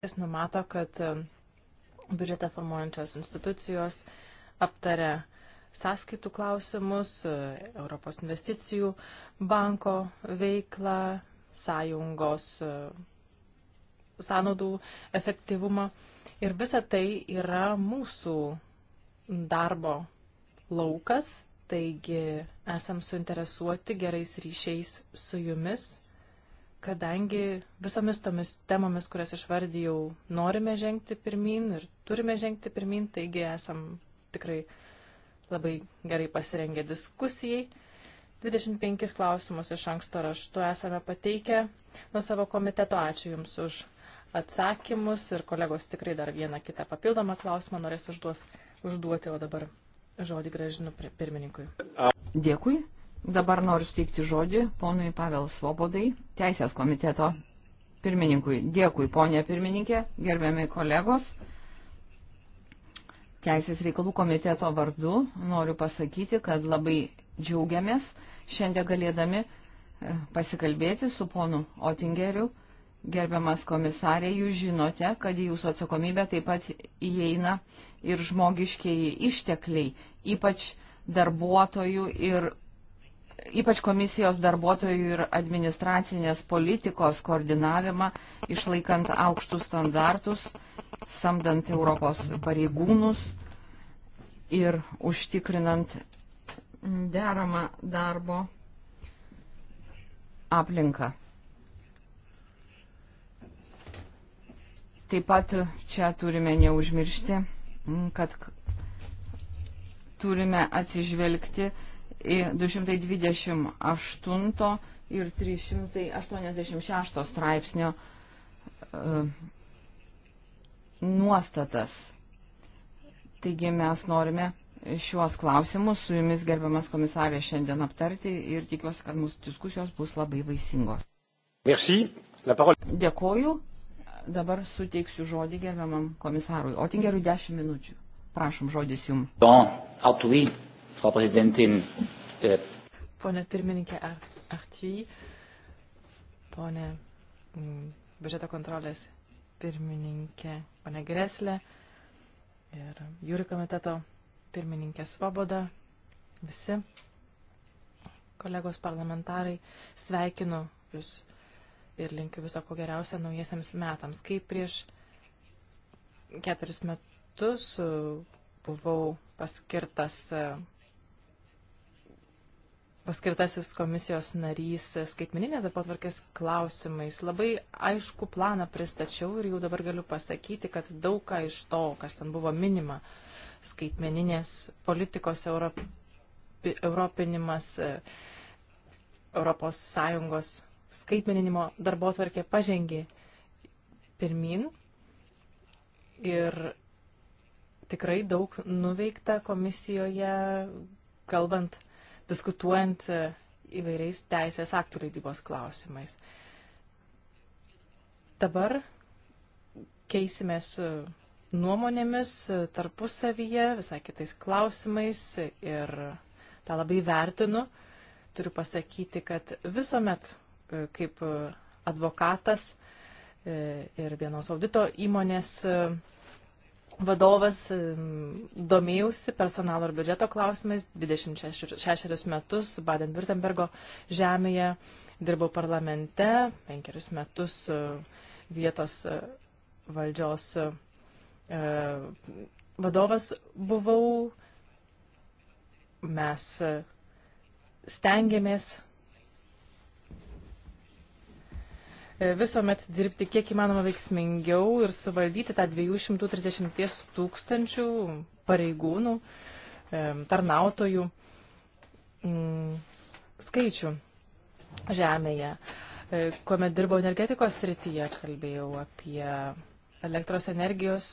Jis numato, kad e, biudžetą formuojančios institucijos aptarė sąskaitų klausimus, e, Europos investicijų banko veiklą, sąjungos e, sąnaudų efektyvumą. Ir visa tai yra mūsų darbo laukas, taigi esam suinteresuoti gerais ryšiais su jumis kadangi visomis tomis temomis, kurias išvardijau, norime žengti pirmin ir turime žengti pirmin, taigi esam tikrai labai gerai pasirengę diskusijai. 25 klausimus iš anksto raštu esame pateikę nuo savo komiteto. Ačiū Jums už atsakymus ir kolegos tikrai dar vieną kitą papildomą klausimą norės užduos, užduoti, o dabar žodį gražinu pirmininkui. Dėkui. Dabar noriu suteikti žodį ponui Pavel Svobodai, Teisės komiteto pirmininkui. Dėkui, ponė pirmininkė, gerbiami kolegos. Teisės reikalų komiteto vardu noriu pasakyti, kad labai džiaugiamės šiandien galėdami e, pasikalbėti su ponu Otingeriu. Gerbiamas komisarė, jūs žinote, kad į jūsų atsakomybę taip pat įeina ir žmogiškiai ištekliai, ypač darbuotojų ir ypač komisijos darbuotojų ir administracinės politikos koordinavimą, išlaikant aukštus standartus, samdant Europos pareigūnus ir užtikrinant deramą darbo aplinką. Taip pat čia turime neužmiršti, kad turime atsižvelgti 228 ir 386 straipsnio e, nuostatas. Taigi mes norime šiuos klausimus su jumis, gerbiamas komisarė, šiandien aptarti ir tikiuosi, kad mūsų diskusijos bus labai vaisingos. Merci. Dėkoju. Dabar suteiksiu žodį gerbiamam komisarui. Otingerui 10 minučių. Prašom, žodis jums. Bon, ah Frau Präsidentin, Pone pirmininkė Artijai, pone mm, biudžeto kontrolės pirmininkė, pone Greslė ir jūri komiteto pirmininkė Svoboda, visi kolegos parlamentarai, sveikinu Jūs ir linkiu viso ko geriausia naujiesiams metams. Kai prieš keturis metus buvau paskirtas e, paskirtasis komisijos narys skaitmeninės darbotvarkės klausimais. Labai aišku planą pristačiau ir jau dabar galiu pasakyti, kad daug ką iš to, kas ten buvo minima, skaitmeninės politikos Europ... europinimas, ES skaitmeninimo darbotvarkė pažengė pirmin ir tikrai daug nuveikta komisijoje, kalbant diskutuojant e, įvairiais teisės aktų leidybos klausimais. Dabar keisimės e, nuomonėmis e, tarpusavyje, visai kitais klausimais ir tą labai vertinu. Turiu pasakyti, kad visuomet kaip advokatas ir vienos audito įmonės vadovas, domėjausi personalo ir biudžeto klausimais 26 metus Baden-Württembergo žemėje, dirbau parlamente, penkerius metus e, vietos e, valdžios e, vadovas buvau. Mes stengiamės E, visuomet dirbti kiek įmanoma veiksmingiau ir suvaldyti tą 230 tūkstančių pareigūnų, e, tarnautojų mm, skaičių žemėje. E, kuomet dirbau energetikos srityje, kalbėjau apie elektros energijos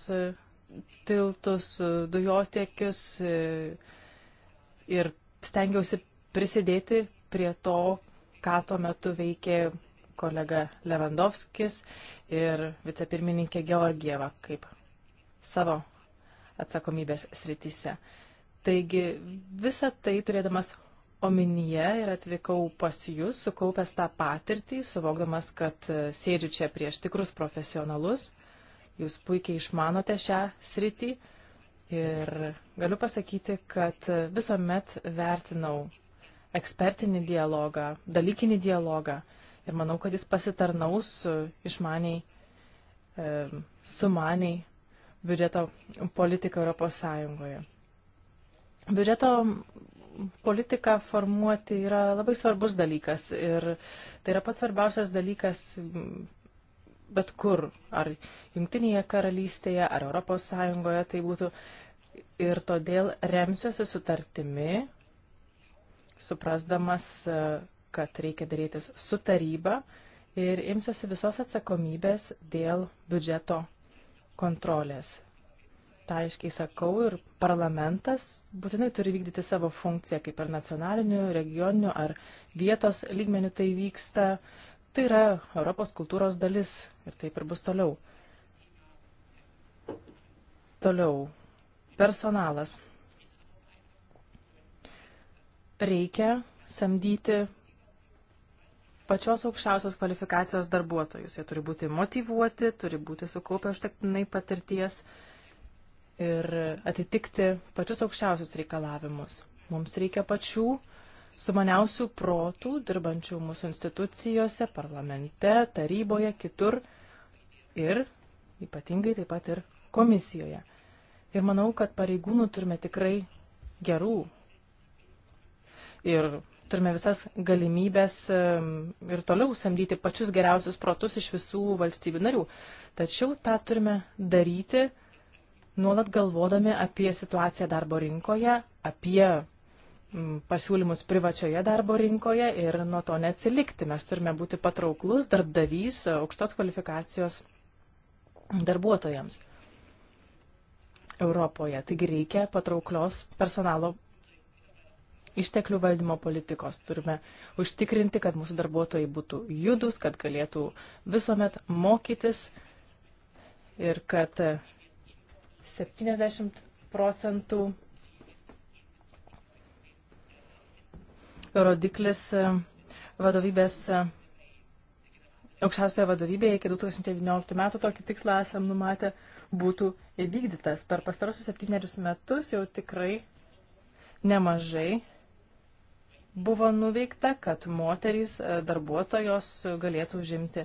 tiltus, dujotiekius ir stengiausi prisidėti prie to, ką tuo metu veikė kolega Levandovskis ir vicepirmininkė Georgieva kaip savo atsakomybės srityse. Taigi visą tai turėdamas omenyje ir atvykau pas jūs, sukaupęs tą patirtį, suvokdamas, kad e, sėdžiu čia prieš tikrus profesionalus, jūs puikiai išmanote šią sritį ir galiu pasakyti, kad e, visuomet vertinau ekspertinį dialogą, dalykinį dialogą ir manau, kad jis pasitarnaus e, išmaniai, e, sumaniai biudžeto politiką Europos Sąjungoje. Biudžeto politiką formuoti yra labai svarbus dalykas ir tai yra pats svarbiausias dalykas bet kur, ar Junktinėje karalystėje, ar Europos Sąjungoje tai būtų. Ir todėl remsiuosi sutartimi, suprasdamas e, kad reikia darytis su taryba ir imsiuosi visos atsakomybės dėl biudžeto kontrolės. Ta aiškiai sakau ir parlamentas būtinai turi vykdyti savo funkciją, kaip ir nacionaliniu, regioniniu ar vietos lygmeniu tai vyksta. Tai yra Europos kultūros dalis ir taip ir bus toliau. Toliau. Personalas. Reikia samdyti pačios aukščiausios kvalifikacijos darbuotojus. Jie turi būti motivuoti, turi būti sukaupę užtektinai patirties ir atitikti pačius aukščiausius reikalavimus. Mums reikia pačių sumaniausių protų, dirbančių mūsų institucijose, parlamente, taryboje, kitur ir ypatingai taip pat ir komisijoje. Ir manau, kad pareigūnų turime tikrai gerų. Ir turime visas galimybės ir toliau samdyti pačius geriausius protus iš visų valstybių narių. Tačiau tą turime daryti nuolat galvodami apie situaciją darbo rinkoje, apie pasiūlymus privačioje darbo rinkoje ir nuo to neatsilikti. Mes turime būti patrauklus darbdavys e, aukštos kvalifikacijos darbuotojams Europoje. Taigi reikia patrauklios personalo išteklių valdymo politikos. Turime užtikrinti, kad mūsų darbuotojai būtų judus, kad galėtų visuomet mokytis ir kad 70 procentų rodiklis e, vadovybės e, aukščiausioje vadovybėje iki 2019 metų tokį tikslą esam numatę būtų įvykdytas. Per pastarosius septynerius metus jau tikrai nemažai buvo nuveikta, kad moterys e, darbuotojos galėtų užimti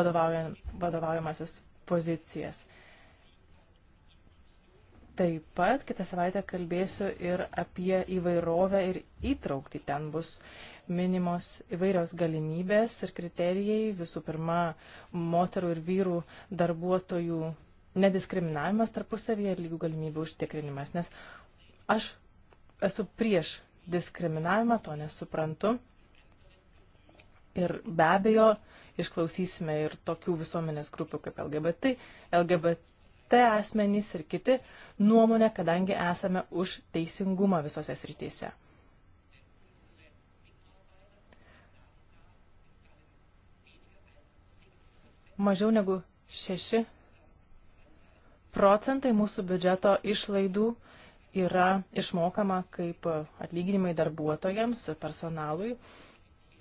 vadovaujamasis pozicijas. Taip pat kitą savaitę kalbėsiu ir apie įvairovę ir įtraukti. Ten bus minimos įvairios galimybės ir kriterijai. Visų pirma, moterų ir vyrų darbuotojų nediskriminavimas tarpusavyje ir lygių galimybių užtikrinimas. Nes aš esu prieš diskriminavimą, to nesuprantu. Ir be abejo, išklausysime ir tokių visuomenės grupių kaip LGBT, LGBT asmenys ir kiti nuomonę, kadangi esame už teisingumą visose srityse. Mažiau negu 6 procentai mūsų biudžeto išlaidų yra išmokama kaip atlyginimai darbuotojams, personalui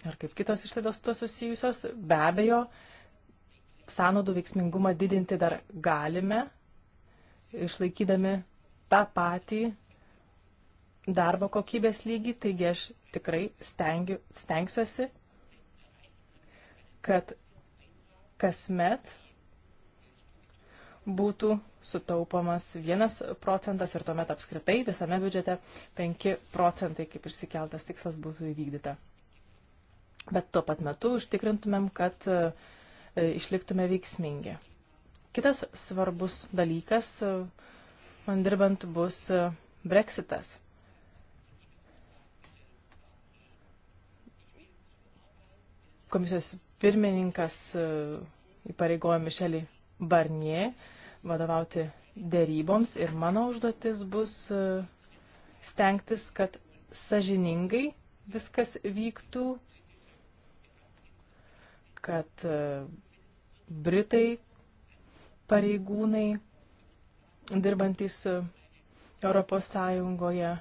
ar kaip kitos išlaidos tuo susijusios. Be abejo, sąnaudų veiksmingumą didinti dar galime, išlaikydami tą patį darbo kokybės lygį, taigi aš tikrai stengiu, stengsiuosi, kad kasmet būtų sutaupomas 1 procentas ir tuomet apskritai visame biudžete 5 procentai, kaip išsikeltas tikslas, būtų įvykdyta. Bet tuo pat metu užtikrintumėm, kad e, išliktume veiksmingi. Kitas svarbus dalykas, e, man dirbant, bus e, Brexitas. Komisijos pirmininkas įpareigojo Mišelį Barnier vadovauti dėryboms ir mano užduotis bus e, stengtis, kad sažiningai viskas vyktų, kad e, Britai pareigūnai dirbantis e, Europos Sąjungoje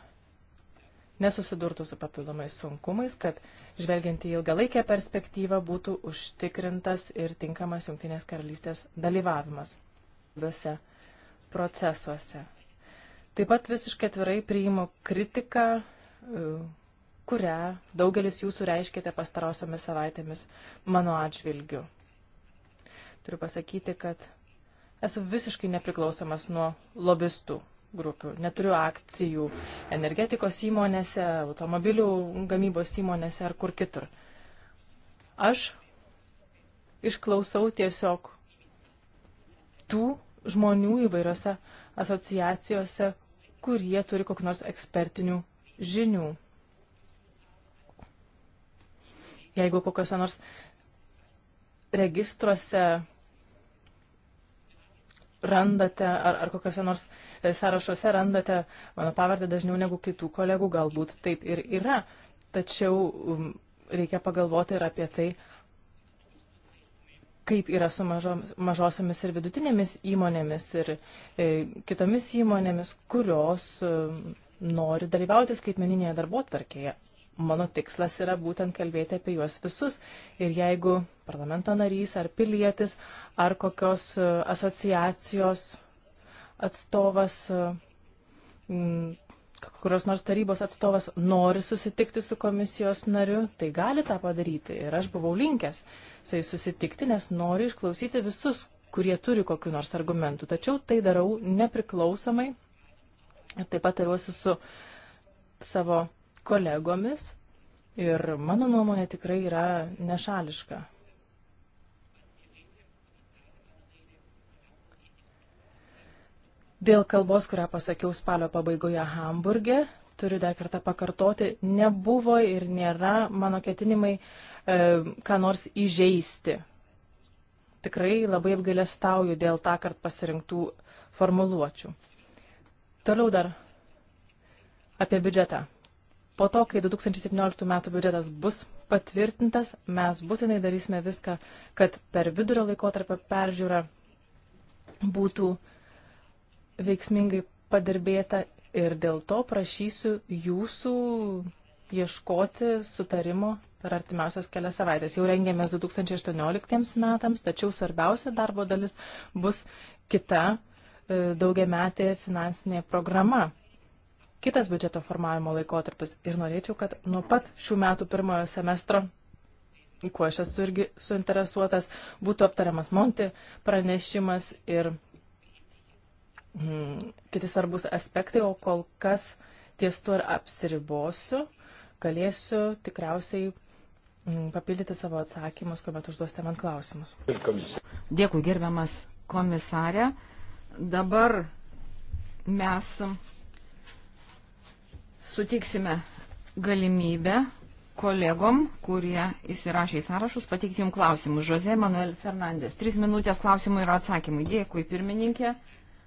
nesusidurtų su papildomais sunkumais, kad žvelgiant į ilgalaikę perspektyvą būtų užtikrintas ir tinkamas Junktinės karalystės dalyvavimas svarbiuose procesuose. Taip pat visiškai atvirai priimu kritiką, e, kurią daugelis jūsų reiškite pastarosiomis savaitėmis mano atžvilgiu. Turiu pasakyti, kad esu visiškai nepriklausomas nuo lobistų grupių. Neturiu akcijų energetikos įmonėse, automobilių gamybos įmonėse ar kur kitur. Aš išklausau tiesiog tų, žmonių įvairiose asociacijose, kurie turi kokiu nors ekspertinių žinių. Jeigu kokiuose nors registruose randate ar, ar kokiuose nors e, sąrašuose randate mano pavardę dažniau negu kitų kolegų, galbūt taip ir yra. Tačiau reikia pagalvoti ir apie tai, kaip yra su mažo, mažosiamis ir vidutinėmis įmonėmis ir e, kitomis įmonėmis, kurios e, nori dalyvauti skaitmeninėje darbo tvarkėje. Mano tikslas yra būtent kalbėti apie juos visus ir jeigu parlamento narys ar pilietis ar kokios e, asociacijos atstovas e, m, kurios nors tarybos atstovas nori susitikti su komisijos nariu, tai gali tą padaryti. Ir aš buvau linkęs su jais susitikti, nes noriu išklausyti visus, kurie turi kokiu nors argumentu. Tačiau tai darau nepriklausomai. Ir taip pat tariuosi su savo kolegomis. Ir mano nuomonė tikrai yra nešališka. Dėl kalbos, kurią pasakiau spalio pabaigoje Hamburgė, turiu dar kartą pakartoti, nebuvo ir nėra mano ketinimai e, ką nors įžeisti. Tikrai labai apgailestauju dėl tą kart pasirinktų formuluočių. Toliau dar apie biudžetą. Po to, kai 2017 m. biudžetas bus patvirtintas, mes būtinai darysime viską, kad per vidurio laikotarpio peržiūrą būtų uh, veiksmingai padirbėta ir dėl to prašysiu jūsų ieškoti sutarimo per artimiausias kelias savaitės. Jau rengėmės 2018 metams, tačiau svarbiausia darbo dalis bus kita e, daugiametė finansinė programa. Kitas biudžeto formavimo laikotarpis ir norėčiau, kad nuo pat šių metų pirmojo semestro, kuo aš esu irgi suinteresuotas, būtų aptariamas Monti pranešimas ir Hmm, kiti svarbus aspektai, o kol kas ties tuo ir apsiribosiu. Galėsiu tikriausiai hmm, papildyti savo atsakymus, kuomet užduosite man klausimus. Dėkui, gerbiamas komisarė. Dabar mes sutiksime galimybę kolegom, kurie įsirašė į sąrašus, pateikti jums klausimus. Žozė Manuel Fernandės. Tris minutės klausimų ir atsakymų. Dėkui, pirmininkė.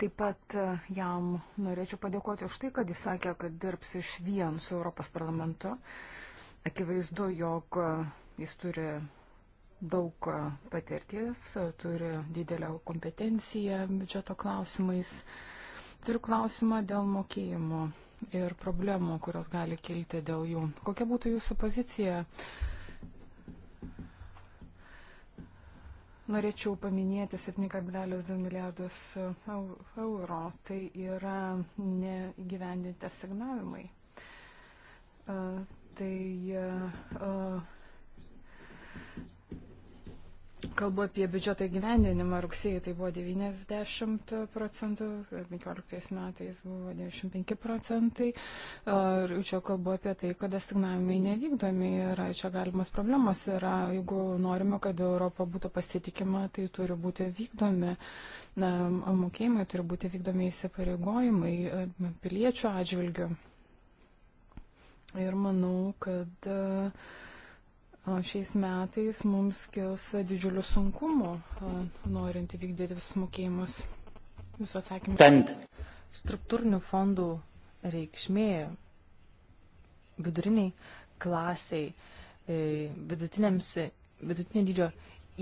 Taip pat e, jam norėčiau padėkoti už tai, kad jis sakė, kad dirbs iš vien su Europos parlamentu. Akivaizdu, jog e, jis turi daug e, patirties, turi didelę kompetenciją biudžeto klausimais. Turiu klausimą dėl mokėjimo ir problemų, kurios gali kilti dėl jų. Kokia būtų jūsų pozicija? Uh, Norėčiau paminėti 7,2 milijardus euro. Tai yra negyvendinti asignavimai. Tai Kalbu apie biudžeto įgyvendinimą. Rugsėjai tai buvo 90 procentų, 15 metais buvo 95 procentai. Ir čia kalbu apie tai, kad asignavimai nevykdomi ir čia galimas problemas yra. Jeigu norime, kad Europa būtų pasitikima, tai turi būti vykdomi na, mokėjimai, turi būti vykdomi įsipareigojimai piliečių atžvilgių. Ir manau, kad uh, šiais metais mums kils didžiulių sunkumų, norint įvykdyti visus mokėjimus. Jūsų atsakymas. Tent. Struktūrinių fondų reikšmė viduriniai klasiai, e, vidutinėms, vidutinio dydžio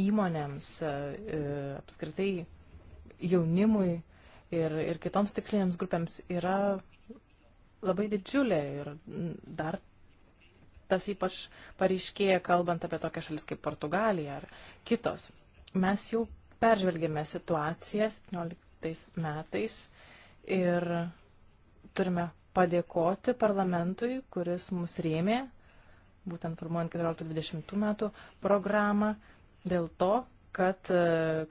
įmonėms, e, e, apskritai jaunimui ir, ir kitoms tikslinėms grupėms yra labai didžiulė ir dar tas ypač pareiškėja, kalbant apie tokias šalis kaip Portugalija ar kitos. Mes jau peržvelgėme situaciją 17 metais ir turime padėkoti parlamentui, kuris mus rėmė, būtent formuojant 14-20 metų programą, dėl to, kad e,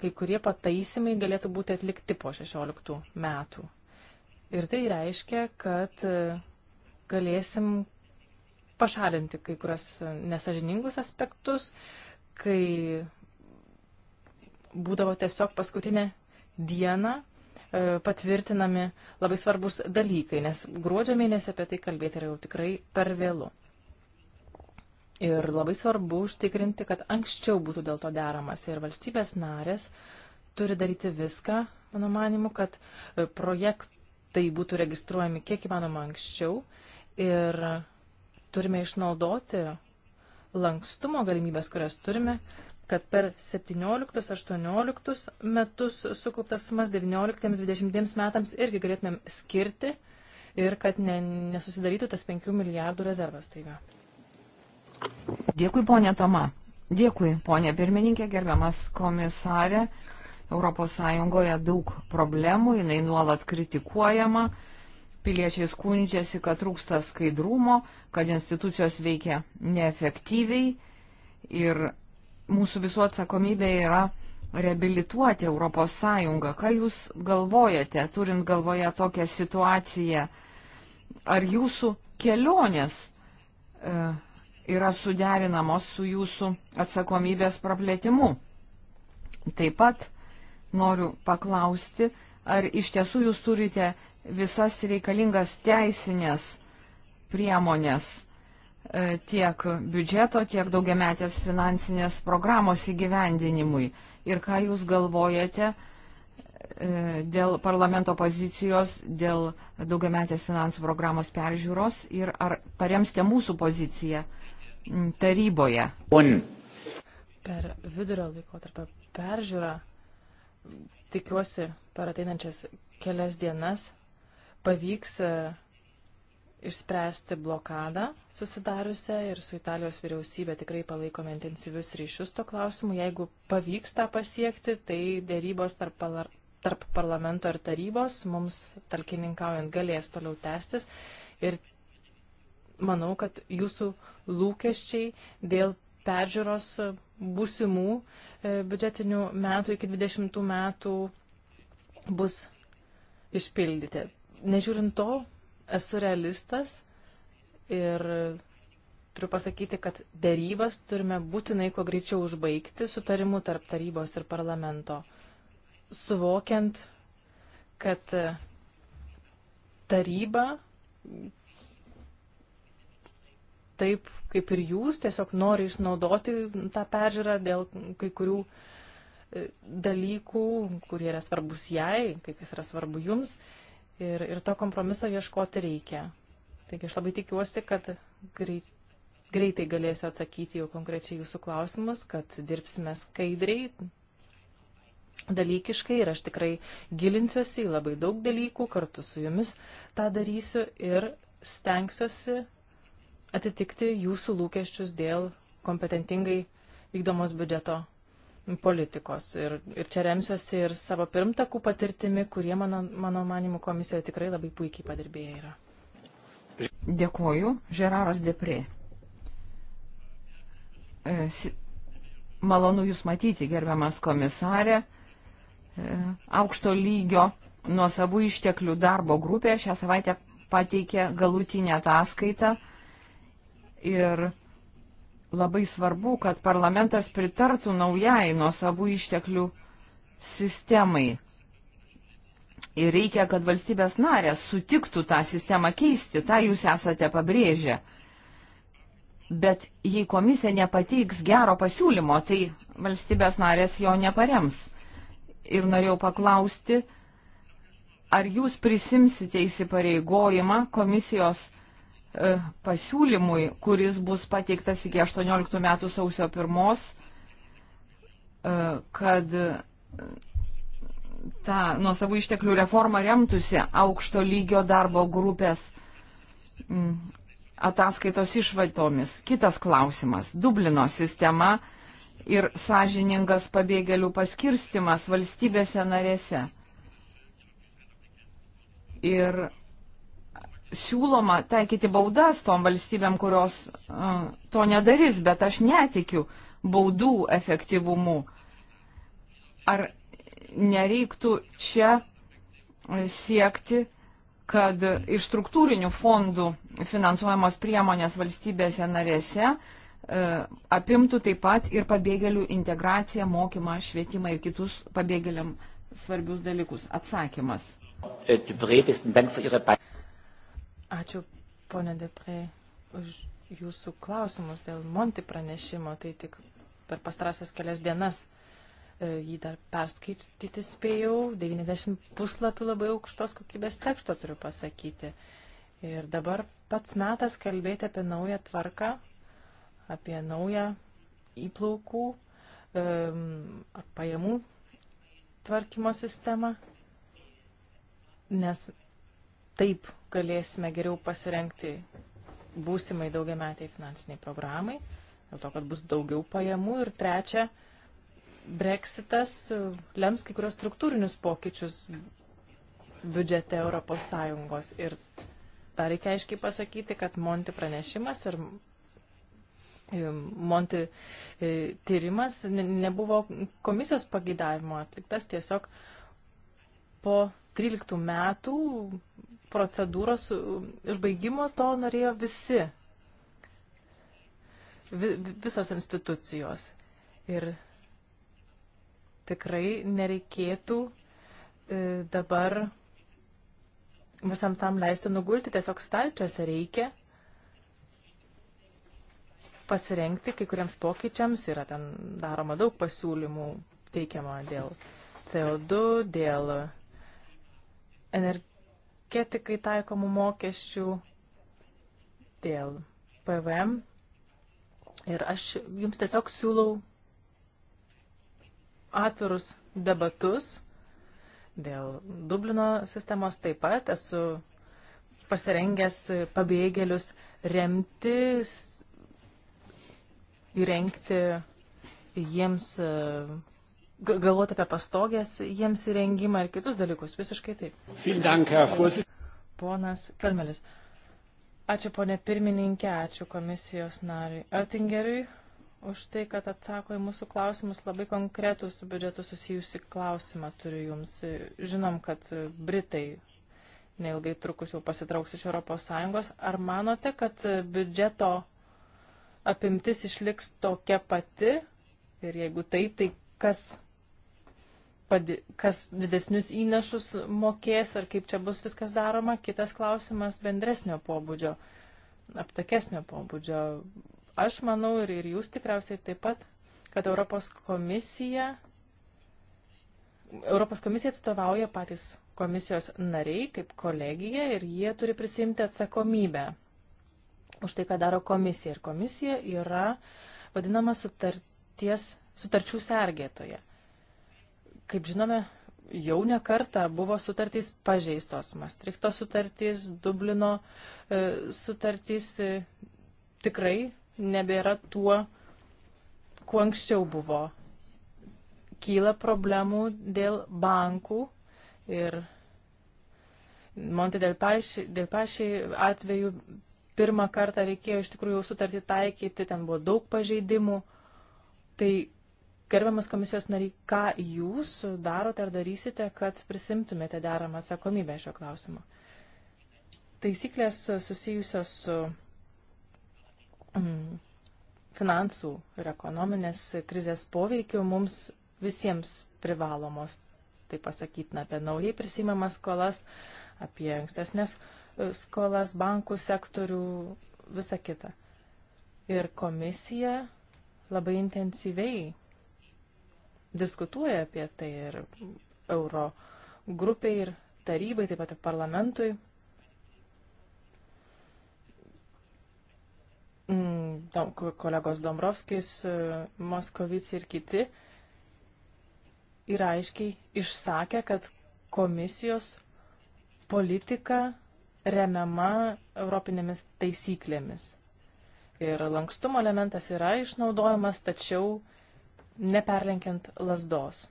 kai kurie pataisimai galėtų būti atlikti po 16 metų. Ir tai reiškia, kad e, galėsim pašalinti kai kurias nesažiningus aspektus, kai būdavo tiesiog paskutinę dieną e, patvirtinami labai svarbus dalykai, nes gruodžio mėnesį apie tai kalbėti yra jau tikrai per vėlu. Ir labai svarbu užtikrinti, kad anksčiau būtų dėl to deramasi ir valstybės narės turi daryti viską, mano manimu, kad e, projektai būtų registruojami kiek įmanoma anksčiau ir turime išnaudoti lankstumo galimybės, kurias turime, kad per 17-18 metus sukauptas sumas 19-20 metams irgi galėtumėm skirti ir kad ne, nesusidarytų tas 5 milijardų rezervas taiga. Dėkui, ponė Toma. Dėkui, ponė pirmininkė, gerbiamas komisarė. ES daug problemų, jinai nuolat kritikuojama. Piliečiai skundžiasi, kad trūksta skaidrumo, kad institucijos veikia neefektyviai ir mūsų visų atsakomybė yra reabilituoti Europos Sąjungą. Ką Jūs galvojate, turint galvoje tokią situaciją, ar Jūsų kelionės e, yra suderinamos su Jūsų atsakomybės praplėtimu? Taip pat noriu paklausti, ar iš tiesų Jūs turite visas reikalingas teisinės priemonės e, tiek biudžeto, tiek daugiametės finansinės programos įgyvendinimui. Ir ką Jūs galvojate e, dėl parlamento pozicijos, dėl daugiametės finansų programos peržiūros ir ar paremsite mūsų poziciją taryboje? Per vidurio laiko tarp peržiūrą tikiuosi per ateinančias kelias dienas pavyks e, išspręsti blokadą susidariusią ir su Italijos vyriausybė tikrai palaikome intensyvius ryšius to klausimu. Jeigu pavyks tą pasiekti, tai dėrybos tarp, parla tarp parlamento ir tarybos mums talkininkaujant galės toliau tęstis. Ir manau, kad jūsų lūkesčiai dėl peržiūros būsimų e, biudžetinių metų iki 20 metų bus išpildyti nežiūrint to, esu realistas ir turiu pasakyti, kad dėrybas turime būtinai kuo greičiau užbaigti sutarimu tarp tarybos ir parlamento, suvokiant, kad taryba taip kaip ir jūs tiesiog nori išnaudoti tą peržiūrą dėl kai kurių e, dalykų, kurie yra svarbus jai, kai kas yra svarbu jums ir, ir to kompromiso ieškoti reikia. Taigi aš labai tikiuosi, kad greit, greitai galėsiu atsakyti jau konkrečiai jūsų klausimus, kad dirbsime skaidriai, dalykiškai ir aš tikrai gilinsiuosi į labai daug dalykų, kartu su jumis tą darysiu ir stengsiuosi atitikti jūsų lūkesčius dėl kompetentingai vykdomos biudžeto politikos. Ir, ir čia remsiuosi ir savo pirmtakų patirtimi, kurie mano, mano manimų komisijoje tikrai labai puikiai padirbėję yra. Dėkuoju, Žeraras Deprė. E, malonu Jūs matyti, gerbiamas komisarė. E, aukšto lygio nuo savų išteklių darbo grupė šią savaitę pateikė galutinę ataskaitą ir labai svarbu, kad parlamentas pritartų naujai nuo savų išteklių sistemai. Ir reikia, kad valstybės narės sutiktų tą sistemą keisti, tą jūs esate pabrėžę. Bet jei komisija nepateiks gero pasiūlymo, tai valstybės narės jo neparems. Ir norėjau paklausti, ar jūs prisimsite įsipareigojimą komisijos E, pasiūlymui, kuris bus pateiktas iki 18 metų sausio 1, e, kad ta nuo savų išteklių reforma remtųsi aukšto lygio darbo grupės ataskaitos išvaitomis. Kitas klausimas - Dublino sistema ir sąžiningas pabėgėlių paskirstimas valstybėse narėse. Ir siūloma taikyti baudas tom valstybėm, kurios uh, to nedarys, bet aš netikiu baudų efektyvumu. Ar nereiktų čia e, siekti, kad iš struktūrinių fondų finansuojamos priemonės valstybėse narėse uh, apimtų taip pat ir pabėgėlių integraciją, mokymą, švietimą ir kitus pabėgėliam svarbius dalykus. Atsakymas. Dėkui Ačiū, ponė Depre, už jūsų klausimus dėl Monti pranešimo. Tai tik per pastarasias kelias dienas e, jį dar perskaityti spėjau. 90 puslapių labai aukštos kokybės teksto turiu pasakyti. Ir dabar pats metas kalbėti apie naują tvarką, apie naują įplaukų ar e, pajamų tvarkymo sistemą, nes taip galėsime geriau pasirengti būsimai daugiametiai finansiniai programai, dėl to, kad bus daugiau pajamų. Ir trečia, breksitas e, lems kai kurios struktūrinius pokyčius biudžete Europos Sąjungos. Ir tą reikia aiškiai pasakyti, kad Monti pranešimas ir e, Monti e, tyrimas nebuvo komisijos pagydavimo atliktas, tiesiog po 13 metų procedūros išbaigimo to norėjo visi, visos institucijos. Ir tikrai nereikėtų e, dabar visam tam leisti nugulti, tiesiog stalčiuose reikia pasirengti kai kuriems pokyčiams, yra ten daroma daug pasiūlymų teikiama dėl CO2, dėl energetikos energetikai taikomų mokesčių dėl PVM. Ir aš jums tiesiog siūlau atvirus debatus dėl Dublino sistemos taip pat. Esu pasirengęs pabėgėlius remti, įrengti jiems galvoti apie pastogės, jiems įrengimą ir kitus dalykus. Visiškai taip. Ponas Kalmelis. Ačiū ponė pirmininkė, ačiū komisijos nariui Oettingeriui už tai, kad atsako į mūsų klausimus. Labai konkretų su biudžetu susijusi klausimą turiu jums. Žinom, kad Britai neilgai trukus jau pasitrauks iš ES. Ar manote, kad biudžeto apimtis išliks tokia pati? Ir jeigu taip, tai kas kas didesnius įnašus mokės ar kaip čia bus viskas daroma. Kitas klausimas bendresnio pobūdžio, aptakesnio pobūdžio. Aš manau ir, ir jūs tikriausiai taip pat, kad Europos komisija, Europos komisija atstovauja patys komisijos nariai kaip kolegija ir jie turi prisimti atsakomybę už tai, ką daro komisija. Ir komisija yra vadinama sutarties, sutarčių sergėtoje. Kaip žinome, jau ne kartą buvo sutartys pažeistos. Mastrichto sutartys, Dublino e, sutartys e, tikrai nebėra tuo, kuo anksčiau buvo. Kyla problemų dėl bankų ir Monte del Paši atveju pirmą kartą reikėjo iš tikrųjų sutartį taikyti, ten buvo daug pažeidimų. Tai Gerbiamas komisijos nariai, ką jūs darote ar darysite, kad prisimtumėte deramą atsakomybę šio klausimo? Taisyklės susijusios su mm, finansų ir ekonominės krizės poveikiu mums visiems privalomos, tai pasakytina apie naujai prisimamas skolas, apie ankstesnės e, skolas, bankų sektorių, visą kitą. Ir komisija labai intensyviai diskutuoja apie tai ir euro grupiai ir tarybai, taip pat ir parlamentui. Mm, kolegos Dombrovskis, e, Moskovic ir kiti yra aiškiai išsakę, kad komisijos politika remiama europinėmis taisyklėmis. Ir lankstumo elementas yra išnaudojamas, tačiau uh, neperlenkiant lasdos.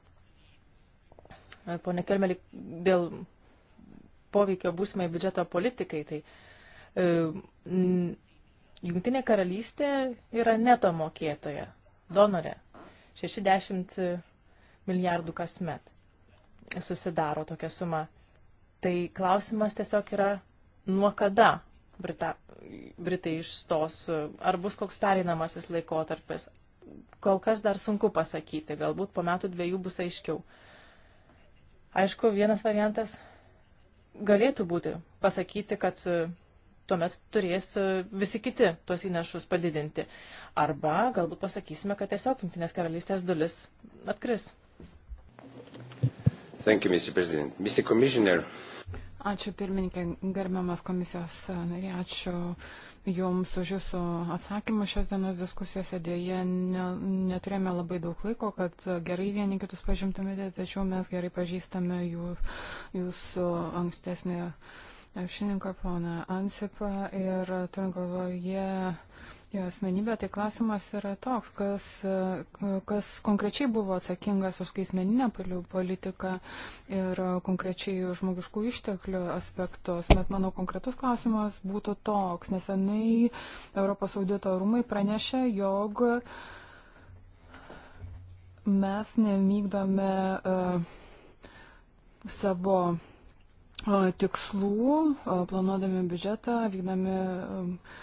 Pone Kelmelik, dėl poveikio būsimai biudžeto politikai, tai e, Jungtinė karalystė yra neto mokėtoja, donorė. 60 milijardų kasmet susidaro tokia suma. Tai klausimas tiesiog yra, nuo kada Brita, Britai išstos, ar bus koks pereinamasis laikotarpis, kol kas dar sunku pasakyti, galbūt po metų dviejų bus aiškiau. Aišku, vienas variantas galėtų būti pasakyti, kad e, tuomet turės e, visi kiti tuos įnašus padidinti. Arba galbūt pasakysime, kad tiesiog Junktinės karalystės dalis atkris. Thank you, Mr. President. Mr. Commissioner, uh, Ačiū pirmininkė, gerbiamas komisijos narė, ačiū Jums už Jūsų atsakymus šios dienos diskusijose. Dėje ne, neturėjome labai daug laiko, kad gerai vieni kitus pažymtumėte, tačiau mes gerai pažįstame jų, Jūsų ankstesnį e, šininką, poną Ansipą, ir turint galvoje asmenybę, tai klausimas yra toks, kas, kas konkrečiai buvo atsakingas už skaitmeninę politiką ir konkrečiai žmogiškų išteklių aspektus. Bet mano konkretus klausimas būtų toks, nesenai Europos audito rūmai pranešė, jog mes nemygdome uh, e, savo uh, tikslų, uh, planuodami biudžetą, vykdami. Uh,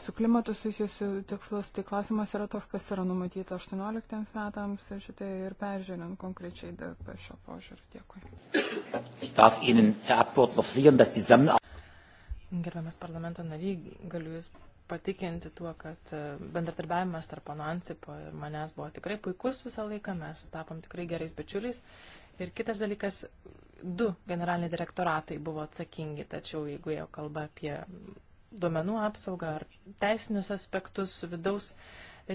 su klimatu susijusių tikslus, tai klausimas yra toks, kas yra numatyta 18 metams ir šitai ir peržiūrint konkrečiai dėl šio požiūrį. Dėkui. Gerbiamas parlamento nariai, galiu Jūs patikinti tuo, kad e, bendratarbiavimas tarp Anansipo ir manęs buvo tikrai puikus visą laiką, mes tapom tikrai gerais bičiuliais. Ir kitas dalykas, du generaliniai direktoratai buvo atsakingi, tačiau jeigu jau kalba apie duomenų apsaugą ar teisinius aspektus, vidaus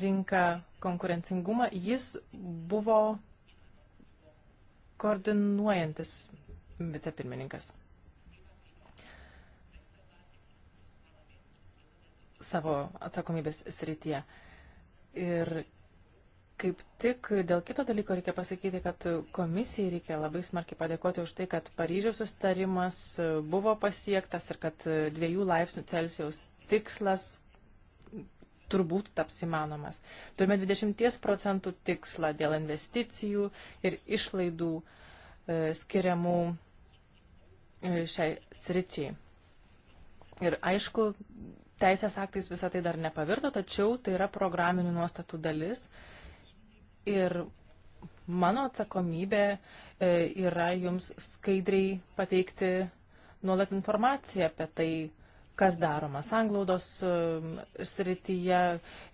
rinką, konkurencingumą, jis buvo koordinuojantis vicepirmininkas. savo atsakomybės srityje. Ir Kaip tik dėl kito dalyko reikia pasakyti, kad komisijai reikia labai smarkiai padėkoti už tai, kad Paryžiaus sustarimas buvo pasiektas ir kad dviejų laipsnių Celsijaus tikslas turbūt taps įmanomas. Turime 20 procentų tikslą dėl investicijų ir išlaidų e, skiriamų e, šiai sričiai. Ir aišku, teisės aktais visą tai dar nepavirto, tačiau tai yra programinių nuostatų dalis Ir mano atsakomybė e, yra jums skaidriai pateikti nuolat informaciją apie tai, kas daroma sanglaudos e, srityje,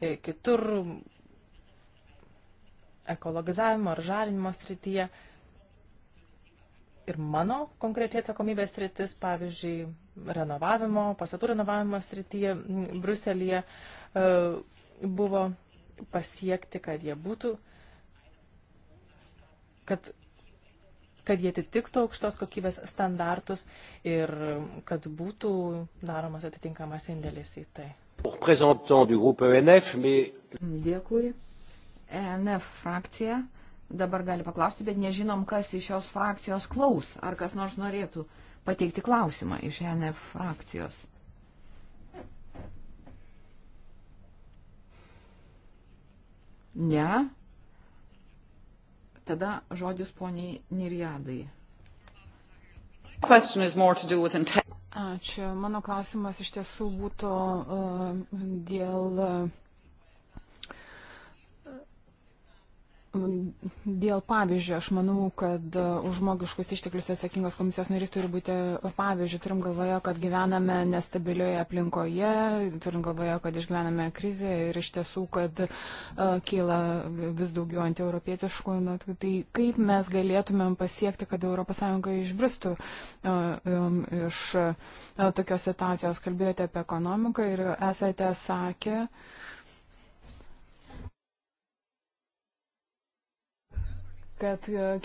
e, kitur ekologizavimo ar žalinimo srityje. Ir mano konkrečiai atsakomybės sritis, pavyzdžiui, renovavimo, pastatų renovavimo srityje Bruselėje buvo pasiekti, kad jie būtų uh, kad, kad jie atitiktų aukštos kokybės standartus ir kad būtų daromas atitinkamas indėlis į tai. E Dėkui. ENF frakcija dabar gali paklausti, bet nežinom, kas iš šios frakcijos klaus, ar kas nors norėtų pateikti klausimą iš ENF frakcijos. Ne, Tada žodis poniai Niriadai. Ačiū. Mano klausimas iš tiesų būtų uh, dėl. Uh, Dėl pavyzdžio, aš manau, kad e, už žmogiškus išteklius atsakingos komisijos narys turi būti e, pavyzdžių. Turim galvoje, kad gyvename nestabilioje aplinkoje, turim galvoje, kad išgyvename krizę ir iš tiesų, kad uh, kyla vis daugiau antieuropietiškų. Na, tai, tai kaip mes galėtumėm pasiekti, kad ES išbristų uh, um, iš uh, tokios situacijos? Kalbėjote apie ekonomiką ir esate sakę. Uh,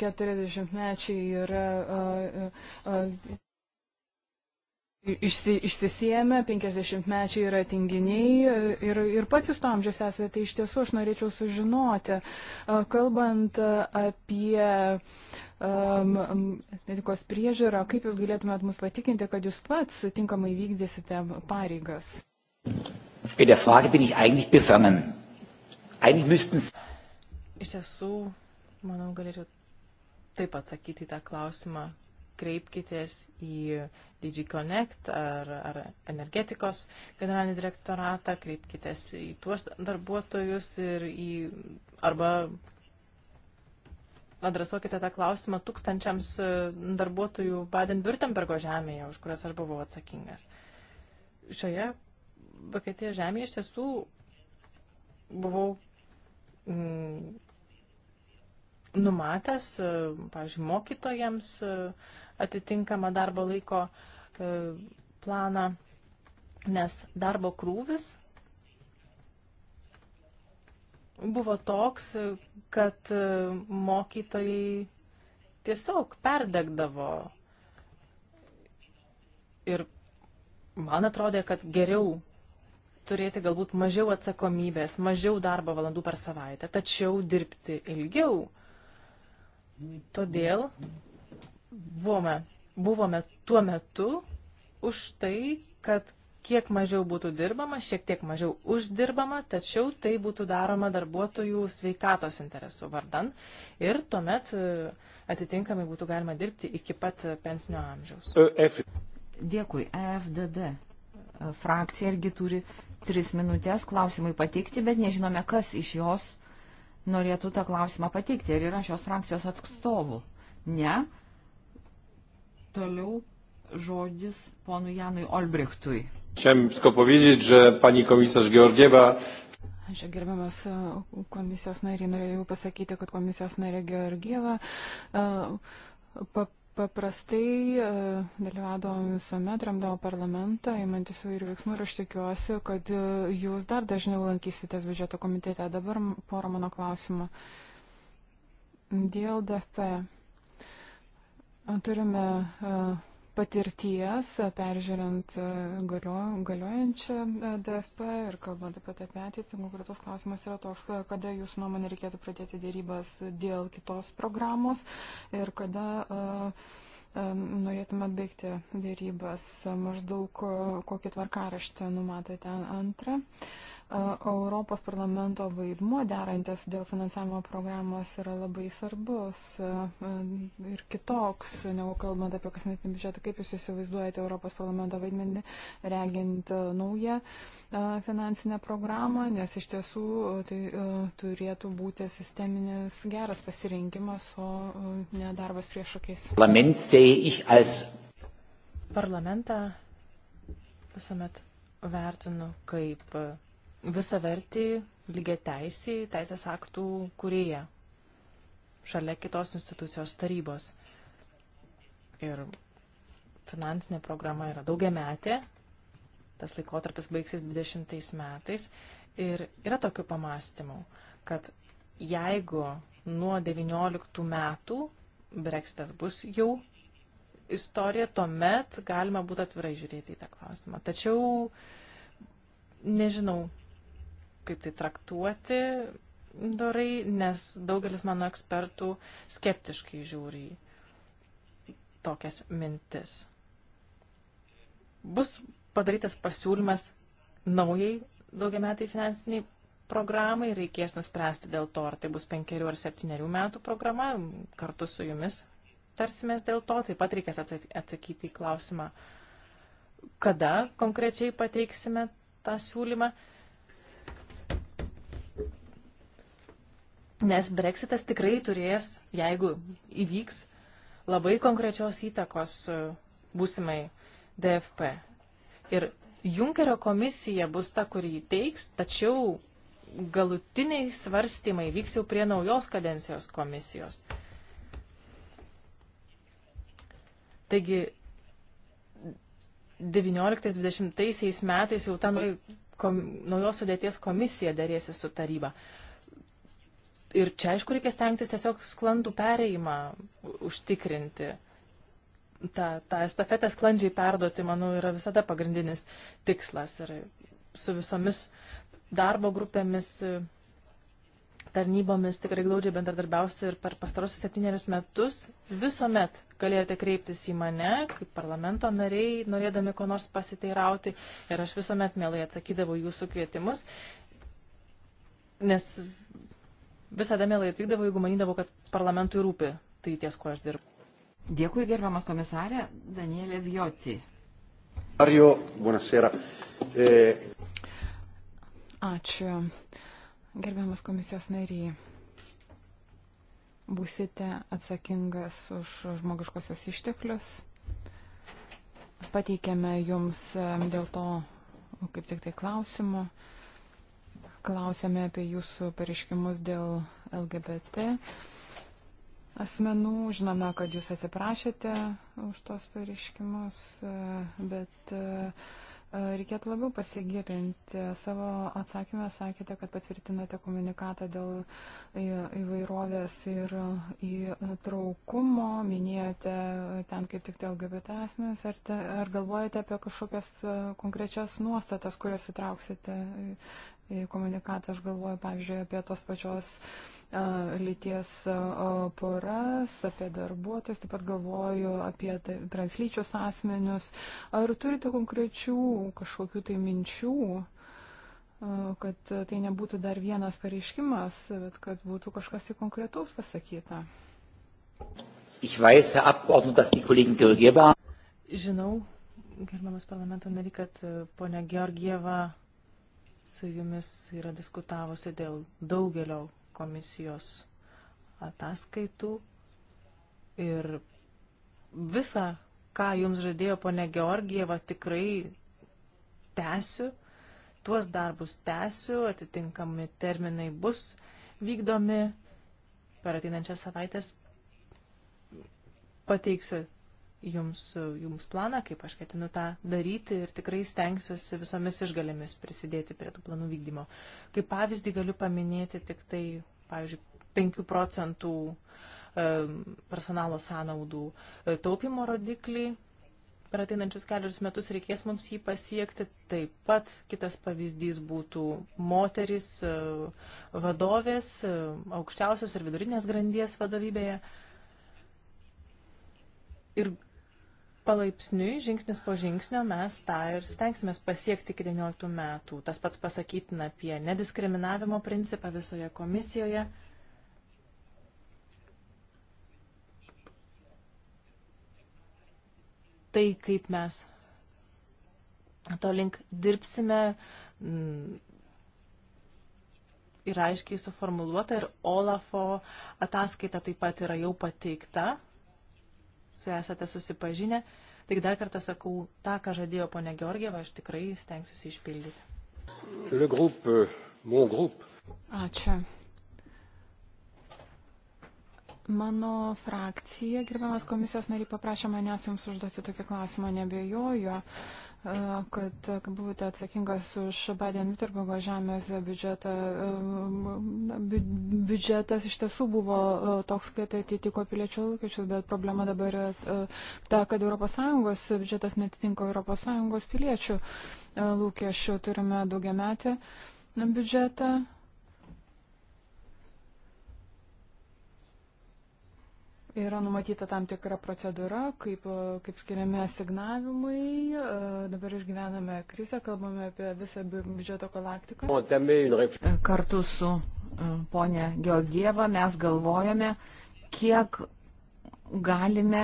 kad 40-mečiai e, yra. E, e, išsi, išsisėmė, 50-mečiai yra tinginiai ir, ir pats jūs to amžiaus esate. Tai iš tiesų aš norėčiau sužinoti, kalbant apie um, medikos priežiūrą, kaip jūs galėtumėt mus patikinti, kad jūs pats tinkamai vykdysite pareigas. Iš tiesų, Manau, galėčiau taip atsakyti tą klausimą. Kreipkitės į DigiConnect ar, ar energetikos generalinį direktoratą, kreipkitės į tuos darbuotojus ir į, arba adresuokite tą klausimą tūkstančiams e, darbuotojų Baden-Württembergo žemėje, už kurias aš buvau atsakingas. Šioje Vokietijos žemėje iš tiesų buvau mm, numatęs, e, pavyzdžiui, mokytojams e, atitinkamą darbo laiko e, planą, nes darbo krūvis buvo toks, kad mokytojai tiesiog perdegdavo. Ir man atrodė, kad geriau turėti galbūt mažiau atsakomybės, mažiau darbo valandų per savaitę, tačiau dirbti ilgiau. Todėl buvome, buvome tuo metu už tai, kad kiek mažiau būtų dirbama, šiek tiek mažiau uždirbama, tačiau tai būtų daroma darbuotojų sveikatos interesų vardan ir tuomet e, atitinkamai būtų galima dirbti iki pat pensinio amžiaus. EF. Dėkui, EFDD. E, frakcija irgi turi tris minutės klausimui pateikti, bet nežinome, kas iš jos norėtų tą klausimą pateikti. Ar yra šios frakcijos atstovų? Ne. Toliau žodis ponui Janui Olbrichtui. Chciałem tylko powiedzieć, że pani komisarz Georgieva Aš gerbiamas e, komisijos narį norėjau pasakyti, kad komisijos narė Georgieva e, Paprastai e, dalyvaudavom visuomet, remdavo parlamentą, įmantis įvairių veiksmų ir aš tikiuosi, kad e, jūs dar dažniau lankysitės biudžeto komitete. Dabar porą mano klausimų. Dėl DFP turime e, patirties, peržiūrint e, galio, galiojančią e, DFP ir kalbant apie tą ateitį, tai konkretus klausimas yra toks, kada jūsų nuomonė reikėtų pradėti dėrybas dėl kitos programos ir kada uh, e, norėtumėt baigti dėrybas, maždaug kokį tvarkaraštį numatote antrą. Uh, Europos parlamento vaidmuo derantis dėl finansavimo programos yra labai svarbus ir kitoks, negu kalbant apie kasmetinį biudžetą. Kaip Jūs įsivaizduojate Europos parlamento vaidmenį regint naują finansinę programą, nes iš tiesų tai turėtų būti sisteminis geras pasirinkimas, o ne darbas priešokiais. Parlamentą visuomet vertinu kaip visą vertį lygiai teisiai teisės aktų kurieje šalia kitos institucijos tarybos. Ir finansinė programa yra daugiametė, tas laikotarpis baigsis 20 metais. Ir yra tokių pamastymų, kad jeigu nuo 19 metų breksitas bus jau istorija, tuomet galima būtų atvirai žiūrėti į tą klausimą. Tačiau, nežinau, kaip tai traktuoti dorai, nes daugelis mano ekspertų skeptiškai žiūri į tokias mintis. Bus padarytas pasiūlymas naujai daugiametai finansiniai programai, reikės nuspręsti dėl to, ar tai bus penkerių ar septyniarių metų programa, kartu su jumis tarsimės dėl to, taip pat reikės atsakyti į klausimą, kada konkrečiai pateiksime tą siūlymą nes breksitas tikrai turės, jeigu įvyks, labai konkrečios įtakos e, būsimai DFP. Ir Junkerio komisija bus ta, kurį teiks, tačiau galutiniai svarstymai vyks jau prie naujos kadencijos komisijos. Taigi 19-20 metais jau ta naujos sudėties komisija dėrėsi su taryba. Ir čia, aišku, reikia stengtis tiesiog sklandų pereimą užtikrinti. Ta, ta estafetę sklandžiai perduoti, manau, yra visada pagrindinis tikslas. Ir su visomis darbo grupėmis, tarnybomis tikrai glaudžiai bendradarbiausiu ir per pastarosius septynerius metus visuomet galėjote kreiptis į mane, kaip parlamento nariai, norėdami ko nors pasiteirauti. Ir aš visuomet mielai atsakydavau jūsų kvietimus. Nes visada mielai atvykdavau, jeigu manydavau, kad parlamentui rūpi tai ties, kuo aš dirbu. Dėkui, gerbiamas komisarė Danielė Vjoti. Mario, buonasera. E... Ačiū, gerbiamas komisijos nariai. Būsite atsakingas už žmogiškosios išteklius. Pateikėme jums e, dėl to kaip tik tai klausimų klausėme apie jūsų pareiškimus dėl LGBT asmenų. Žinome, kad jūs atsiprašėte už tos pareiškimus, bet e, reikėtų labiau pasigilinti. Savo atsakymę sakėte, kad patvirtinate komunikatą dėl įvairovės ir įtraukumo. Minėjote ten kaip tik tai LGBT asmenys. Ar, te, ar galvojate apie kažkokias e, konkrečias nuostatas, kurias įtrauksite komunikatą, aš galvoju, pavyzdžiui, apie tos pačios lyties poras, apie darbuotojus, taip pat galvoju apie translyčius asmenius. Ar turite konkrečių kažkokių tai minčių, kad tai nebūtų dar vienas pareiškimas, bet kad būtų kažkas tai konkretaus pasakyta? Ich weiß, Herr Abgeordneter, dass die Kollegin Georgieva. Žinau, gerbiamas parlamento nari, kad e, ponia Georgieva su jumis yra diskutavusi dėl daugelio komisijos ataskaitų ir visą, ką jums žadėjo ponė Georgieva, tikrai tęsiu, tuos darbus tęsiu, atitinkami terminai bus vykdomi per ateinančias savaitės pateiksiu jums, jums planą, kaip aš ketinu tą daryti ir tikrai stengsiuosi visomis išgalėmis prisidėti prie tų planų vykdymo. Kaip pavyzdį galiu paminėti tik tai, pavyzdžiui, 5 procentų personalo sąnaudų e, taupimo rodiklį. Per ateinančius kelius metus reikės mums jį pasiekti. Taip pat kitas pavyzdys būtų moteris e, vadovės e, aukščiausios ir vidurinės grandies vadovybėje. Ir palaipsniui, žingsnis po žingsnio mes tą ir stengsimės pasiekti iki 19 metų. Tas pats pasakytina apie nediskriminavimo principą visoje komisijoje. Tai, kaip mes to link dirbsime, mm, yra aiškiai suformuluota ir Olafo ataskaita taip pat yra jau pateikta su esate susipažinę. Tik dar kartą sakau, tą, ką žadėjo ponia Georgieva, aš tikrai stengsiuosi išpildyti. Le groupe, euh, mon groupe. Ačiū. Mano frakcija, gerbiamas komisijos nariai, paprašė manęs jums užduoti tokį klausimą, nebejoju. Uh, kad buvote atsakingas už Baden-Württembergo žemės biudžetą. Biudžetas iš tiesų buvo toks, kad atitiko piliečių lūkesčius, bet problema dabar yra ta, kad ES biudžetas netitinko ES piliečių lūkesčių. Turime daugiametį biudžetą Yra numatyta tam tikra procedūra, kaip, kaip skiriami asignavimai. E, dabar išgyvename krizę, kalbame apie visą biudžeto galaktiką. E, kartu su e, ponė Georgieva mes galvojame, kiek galime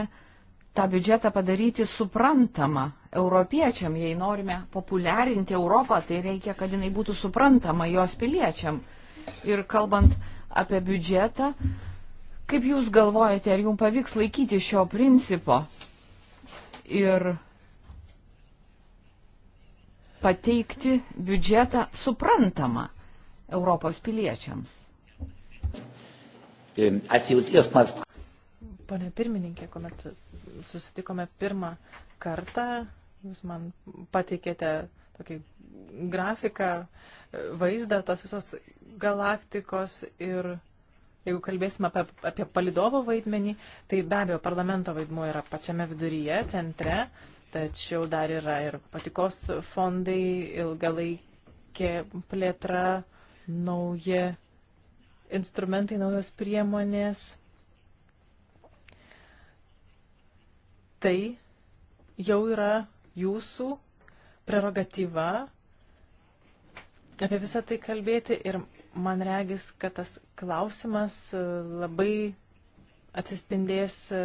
tą biudžetą padaryti suprantamą europiečiam. Jei norime populiarinti Europą, tai reikia, kad jinai būtų suprantama jos piliečiam. Ir kalbant apie biudžetą, uh, Kaip Jūs galvojate, ar Jums pavyks laikyti šio principo ir pateikti biudžetą suprantamą Europos piliečiams? Pane pirmininkė, kuomet susitikome pirmą kartą, jūs man pateikėte tokį grafiką, vaizdą tos visos galaktikos ir Jeigu kalbėsime apie, apie palidovo vaidmenį, tai be abejo parlamento vaidmuo yra pačiame viduryje, centre, tačiau dar yra ir patikos fondai, ilgalaikė plėtra, nauji instrumentai, naujos priemonės. Tai jau yra jūsų prerogatyva apie visą tai kalbėti ir man regis, kad tas klausimas e, labai atsispindės e,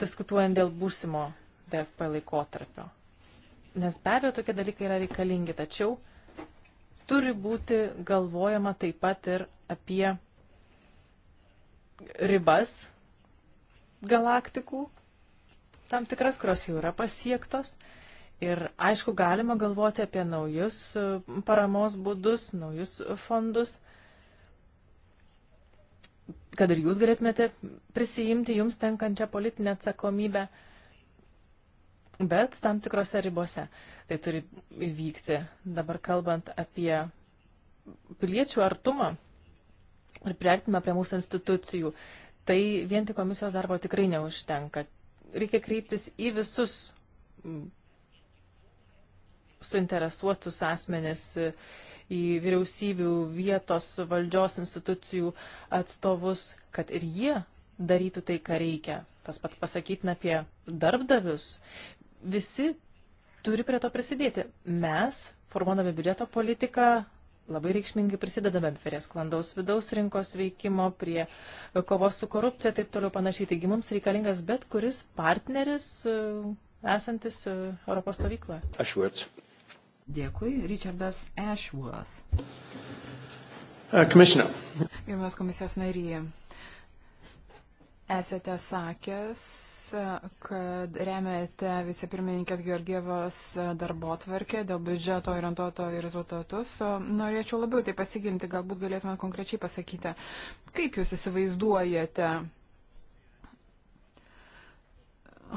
diskutuojant dėl būsimo DFP laikotarpio. Nes be abejo tokie dalykai yra reikalingi, tačiau turi būti galvojama taip pat ir apie ribas galaktikų, tam tikras, kurios jau yra pasiektos Ir aišku, galima galvoti apie naujus e, paramos būdus, naujus fondus, kad ir jūs galėtumėte prisijimti jums tenkančią politinę atsakomybę, bet tam tikrose ribose. Tai turi įvykti. Dabar kalbant apie piliečių artumą ir priartimą prie mūsų institucijų, tai vien tik komisijos darbo tikrai neužtenka. Reikia kreiptis į visus suinteresuotus asmenis, e, į vyriausybių vietos valdžios institucijų atstovus, kad ir jie darytų tai, ką reikia. Tas pats pasakytina apie darbdavius. Visi turi prie to prisidėti. Mes, formuodami biudžeto politiką, labai reikšmingai prisidedame prie sklandaus vidaus rinkos veikimo, prie kovos su korupcija, taip toliau panašiai. Taigi mums reikalingas bet kuris partneris e, esantis e, Europos stovykloje. Aš vėrts. Dėkui, Richardas Ashworth. Komisijos. Uh, Gerbiamas komisijos narė, esate sakęs, uh, kad remiate vicepirmininkės Georgievos uh, darbo tvarkę dėl biudžeto orientuoto į rezultatus. Norėčiau labiau tai pasigilinti, galbūt galėtumėt konkrečiai pasakyti, kaip jūs įsivaizduojate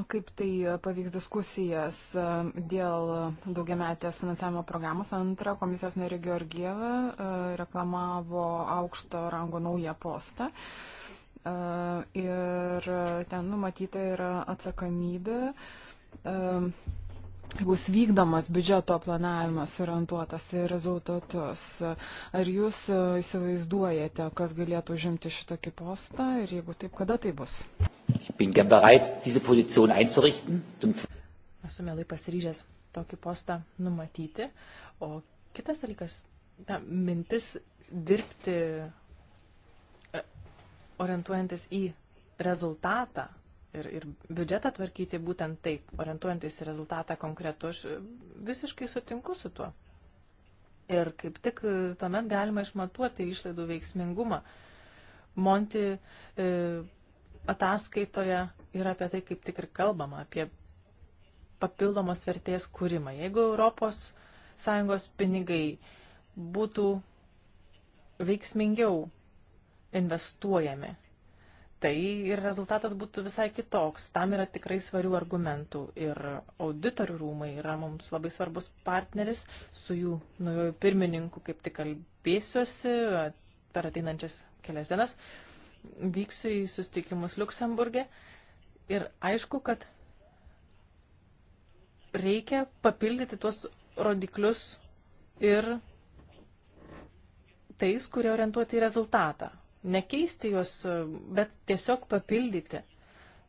Kaip tai e, pavyks diskusijas e, dėl daugiametės finansavimo programos? Antra, komisijos narė Georgieva e, reklamavo aukšto rango naują postą. Ir ten numatyta yra atsakomybė bus vykdomas biudžeto planavimas orientuotas į rezultatus. Ar jūs įsivaizduojate, kas galėtų užimti šitokį postą ir jeigu taip, kada tai bus? Ich bin gern bereit, diese Position einzurichten. Esu mielai pasiryžęs tokį postą numatyti. O kitas dalykas, ta mintis dirbti e, orientuojantis į rezultatą ir, ir biudžetą tvarkyti būtent taip, orientuojantis į rezultatą konkretų, aš e, visiškai sutinku su tuo. Ir kaip tik e, tuomet galima išmatuoti išlaidų veiksmingumą. Monti e, ataskaitoje yra apie tai, kaip tik ir kalbama, apie papildomos vertės kūrimą. Jeigu ES pinigai būtų veiksmingiau investuojami, tai ir rezultatas būtų visai kitoks. Tam yra tikrai svarių argumentų. Ir auditorių rūmai yra mums labai svarbus partneris. Su jų naujoju pirmininku kaip tik kalbėsiuosi per ateinančias kelias dienas. Uh, vyksiu į sustikimus Luksemburgė ir aišku, kad reikia papildyti tuos rodiklius ir tais, kurie orientuoti į rezultatą. Nekeisti juos, bet tiesiog papildyti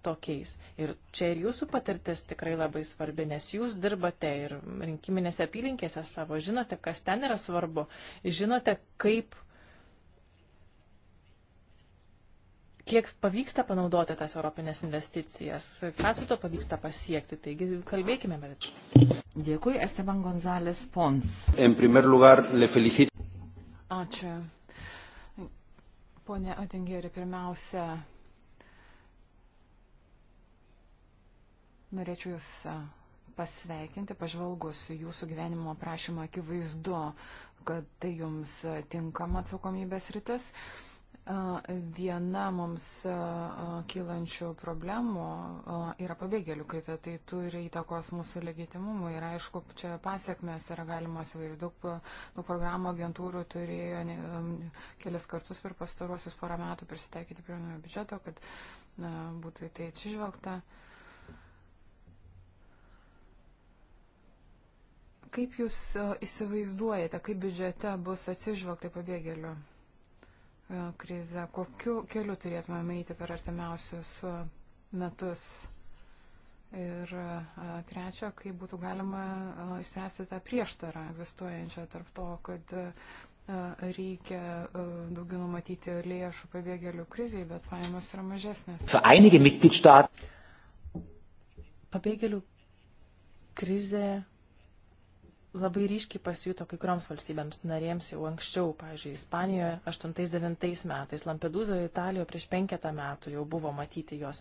tokiais. Ir čia ir jūsų patirtis tikrai labai svarbi, nes jūs dirbate ir rinkiminėse apylinkėse savo, žinote, kas ten yra svarbu, žinote, kaip uh, kiek pavyksta panaudoti tas europinės investicijas, ką su to pavyksta pasiekti. Taigi kalbėkime apie tai. Dėkui, Esteban González Pons. Lugar, Ačiū. Pone Atingeri, pirmiausia, norėčiau Jūs pasveikinti, pažvalgus Jūsų gyvenimo aprašymą akivaizdu, kad tai Jums tinkama atsakomybės rytis. Uh, Viena mums kylančių problemų yra pabėgėlių krizė, tai turi įtakos mūsų legitimumui ir aišku, čia pasiekmes yra galimos įvairių. Daug, daug programų agentūrų turėjo ne, kelis kartus per pastaruosius porą metų prisitaikyti prie naujo biudžeto, kad na, būtų į tai atsižvelgta. Kaip Jūs įsivaizduojate, kaip biudžete bus atsižvelgta pabėgėlių? E, krizę, kokiu keliu turėtume eiti per artimiausius e, metus. Ir e, trečia, kaip būtų galima išspręsti tą prieštarą egzistuojančią tarp to, kad reikia daugiau numatyti lėšų pabėgėlių kriziai, bet pajamos yra mažesnės. Pabėgėlių krizė labai ryškiai pasijuto kai kurioms valstybėms narėms jau anksčiau, pavyzdžiui, Ispanijoje 8-9 metais, Lampedūzoje, Italijoje prieš penketą metų jau buvo matyti jos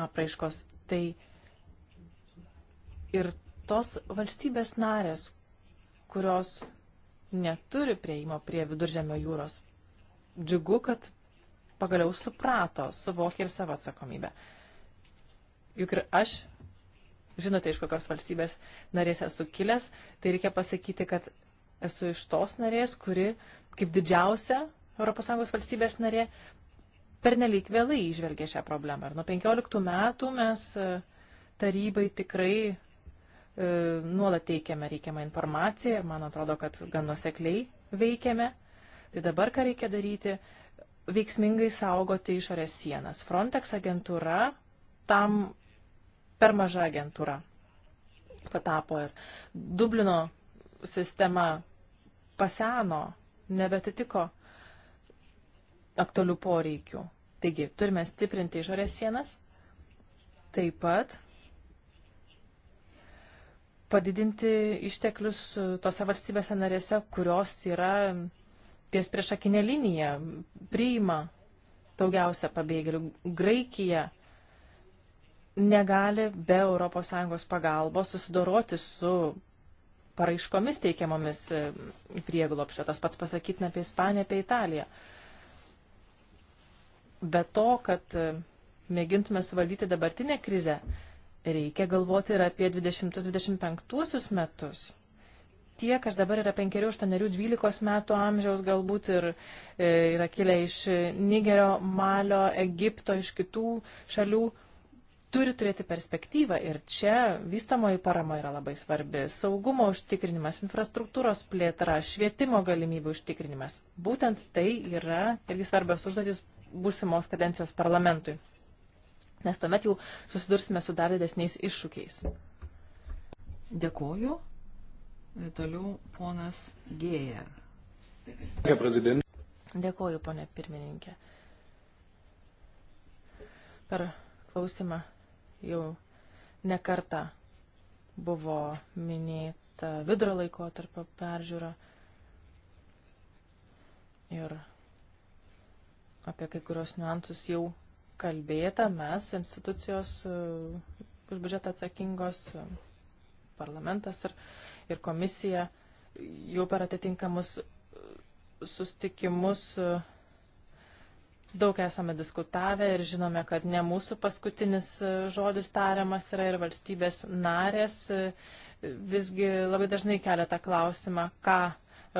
apraiškos. Tai ir tos valstybės narės, kurios neturi prieimo prie viduržėmio jūros, džiugu, kad pagaliau suprato, suvokė ir savo atsakomybę. Juk ir aš žinote, iš kokios valstybės narės esu kilęs, tai reikia pasakyti, kad esu iš tos narės, kuri kaip didžiausia ES valstybės narė pernelyg vėlai išvelgė šią problemą. Ir nuo 15 metų mes e, tarybai tikrai e, nuolat teikiame reikiamą informaciją ir man atrodo, kad gan nusekliai veikiame. Tai dabar ką reikia daryti? Veiksmingai saugoti išorės sienas. Frontex agentūra tam per maža agentūra patapo ir Dublino sistema paseno, nebetitiko aktualių poreikių. Taigi, turime stiprinti išorės sienas, taip pat padidinti išteklius tose valstybėse narėse, kurios yra ties priešakinė linija, priima daugiausia pabėgėlių. Graikija negali be ES pagalbos susidoroti su paraiškomis teikiamomis e, prieglopščio. Tas pats pasakytina apie Ispaniją, apie Italiją. Be to, kad e, mėgintume suvaldyti dabartinę krizę, reikia galvoti ir apie 20-25 metus. Tie, kas dabar yra 5, 8, 12 metų amžiaus galbūt ir e, yra kilę iš Nigerio, Malio, Egipto, iš kitų šalių, turi turėti perspektyvą ir čia vystamoji parama yra labai svarbi. Saugumo užtikrinimas, infrastruktūros plėtra, švietimo galimybių užtikrinimas. Būtent tai yra irgi svarbios užduotis būsimos kadencijos parlamentui. Nes tuomet jau susidursime su dar didesniais iššūkiais. Dėkuoju. E, toliau ponas Gėjer. Dėkuoju, ponė pirmininkė. Per klausimą jau nekarta buvo minėta vidurio laiko tarp peržiūro ir apie kai kurios niuansus jau kalbėta, mes, institucijos uh, už biudžetą atsakingos, uh, parlamentas ir, ir komisija jau per atitinkamus uh, sustikimus uh, Daug esame diskutavę ir žinome, kad ne mūsų paskutinis e, žodis tariamas yra ir valstybės narės. E, visgi labai dažnai kelia tą klausimą, ką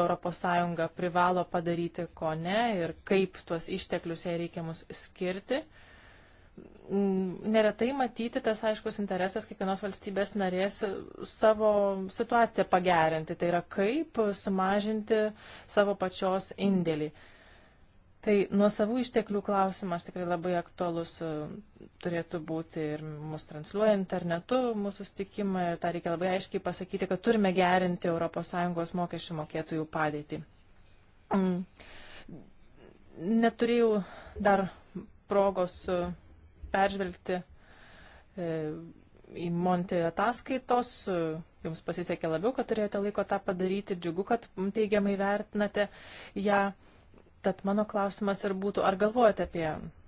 ES privalo padaryti, ko ne ir kaip tuos išteklius jai reikiamus skirti. Mm, neretai matyti tas aiškus interesas kiekvienos valstybės narės savo situaciją pagerinti, tai yra kaip sumažinti savo pačios indėlį Tai nuo savų išteklių klausimas tikrai labai aktuolus e, turėtų būti ir mus transliuoja internetu, mūsų stikimą ir tą reikia labai aiškiai pasakyti, kad turime gerinti ES mokesčių mokėtojų padėtį. Mm. Neturėjau dar progos e, peržvelgti e, į Monti ataskaitos. Jums pasisekė labiau, kad turėjote laiko tą padaryti. Džiugu, kad teigiamai vertinate ją. Ja, Tad mano klausimas ir būtų, ar galvojate apie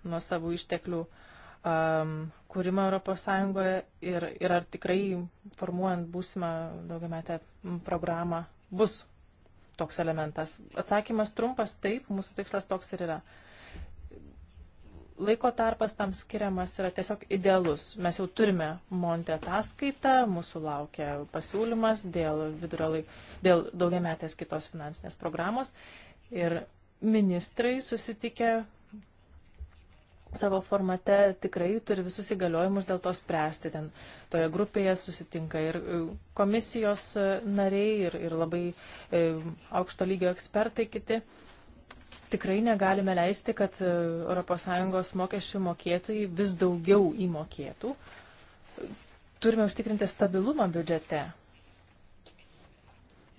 nuo savų išteklių um, kūrimą ES ir, ir ar tikrai formuojant būsimą daugiametę programą bus toks elementas? Atsakymas trumpas, taip, mūsų tikslas toks ir yra. Laiko tarpas tam skiriamas yra tiesiog idealus. Mes jau turime Monte ataskaitą, mūsų laukia pasiūlymas dėl, laik, dėl daugiametės kitos finansinės programos ir ministrai susitikę savo formate tikrai turi visus įgaliojimus dėl to spręsti. Ten toje grupėje susitinka ir e, komisijos e, nariai, ir, ir labai e, aukšto lygio ekspertai kiti. Tikrai negalime leisti, kad ES mokesčių mokėtojai vis daugiau įmokėtų. Turime užtikrinti stabilumą biudžete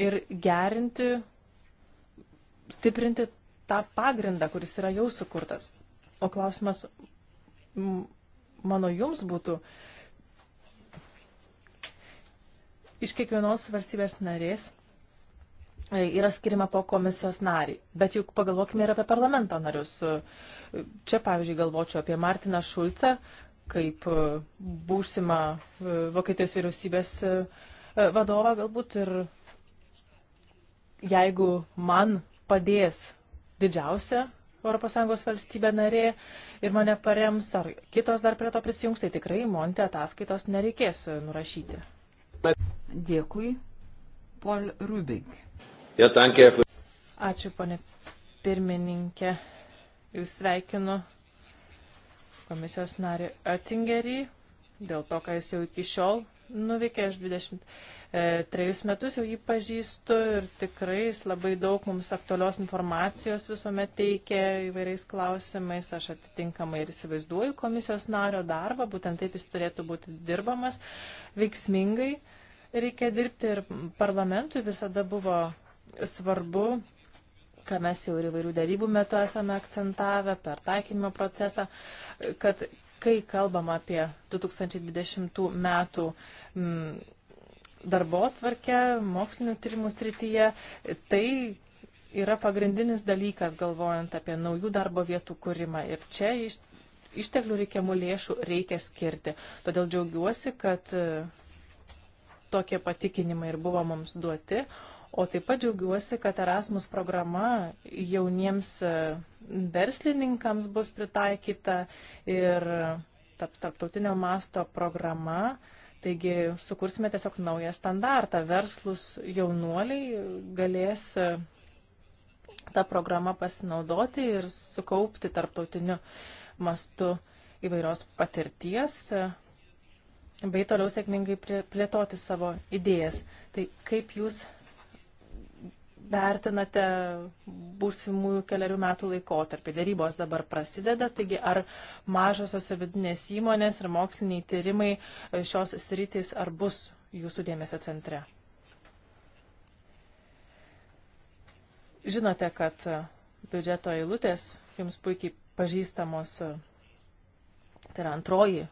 ir gerinti, stiprinti tą pagrindą, kuris yra jau sukurtas. O klausimas mano jums būtų, iš kiekvienos valstybės narės e, yra skirima po komisijos narį. Bet juk pagalvokime ir apie parlamento narius. Čia, pavyzdžiui, galvočiau apie Martiną Šulcą kaip e, būsimą e, Vokietijos vyriausybės vadovą galbūt ir jeigu man padės didžiausia ES valstybė narė ir mane parems, ar kitos dar prie to prisijungs, tai tikrai Monte ataskaitos nereikės nurašyti. Dėkui. Paul Rubik. Ja, danke. Ačiū, ponė pirmininkė. Ir sveikinu komisijos narį Atingerį dėl to, ką jis jau iki šiol nuveikė. Aš 20 E, trejus metus jau jį pažįstu ir tikrai jis labai daug mums aktualios informacijos visuomet teikia įvairiais klausimais. Aš atitinkamai ir įsivaizduoju komisijos nario darbą, būtent taip jis turėtų būti dirbamas veiksmingai. Reikia dirbti ir parlamentui visada buvo svarbu ką mes jau ir įvairių darybų metu esame akcentavę per taikinimo procesą, kad kai kalbam apie 2020 metų m, darbo atvarkę mokslinių tyrimų srityje. Tai yra pagrindinis dalykas, galvojant apie naujų darbo vietų kūrimą. Ir čia iš, išteklių reikiamų lėšų reikia skirti. Todėl džiaugiuosi, kad e, tokie patikinimai ir buvo mums duoti. O taip pat džiaugiuosi, kad Erasmus programa jauniems e, verslininkams bus pritaikyta ir e, taps tarptautinio masto programa Taigi sukursime tiesiog naują standartą. Verslus jaunuoliai galės e, tą programą pasinaudoti ir sukaupti tarptautiniu mastu įvairios patirties e, bei toliau sėkmingai plėtoti savo idėjas. Tai kaip jūs vertinate būsimųjų keliarių metų laikotarpį? Darybos dabar prasideda, taigi ar mažosios vidinės įmonės ir moksliniai tyrimai e, šios sritys ar bus jūsų dėmesio centre? Žinote, kad e, biudžeto eilutės jums puikiai pažįstamos, e, tai yra antroji,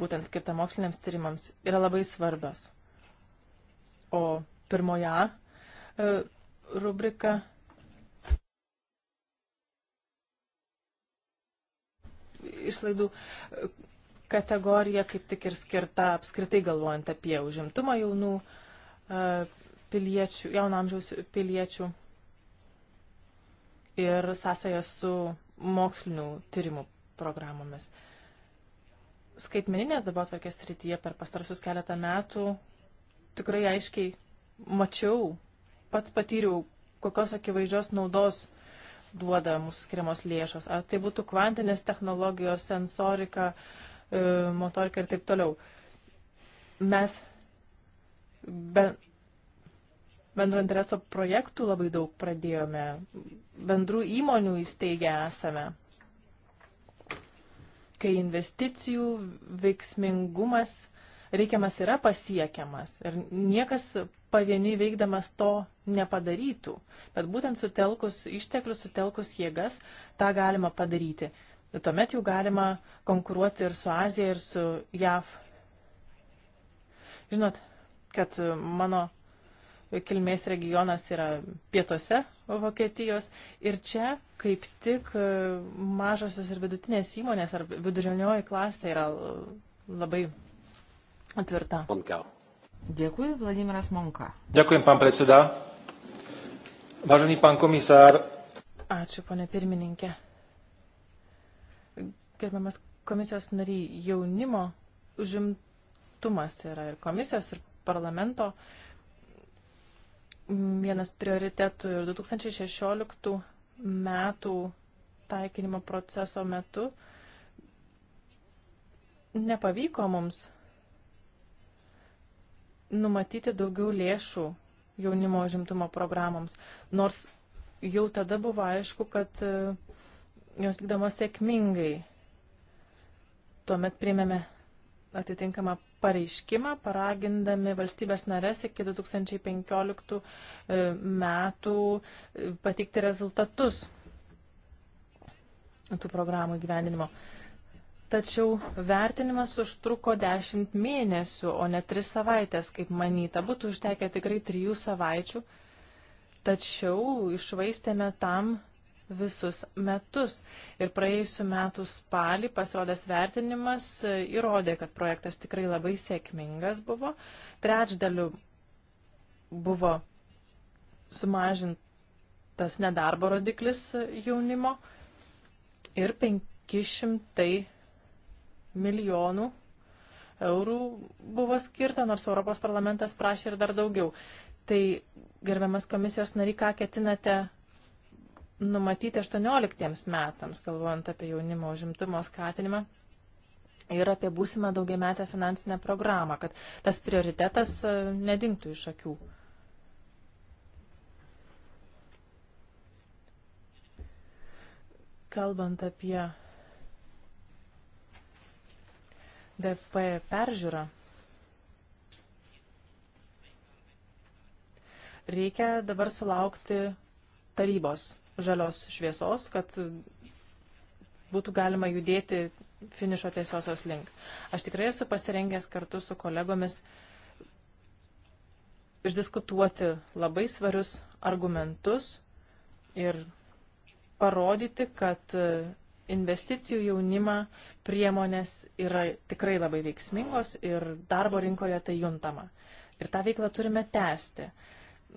būtent skirta moksliniams tyrimams, yra labai svarbios. O pirmoje E, rubrika išlaidų kategorija kaip tik ir skirta apskritai galvojant apie užimtumą jaunų e, piliečių, jauno amžiaus piliečių ir sąsąją su mokslinių tyrimų programomis. Skaitmeninės dabar atvarkės rytyje per pastarsius keletą metų tikrai aiškiai mačiau pats patyriau, kokios akivaizdžios naudos duoda mūsų skiriamos lėšos. Ar tai būtų kvantinės technologijos, sensorika, e, motorika ir taip toliau. Mes be, bendro intereso projektų labai daug pradėjome, bendrų įmonių įsteigę esame. Kai investicijų veiksmingumas reikiamas yra pasiekiamas ir niekas pavieniui veikdamas to nepadarytų. Bet būtent sutelkus išteklius, sutelkus jėgas, tą galima padaryti. Ir tuomet jau galima konkuruoti ir su Azija, ir su JAV. Žinot, kad mano kilmės regionas yra pietuose Vokietijos ir čia kaip tik mažosios ir vidutinės įmonės ar vidurinioji klasė yra labai tvirta. Dėkui, Vladimiras Monka. Dėkui, pan predseda. Vážený pán komisár. Ačiū, ponė pirmininkė. Gerbiamas komisijos nariai, jaunimo užimtumas yra ir komisijos, ir parlamento vienas prioritetų ir 2016 metų taikinimo proceso metu nepavyko mums numatyti daugiau lėšų jaunimo žimtumo programoms. Nors jau tada buvo aišku, kad e, jos vykdomos sėkmingai. Tuomet priėmėme atitinkamą pareiškimą, paragindami valstybės narės iki 2015 e, metų e, pateikti rezultatus tų programų gyvendinimo. Tačiau vertinimas užtruko 10 mėnesių, o ne 3 savaitės, kaip manyta. Būtų užtekę tikrai 3 savaičių, tačiau išvaistėme tam visus metus. Ir praėjusiu metu spalį pasirodęs vertinimas įrodė, kad projektas tikrai labai sėkmingas buvo. Trečdaliu buvo sumažintas nedarbo rodiklis jaunimo ir 500 milijonų eurų buvo skirta, nors Europos parlamentas prašė ir dar daugiau. Tai, gerbiamas komisijos nary, ką ketinate numatyti 18 metams, galvojant apie jaunimo užimtumo skatinimą ir apie būsimą daugiametę finansinę programą, kad tas prioritetas e, nedingtų iš akių. Kalbant apie DP peržiūrą, reikia dabar sulaukti tarybos žalios šviesos, kad būtų galima judėti finišo tiesiosios link. Aš tikrai esu pasirengęs kartu su kolegomis išdiskutuoti labai svarius argumentus ir parodyti, kad investicijų jaunimą priemonės yra tikrai labai veiksmingos ir darbo rinkoje tai juntama. Ir tą veiklą turime tęsti.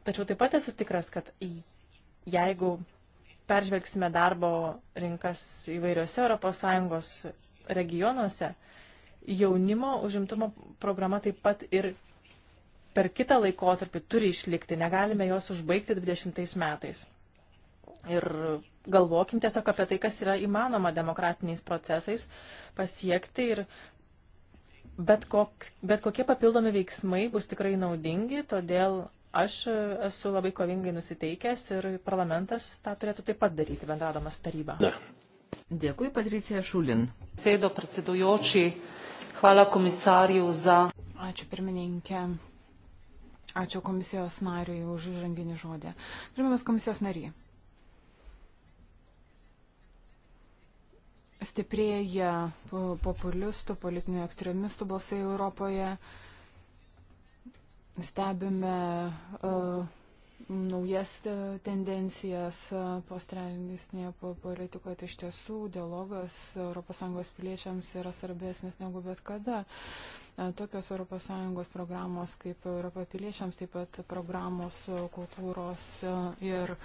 Tačiau taip pat esu tikras, kad jeigu peržvelgsime darbo rinkas įvairiose ES regionuose, jaunimo užimtumo programa taip pat ir per kitą laikotarpį turi išlikti, negalime jos užbaigti 20 metais. Ir galvokim tiesiog apie tai, kas yra įmanoma demokratiniais procesais pasiekti ir bet, koks, bet kokie papildomi veiksmai bus tikrai naudingi, todėl aš esu labai kovingai nusiteikęs ir parlamentas tą turėtų taip pat daryti, bendradamas tarybą. Ne. Dėkui, Patricija Šulin. Sėdo pracidujočiai, hvala komisarijų za. Ačiū pirmininkė. Ačiū komisijos nariui už žanginį žodį. Gerbiamas komisijos nariai. stiprėja populistų, politinių ekstremistų balsai Europoje. Stebime uh, naujas e, tendencijas e, postrelinėje politikoje. Tai iš tiesų dialogas ES piliečiams yra svarbesnis negu bet kada. E, tokios ES programos kaip Europa piliečiams, taip pat programos kultūros ir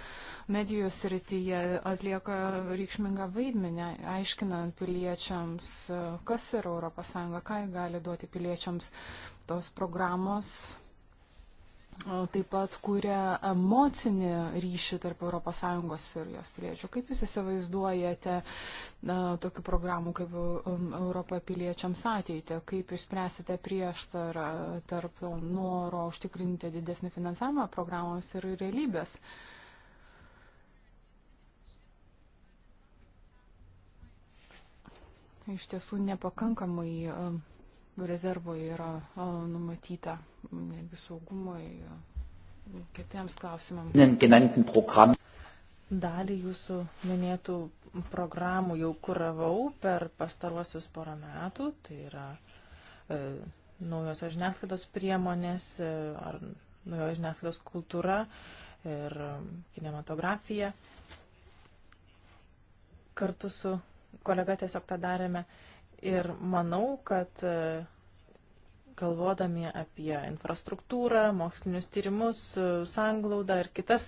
medijų srityje atlieka reikšmingą vaidmenį, aiškinant piliečiams, kas yra ES, ką gali duoti piliečiams tos programos taip pat kuria emocinį ryšį tarp ES ir jos piliečių. Kaip Jūs įsivaizduojate na, tokių programų kaip um, Europa piliečiams ateitį? Kaip Jūs spręsite prieštarą tarp noro užtikrinti didesnį finansavimą programoms ir realybės? Iš tiesų nepakankamai. Um, rezervo yra numatyta netgi saugumui kitiems klausimams. Dalį jūsų minėtų programų jau kuravau per pastaruosius porą metų, tai yra e, naujosios žiniasklaidos priemonės e, ar naujosios žiniasklaidos kultūra ir e, kinematografija. Kartu su kolega tiesiog tą darėme. E, Ir manau, kad e, galvodami apie infrastruktūrą, mokslinius tyrimus, e, sanglaudą ir kitas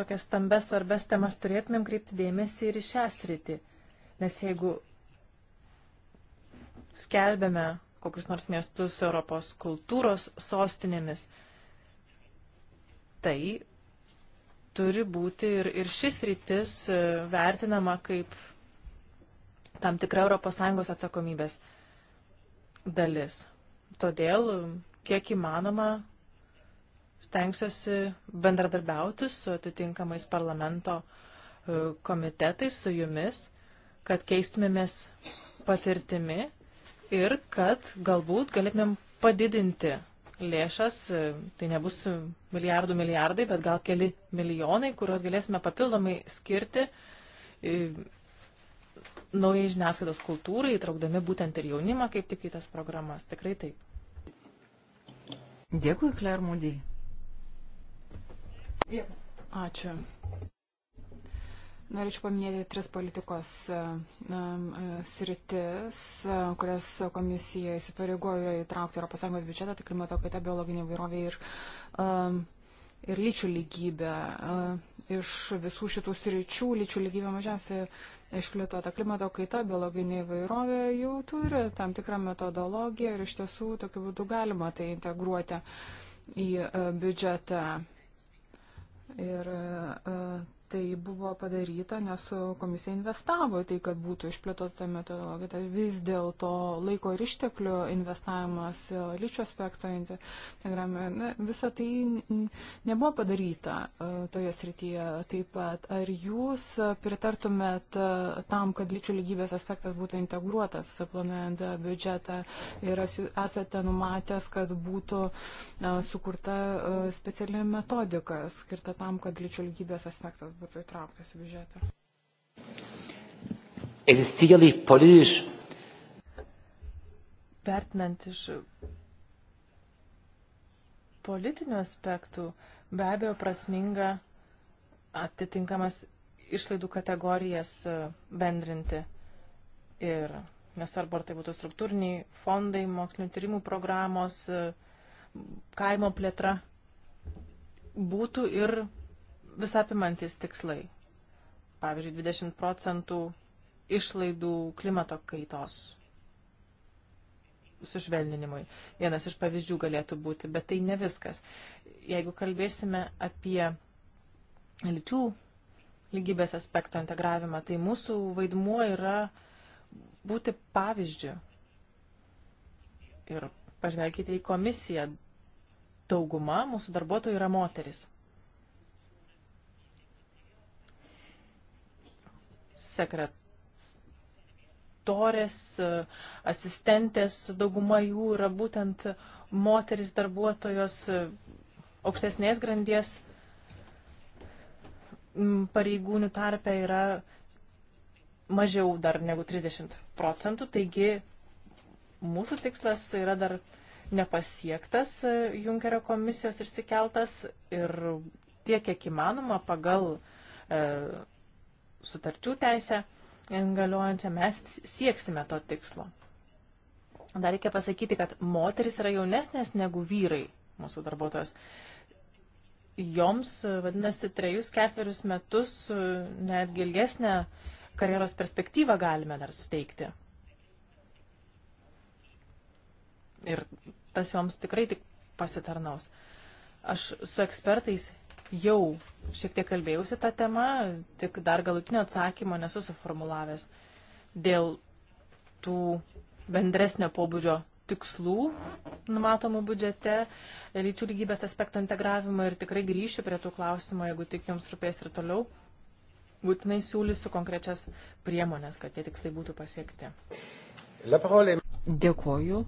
tokias stambes svarbes temas turėtumėm kreipti dėmesį ir į šią sritį. Nes jeigu skelbėme kokius nors miestus Europos kultūros sostinėmis, tai turi būti ir, ir šis rytis e, vertinama kaip tam tikra ES atsakomybės dalis. Todėl, kiek įmanoma, stengsiuosi bendradarbiauti su atitinkamais parlamento e, komitetais, su jumis, kad keistumėmės patirtimi ir kad galbūt galėtumėm padidinti lėšas, e, tai nebus milijardų milijardai, bet gal keli milijonai, kuriuos galėsime papildomai skirti e, naujai žiniasklaidos kultūrai, įtraukdami būtent ir jaunimą kaip tik į tas programas. Tikrai taip. Dėkui, Claire Moody. Ačiū. Norėčiau paminėti tris politikos sritis, kurias komisija įsipareigojo įtraukti ES biudžetą, tai klimato kaita, biologinė įvairovė ir um, ir lyčių lygybę. Uh, iš visų šitų sričių lyčių lygybė mažiausiai išplėtota klimato kaita, biologinė įvairovė jau turi tam tikrą metodologiją ir iš tiesų tokiu būdu galima tai integruoti į e, biudžetą. Ir e, tai buvo padaryta, nes komisija investavo į tai, kad būtų išplėtota metodologija. Tai vis dėlto laiko ir išteklių investavimas, lyčio aspekto integravime, visa tai nebuvo padaryta e, toje srityje taip pat. Ar jūs pritartumėt e, tam, kad lyčių lygybės aspektas būtų integruotas, planuojant biudžetą ir esate numatęs, kad būtų e, sukurta speciali metodika skirta tam, kad lyčių lygybės aspektas būtų įtrauktas į biudžetą. Vertinant iš politinių aspektų, be abejo prasminga atitinkamas išlaidų kategorijas e, bendrinti. Ir nesvarbu, ar tai būtų struktūriniai fondai, mokslinio tyrimų programos, e, kaimo plėtra, būtų ir visapimantis tikslai. Pavyzdžiui, 20 procentų išlaidų klimato kaitos sušvelninimui. Vienas iš pavyzdžių galėtų būti, bet tai ne viskas. Jeigu kalbėsime apie lyčių lygybės aspekto integravimą, tai mūsų vaidmuo yra būti pavyzdžiu. Ir pažvelkite į komisiją. Dauguma mūsų darbuotojų yra moteris. sekretorės, asistentės, dauguma jų yra būtent moteris darbuotojos aukštesnės grandies pareigūnių tarpe yra mažiau dar negu 30 procentų, taigi mūsų tikslas yra dar nepasiektas e, Junkerio komisijos išsikeltas ir tiek, kiek įmanoma pagal e, sutarčių teisę galiojančią, mes sieksime to tikslo. Dar reikia pasakyti, kad moteris yra jaunesnės negu vyrai mūsų darbuotojas. Joms, vadinasi, trejus, ketverius metus, netgi ilgesnę karjeros perspektyvą galime dar suteikti. Ir tas joms tikrai tik pasitarnaus. Aš su ekspertais jau šiek tiek kalbėjausi tą temą, tik dar galutinio atsakymo nesu suformulavęs dėl tų bendresnio pobūdžio tikslų numatomų biudžete, lyčių lygybės aspekto integravimą ir tikrai grįšiu prie tų klausimų, jeigu tik jums rūpės ir toliau. Būtinai siūlysiu konkrečias priemonės, kad tie tikslai būtų pasiekti. Dėkoju.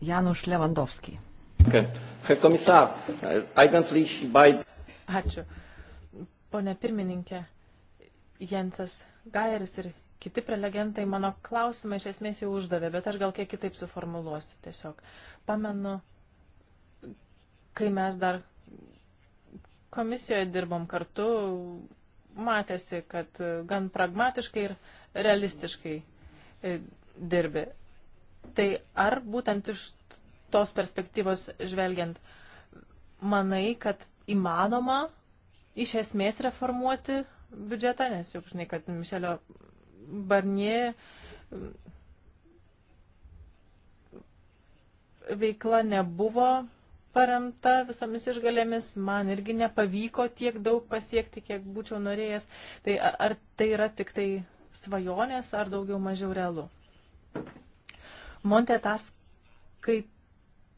Januš Levandovskijai. Herr Kommissar, eigentlich bei. Ačiū. Pone pirmininkė, Jensas Gairis ir kiti prelegentai mano klausimą iš esmės jau uždavė, bet aš gal kiek kitaip suformuluosiu tiesiog. Pamenu, kai mes dar komisijoje dirbom kartu, matėsi, kad gan pragmatiškai ir realistiškai e, dirbi. Tai ar būtent iš tos perspektyvos žvelgiant, manai, kad įmanoma iš esmės reformuoti biudžetą, nes juk žinai, kad Mišelio Barnie mm, veikla nebuvo paremta visomis išgalėmis, man irgi nepavyko tiek daug pasiekti, kiek būčiau norėjęs. Tai ar tai yra tik tai svajonės, ar daugiau mažiau realu? Monte ataskaita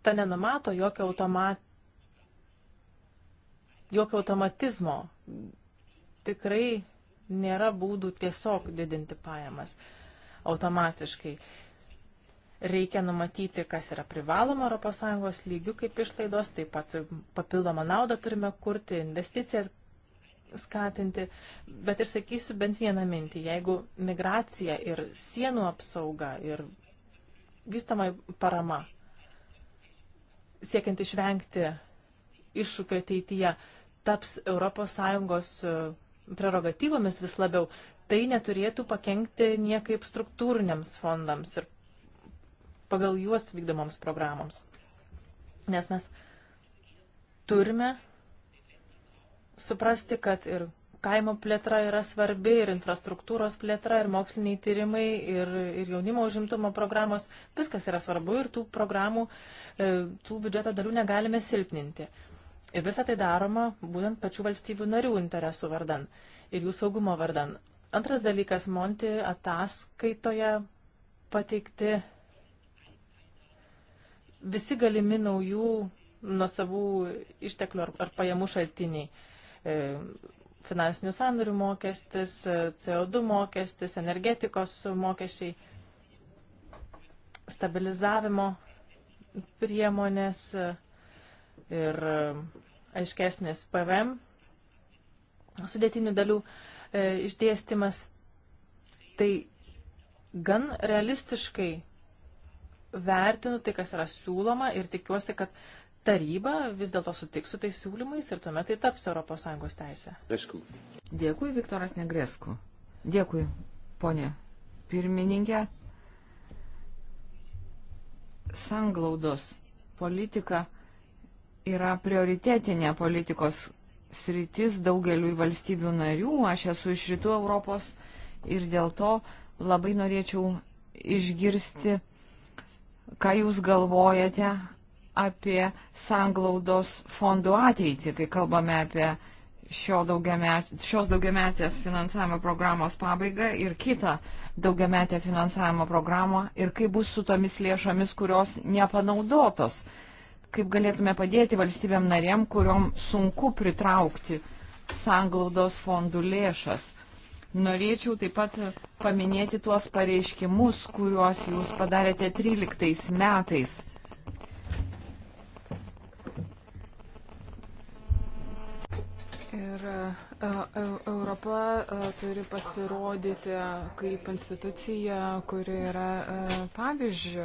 ta nenumato jokio, automa, jokio automatizmo. Tikrai nėra būdų tiesiog didinti pajamas automatiškai. Reikia numatyti, kas yra privaloma ES lygių kaip išlaidos, taip pat papildomą naudą turime kurti, investicijas skatinti. Bet išsakysiu bent vieną mintį. Jeigu migracija ir sienų apsauga ir vystoma parama siekiant išvengti iššūkio ateityje, taps ES e, prerogatyvomis vis labiau, tai neturėtų pakengti niekaip struktūriniams fondams ir pagal juos vykdomoms programoms. Nes mes turime suprasti, kad ir kaimo plėtra yra svarbi ir infrastruktūros plėtra ir moksliniai tyrimai ir, ir jaunimo užimtumo programos. Viskas yra svarbu ir tų programų, e, tų biudžeto dalių negalime silpninti. Ir visą tai daroma būtent pačių valstybių narių interesų vardan ir jų saugumo vardan. Antras dalykas, Monti ataskaitoje pateikti visi galimi naujų nuo savų išteklių ar, ar pajamų šaltiniai. E, finansinių sandorių mokestis, CO2 mokestis, energetikos mokesčiai, stabilizavimo priemonės ir aiškesnis PVM sudėtinių dalių e, išdėstymas. Tai gan realistiškai vertinu tai, kas yra siūloma ir tikiuosi, kad taryba vis dėlto sutiks su tais siūlymais ir tuomet tai taps ES teisė. Nesku. Dėkui, Viktoras Negresku. Dėkui, ponė pirmininkė. Sanglaudos politika yra prioritetinė politikos sritis daugeliui valstybių narių. Aš esu iš rytų Europos ir dėl to labai norėčiau išgirsti, ką jūs galvojate apie sanglaudos fondų ateitį, kai kalbame apie šio daugiamet, šios daugiametės finansavimo programos pabaigą ir kitą daugiametę finansavimo programą ir kaip bus su tomis lėšomis, kurios nepanaudotos, kaip galėtume padėti valstybėm narėm, kuriom sunku pritraukti sanglaudos fondų lėšas. Norėčiau taip pat paminėti tuos pareiškimus, kuriuos jūs padarėte 13 metais Ir e, e, Europa e, turi pasirodyti kaip institucija, kuri yra pavyzdžių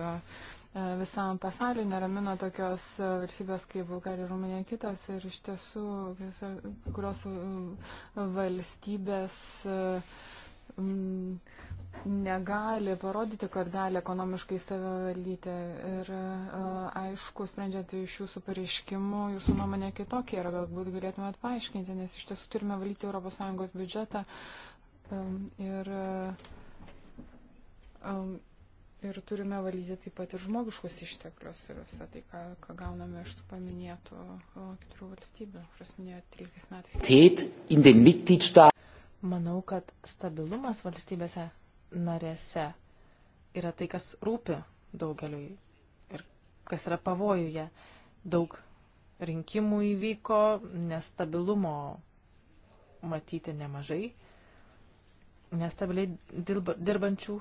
visam pasauliu, neramina tokios valstybės kaip Bulgarija, Rumunija, kitos ir iš tiesų, kurios valstybės. Mm, negali parodyti, kad gali ekonomiškai save valdyti. Ir e, aišku, sprendžiant iš jūsų pareiškimų, jūsų nuomonė kitokia yra, galbūt galėtumėt paaiškinti, nes iš tiesų turime valyti ES biudžetą. Ir, ir turime valdyti taip pat ir žmogiškus išteklius ir visą tai, ką, ką gauname iš tų paminėtų kitų valstybių, kurias minėjote 13 metais. Manau, kad stabilumas valstybėse narėse yra tai, kas rūpi daugeliui ir kas yra pavojuje. Daug rinkimų įvyko, nestabilumo matyti nemažai, nestabiliai dilba, dirbančių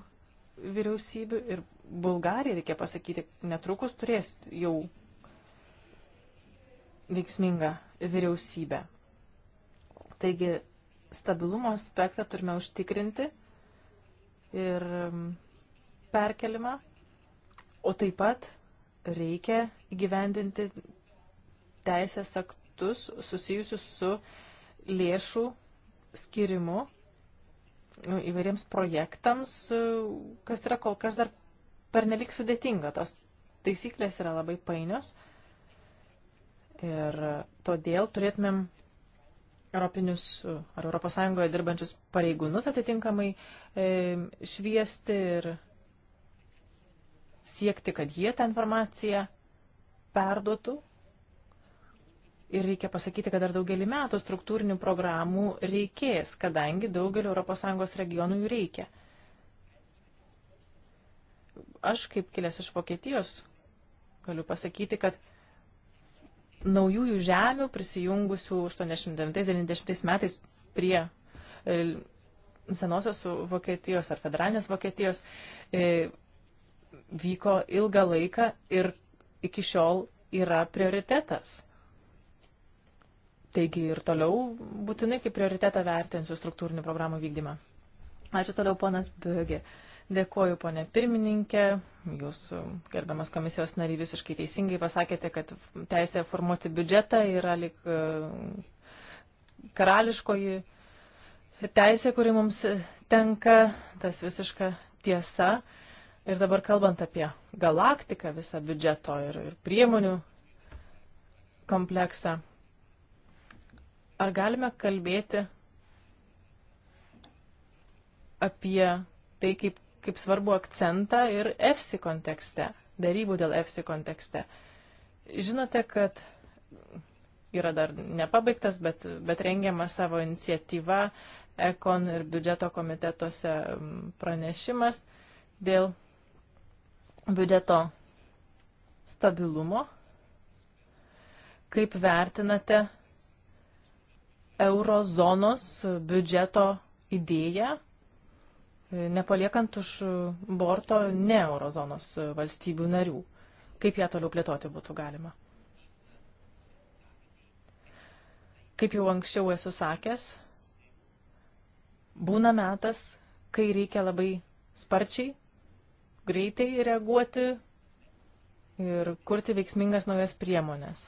vyriausybių ir Bulgarija, reikia pasakyti, netrukus turės jau veiksmingą vyriausybę. Taigi stabilumo aspektą turime užtikrinti ir um, perkelimą, o taip pat reikia gyvendinti teisės aktus susijusius su lėšų skirimu nu, įvairiems projektams, kas yra kol kas dar pernelik sudėtinga. Tos taisyklės yra labai painios ir todėl turėtumėm Europinius ar ES dirbančius pareigūnus atitinkamai E, šviesti ir siekti, kad jie tą informaciją perduotų. Ir reikia pasakyti, kad dar daugelį metų struktūrinių programų reikės, kadangi daugelio ES regionų jų reikia. Aš, kaip kilęs iš Vokietijos, galiu pasakyti, kad naujųjų žemių prisijungusių 89-90 metais prie e, senosios Vokietijos ar federalinės Vokietijos e, vyko ilgą laiką ir iki šiol yra prioritetas. Taigi ir toliau būtinai kaip prioritetą vertinsiu struktūrinių programų vykdymą. Ačiū toliau, ponas Bögė. Dėkuoju, ponė pirmininkė. Jūs, gerbiamas komisijos nariai, visiškai teisingai pasakėte, kad teisė formuoti biudžetą yra lik e, karališkoji teisė, kuri mums tenka, tas visiška tiesa. Ir dabar kalbant apie galaktiką, visą biudžeto ir, ir priemonių kompleksą, ar galime kalbėti apie tai, kaip, kaip svarbu akcentą ir EFSI kontekste, darybų dėl EFSI kontekste? Žinote, kad yra dar nepabaigtas, bet, bet rengiama savo iniciatyva uh, ekon ir biudžeto komitetuose pranešimas dėl biudžeto stabilumo. Kaip vertinate eurozonos biudžeto idėją, e, nepaliekant už borto ne eurozonos valstybių narių? Kaip ją toliau plėtoti būtų galima? Kaip jau anksčiau esu sakęs, būna metas, kai reikia labai sparčiai, greitai reaguoti ir kurti veiksmingas naujas priemonės.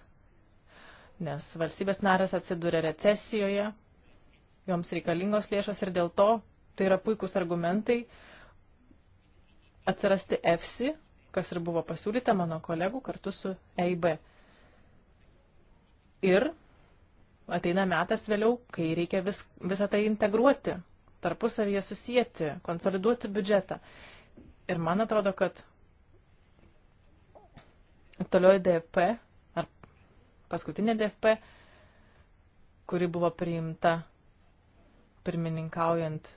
Nes valstybės naras atsiduria recesijoje, joms reikalingos lėšos ir dėl to tai yra puikūs argumentai atsirasti EFSI, kas ir buvo pasiūlyta mano kolegų kartu su EIB. Ir ateina metas vėliau, kai reikia vis, visą tai integruoti tarpusavyje susijęti, konsoliduoti biudžetą. Ir man atrodo, kad toliau DFP, ar paskutinė DFP, kuri buvo priimta pirmininkaujant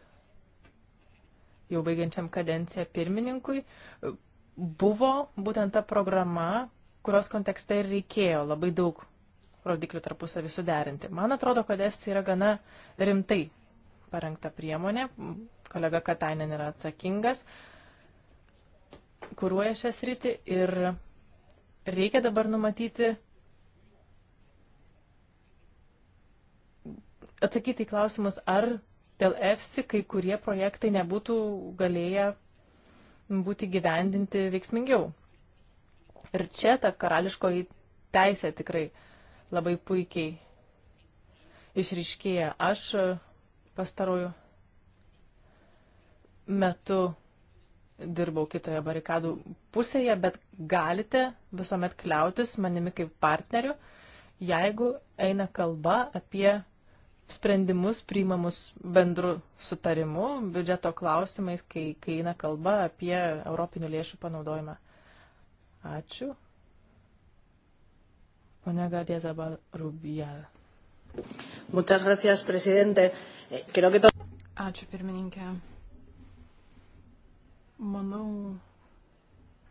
jau baigiančiam kadenciją pirmininkui, buvo būtent ta programa, kurios kontekste ir reikėjo labai daug rodiklių tarpusavį suderinti. Man atrodo, kad Estija yra gana rimtai parengta priemonė, kolega Katainen yra atsakingas, kūruoja šią sritį ir reikia dabar numatyti, atsakyti į klausimus, ar dėl EFSI kai kurie projektai nebūtų galėję būti gyvendinti veiksmingiau. Ir čia ta karališkoji teisė tikrai labai puikiai išriškėja. Aš pastarojų metu dirbau kitoje barikadų pusėje, bet galite visuomet kliautis manimi kaip partneriu, jeigu eina kalba apie sprendimus priimamus bendru sutarimu, biudžeto klausimais, kai, kai eina kalba apie europinių lėšų panaudojimą. Ačiū. Pone Gardėzaba Rubija. Muchas gracias, presidente. Eh, creo que to... Ačiū, pirmininkė. Manau,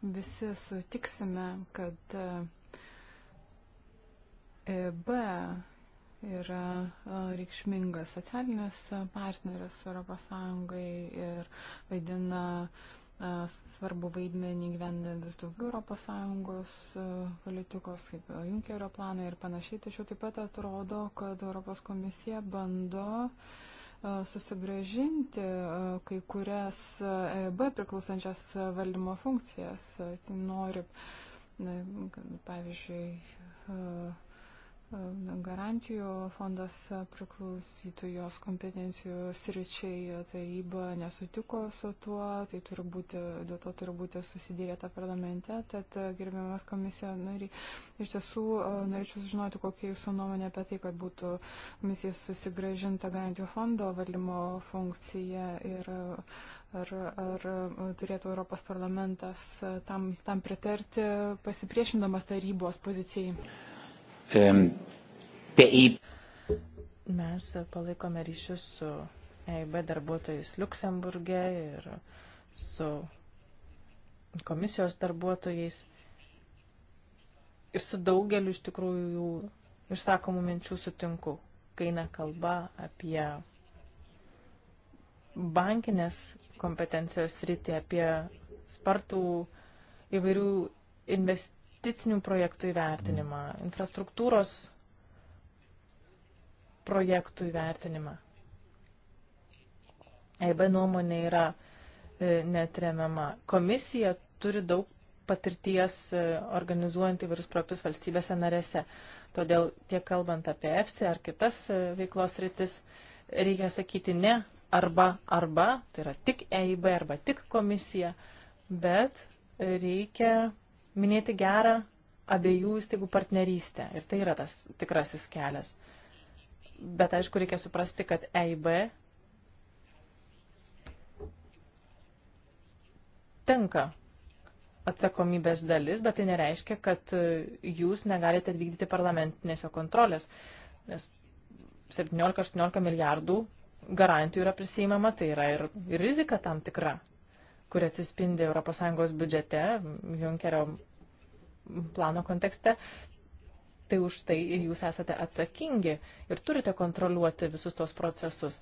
visi sutiksime, kad EB e yra e, reikšmingas socialinis e, partneris ES ir vaidina uh, svarbu vaidmenį gyvendant vis daugiau ES politikos, kaip Junkerio planai ir panašiai. Tačiau taip pat atrodo, kad Europos komisija bando susigražinti kai kurias EB priklausančias valdymo funkcijas. Tai nori, pavyzdžiui, garantijų fondas priklausytų jos kompetencijų sričiai, taryba nesutiko su tuo, tai turi būti, dėl to turi būti susidėrėta parlamente, tad gerbiamas komisija nariai, iš tiesų e, norėčiau sužinoti, kokia jūsų nuomonė apie tai, kad būtų misija susigražinta garantijų fondo valdymo funkcija ir ar, ar turėtų Europos parlamentas tam, tam pritarti pasipriešindamas tarybos pozicijai. Mes palaikome ryšius su EIB darbuotojais Luksemburgė ir su komisijos darbuotojais ir su daugeliu iš tikrųjų jų išsakomų minčių sutinku, kai eina kalba apie bankinės kompetencijos rytį, apie spartų įvairių investicijų investicinių projektų įvertinimą, mm. infrastruktūros projektų įvertinimą. EIB nuomonė yra e, netremiama. Komisija turi daug patirties e, organizuojant įvairius projektus valstybėse narėse. Todėl tiek kalbant apie EFSI ar kitas e, veiklos rytis, reikia sakyti ne arba arba, tai yra tik EIB arba tik komisija, bet reikia minėti gerą abiejų įstaigų partnerystę. Ir tai yra tas tikrasis kelias. Bet aišku, reikia suprasti, kad EIB tenka atsakomybės dalis, bet tai nereiškia, kad jūs negalite vykdyti parlamentinės jo kontrolės, nes 17-18 milijardų garantijų yra prisijimama, tai yra ir, ir rizika tam tikra, kuri atsispindi ES biudžete, Junkerio plano kontekste, tai už tai ir jūs esate atsakingi ir turite kontroliuoti visus tos procesus.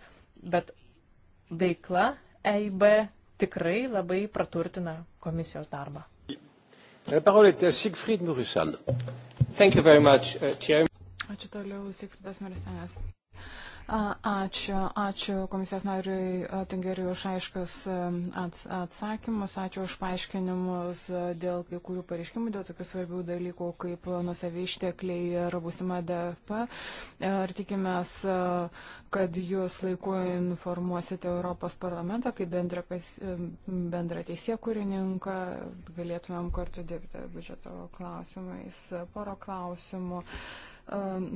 Bet veikla EIB tikrai labai praturtina komisijos darbą. Uh, Ačiū toliau, Sigfridas Marisanas. Ačiū, ačiū komisijos nariui Tingeriui už aiškius atsakymus, ačiū už paaiškinimus e, dėl kai kurių pareiškimų, dėl tokių svarbių dalykų kaip nusavi ištekliai ir būsima DFP. Ir tikimės, e, kad jūs laiku informuosite Europos parlamentą kaip bendra, e, bendra teisė kūrininką, galėtumėm kartu dirbti biudžeto klausimais. Poro klausimų. Uh,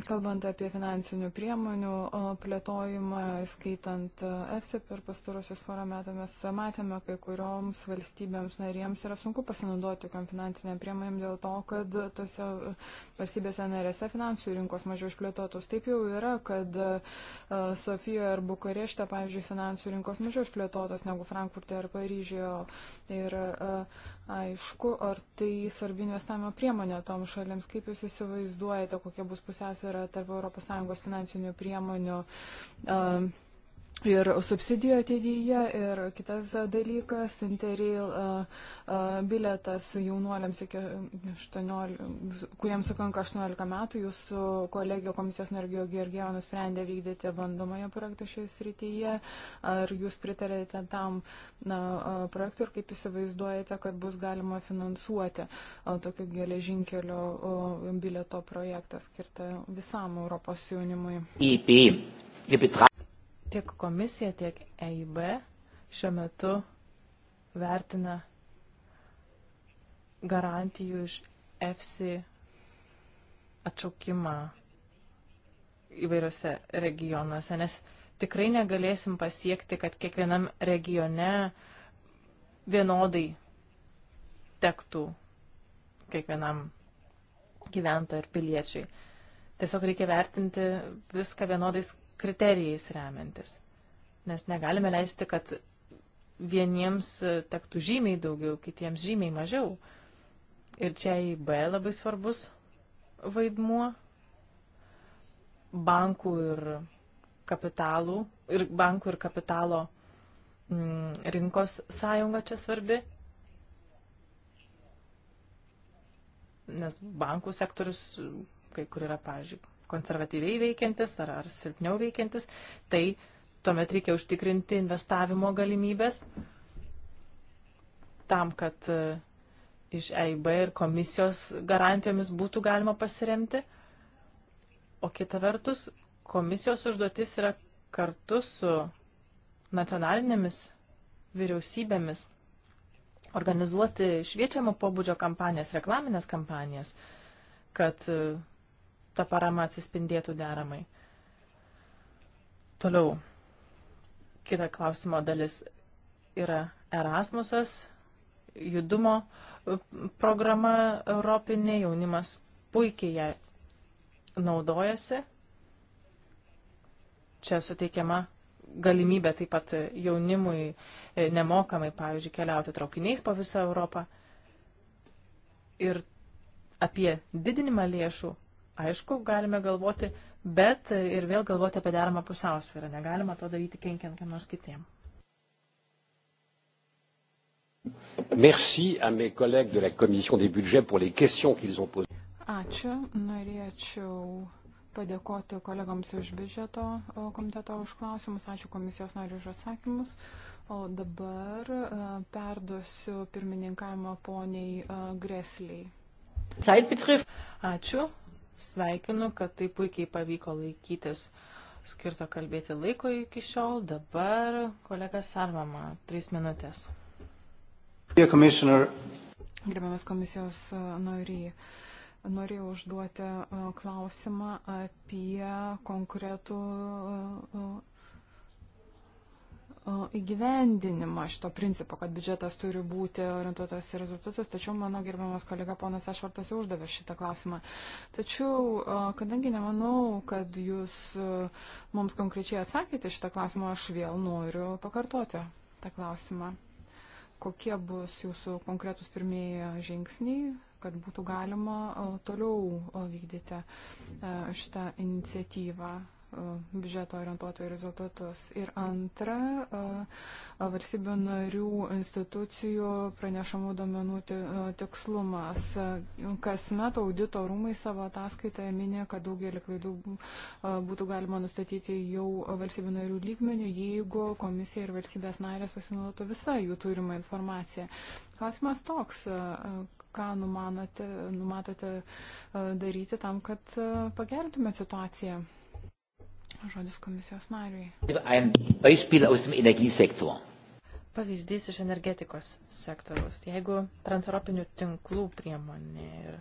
kalbant apie finansinių priemonių plėtojimą, skaitant EFSI per pastarosius porą metų, mes matėme, kai kurioms valstybėms narėms yra sunku pasinaudoti kom finansinėm priemonėm dėl to, kad tose e, valstybėse narėse finansų rinkos mažiau išplėtotos. Taip jau yra, kad e, Sofijoje ar Bukarešte, pavyzdžiui, finansų rinkos mažiau išplėtotos negu Frankfurte ar Paryžioje. Ir e, aišku, ar tai svarbi investavimo priemonė toms šalims. Kaip Jūs įsivaizduojate, kokia bus pusiausvėra tarp ES finansinių priemonių? Uh, ir subsidijų ateityje, ir kitas dalykas, interrail biletas jaunuoliams, iki 18, kuriems sukanka 18 metų, jūsų kolegijų komisijos nargio Gergėjo nusprendė vykdyti bandomąją projektą šioje srityje. Ar jūs pritarėte tam na, projektui ir kaip įsivaizduojate, kad bus galima finansuoti tokio geležinkelio bileto projektą skirtą visam Europos jaunimui? IP. IP. Tiek komisija, tiek EIB šiuo metu vertina garantijų iš EFSI atšaukimą įvairiose regionuose, nes tikrai negalėsim pasiekti, kad kiekvienam regione vienodai tektų kiekvienam gyventojui ir piliečiui. Tiesiog reikia vertinti viską vienodais kriterijais remiantis. Nes negalime leisti, kad vieniems tektų žymiai daugiau, kitiems žymiai mažiau. Ir čia į B labai svarbus vaidmuo bankų ir kapitalų ir bankų ir kapitalo m, mm, rinkos sąjunga čia svarbi. Nes bankų sektorius kai kur yra, pažiūrėjau, konservatyviai veikiantis ar, ar silpniau veikiantis, tai tuomet reikia užtikrinti investavimo galimybės tam, kad e, iš EIB ir komisijos garantijomis būtų galima pasiremti. O kita vertus, komisijos užduotis yra kartu su nacionalinėmis vyriausybėmis organizuoti šviečiamo pobūdžio kampanijas, reklaminės kampanijas, kad e, ta parama atsispindėtų deramai. Toliau, kita klausimo dalis yra Erasmusas, judumo programa Europinė, jaunimas puikiai ją naudojasi. Čia suteikiama galimybė taip pat jaunimui nemokamai, pavyzdžiui, keliauti traukiniais po visą Europą. Ir apie didinimą lėšų Aišku, galime galvoti, bet ir vėl galvoti apie deramą pusiausvyrą. Negalima to daryti kenkiant kam nors kitiem. Merci à mes collègues de la Commission des budgets pour les questions qu'ils ont posées. Ačiū. Norėčiau padėkoti kolegams iš biudžeto komiteto už klausimus. Ačiū komisijos nariu už atsakymus. O dabar e, perduosiu pirmininkavimą poniai e, Gresliai. Ačiū sveikinu, kad tai puikiai pavyko laikytis skirto kalbėti laiko iki šiol. Dabar kolega Sarvama, trys minutės. Gerbiamas komisijos e, nariai, norėjau užduoti e, klausimą apie konkretų e, įgyvendinimą šito principo, kad biudžetas turi būti orientuotas į rezultatus, tačiau mano gerbiamas kolega ponas Ašvartas jau uždavė šitą klausimą. Tačiau, kadangi nemanau, kad jūs mums konkrečiai atsakėte šitą klausimą, aš vėl noriu pakartoti tą klausimą. Kokie bus jūsų konkretus pirmieji žingsniai, kad būtų galima toliau vykdyti e, šitą iniciatyvą? biudžeto orientuoto į rezultatus. Ir antra, valstybių narių institucijų pranešamų domenų tikslumas. Kasmet audito rūmai savo ataskaitoje minė, kad daugelį klaidų būtų galima nustatyti jau valstybių narių lygmenių, jeigu komisija ir valstybės narės pasinaudotų visą jų turimą informaciją. Klausimas toks, ką numanote, numatote daryti tam, kad pagerintume situaciją. Žodis komisijos nariui. Pavyzdys iš energetikos sektoriaus. Jeigu transeuropinių tinklų priemonė ir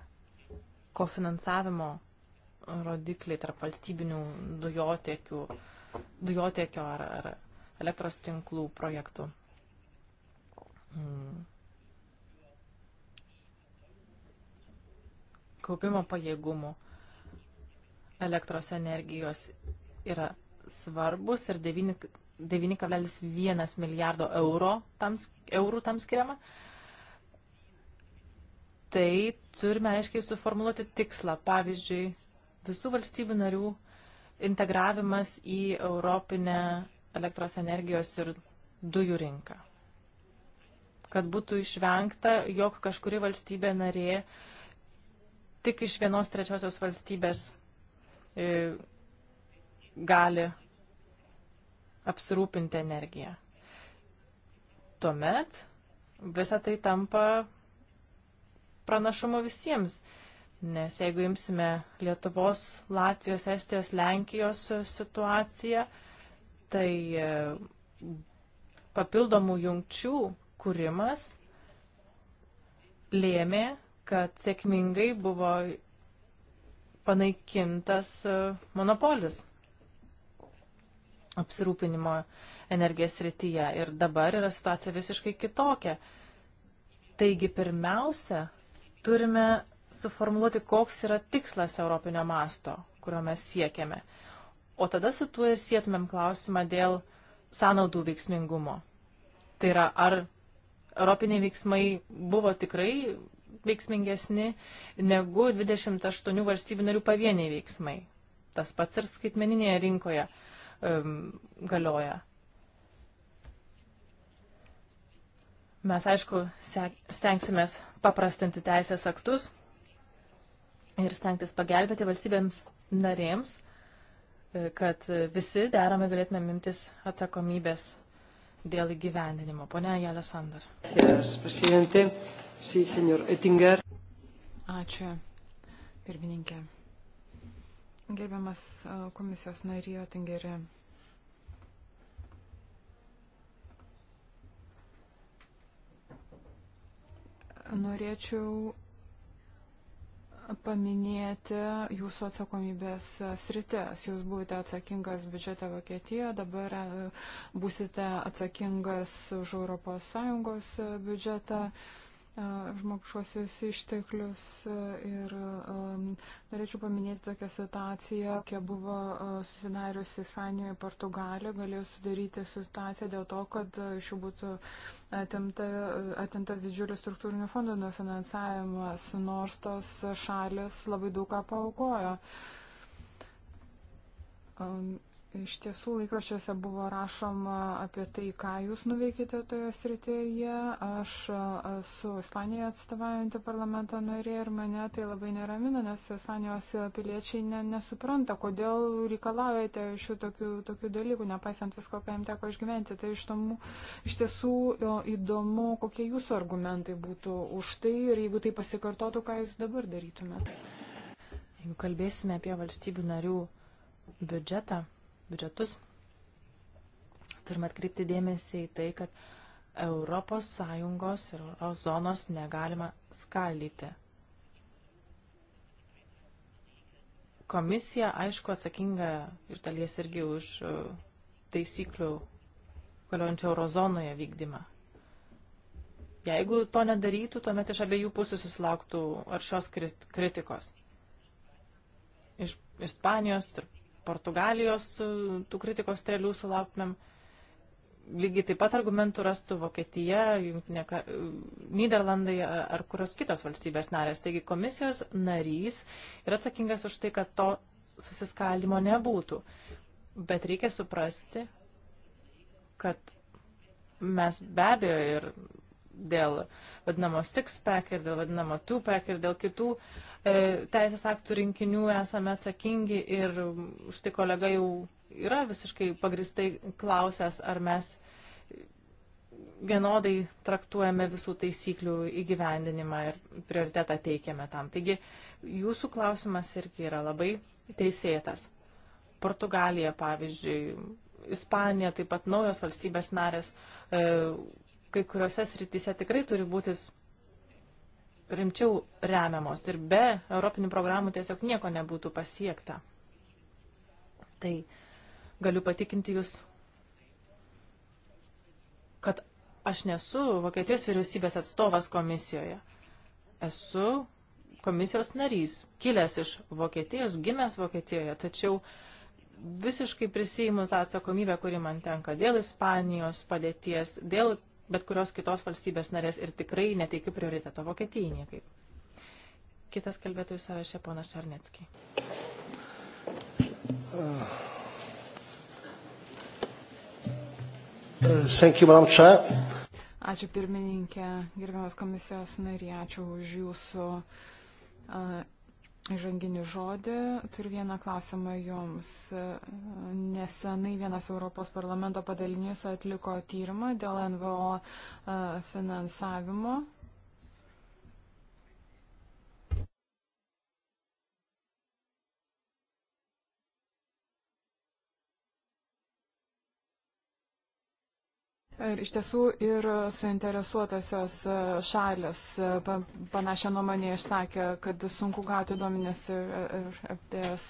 kofinansavimo rodikliai tarp valstybinių dujotiekių, dujotiekio ar, ar elektros tinklų projektų mm, kaupimo pajėgumų elektros energijos yra svarbus ir 9,1 milijardo euro tam, eurų tam skiriama. Tai turime aiškiai suformuoluoti tikslą. Pavyzdžiui, visų valstybių narių integravimas į Europinę elektros energijos ir dujų rinką. Kad būtų išvengta, jog kažkuri valstybė narė tik iš vienos trečiosios valstybės e, gali apsirūpinti energiją. Tuomet visa tai tampa pranašumu visiems. Nes jeigu imsime Lietuvos, Latvijos, Estijos, Lenkijos situaciją, tai e, papildomų jungčių kūrimas lėmė, kad sėkmingai buvo panaikintas e, monopolis apsirūpinimo energijos rytyje. Ir dabar yra situacija visiškai kitokia. Taigi pirmiausia, turime suformuoluoti, koks yra tikslas Europinio masto, kurio mes siekiame. O tada su tuo ir sėtumėm klausimą dėl sąnaudų veiksmingumo. Tai yra, ar europiniai veiksmai buvo tikrai veiksmingesni negu 28 valstybių narių pavieniai veiksmai. Tas pats ir skaitmeninėje rinkoje um, galioja. Mes, aišku, stengsimės paprastinti teisės aktus ir stengtis pagelbėti valstybėms narėms, e, kad visi deramai galėtume imtis atsakomybės dėl įgyvendinimo. Pone Jalesandar. Ačiū, pirmininkė. Gerbiamas komisijos narijo Tingerė. Norėčiau paminėti jūsų atsakomybės sritis. Jūs buvote atsakingas biudžete Vokietijoje, dabar būsite atsakingas už ES biudžetą. Mhm žmogšuosius išteklius ir um, norėčiau paminėti tokią situaciją, kokia buvo susidariusi Ispanijoje, Portugalija, galėjo sudaryti situaciją dėl to, kad iš jų būtų atimta, atimtas didžiulis struktūrinių fondų nuo finansavimas, nors tos šalis labai daug ką paukojo. Um, Iš tiesų laikraščiuose buvo rašoma apie tai, ką jūs nuveikite toje srityje. Aš esu Ispaniją atstovaujanti parlamento narė ir mane tai labai neramina, nes Ispanijos piliečiai ne, nesupranta, kodėl reikalaujate šių tokių, tokių dalykų, nepaisant visko, ką jums teko išgyventi. Tai iš, tomu, iš tiesų e, įdomu, kokie jūsų argumentai būtų už tai ir jeigu tai pasikartotų, ką jūs dabar darytumėte. Jeigu kalbėsime apie valstybių narių biudžetą, biudžetus, turime atkreipti dėmesį į tai, kad Europos Sąjungos ir Eurozonos negalima skalyti. Komisija, aišku, atsakinga ir dalies irgi už uh, taisyklių galiojančių Eurozonoje vykdymą. Jeigu to nedarytų, tuomet iš abiejų pusių susilauktų aršios kritikos. Iš Ispanijos ir Portugalijos e, tų kritikos strėlių sulauktumėm. Lygiai taip pat argumentų rastų Vokietija, Junktinė, e, Niderlandai ar, ar kurios kitos valstybės narės. Taigi komisijos narys yra atsakingas už tai, kad to susiskaldimo nebūtų. Bet reikia suprasti, kad mes be abejo ir dėl vadinamo six-pack ir dėl vadinamo two-pack ir dėl kitų e, teisės aktų rinkinių esame atsakingi ir štai kolega jau yra visiškai pagristai klausęs, ar mes vienodai traktuojame visų taisyklių įgyvendinimą ir prioritetą teikiame tam. Taigi jūsų klausimas irgi yra labai teisėtas. Portugalija, pavyzdžiui, Ispanija, taip pat naujos valstybės narės e, kai kuriuose srityse tikrai turi būti rimčiau remiamos ir be europinių programų tiesiog nieko nebūtų pasiekta. Tai galiu patikinti Jūs, kad aš nesu Vokietijos vyriausybės atstovas komisijoje. Esu komisijos narys, kilęs iš Vokietijos, gimęs Vokietijoje, tačiau visiškai prisijimu tą atsakomybę, kuri man tenka dėl Ispanijos padėties, dėl bet kurios kitos valstybės narės ir tikrai neteikiu prioriteto Vokietijai niekaip. Kitas kalbėtojų sąraše ponas Čarnecki. Ačiū pirmininkė, gerbiamas komisijos narė, ačiū už jūsų uh, žanginį žodį. Turiu vieną klausimą jums. Nesenai vienas Europos parlamento padalinys atliko tyrimą dėl NVO e, finansavimo Ir iš tiesų ir suinteresuotosios e, šalis e, panašią nuomonę išsakė, kad sunku gauti duomenės ir FTS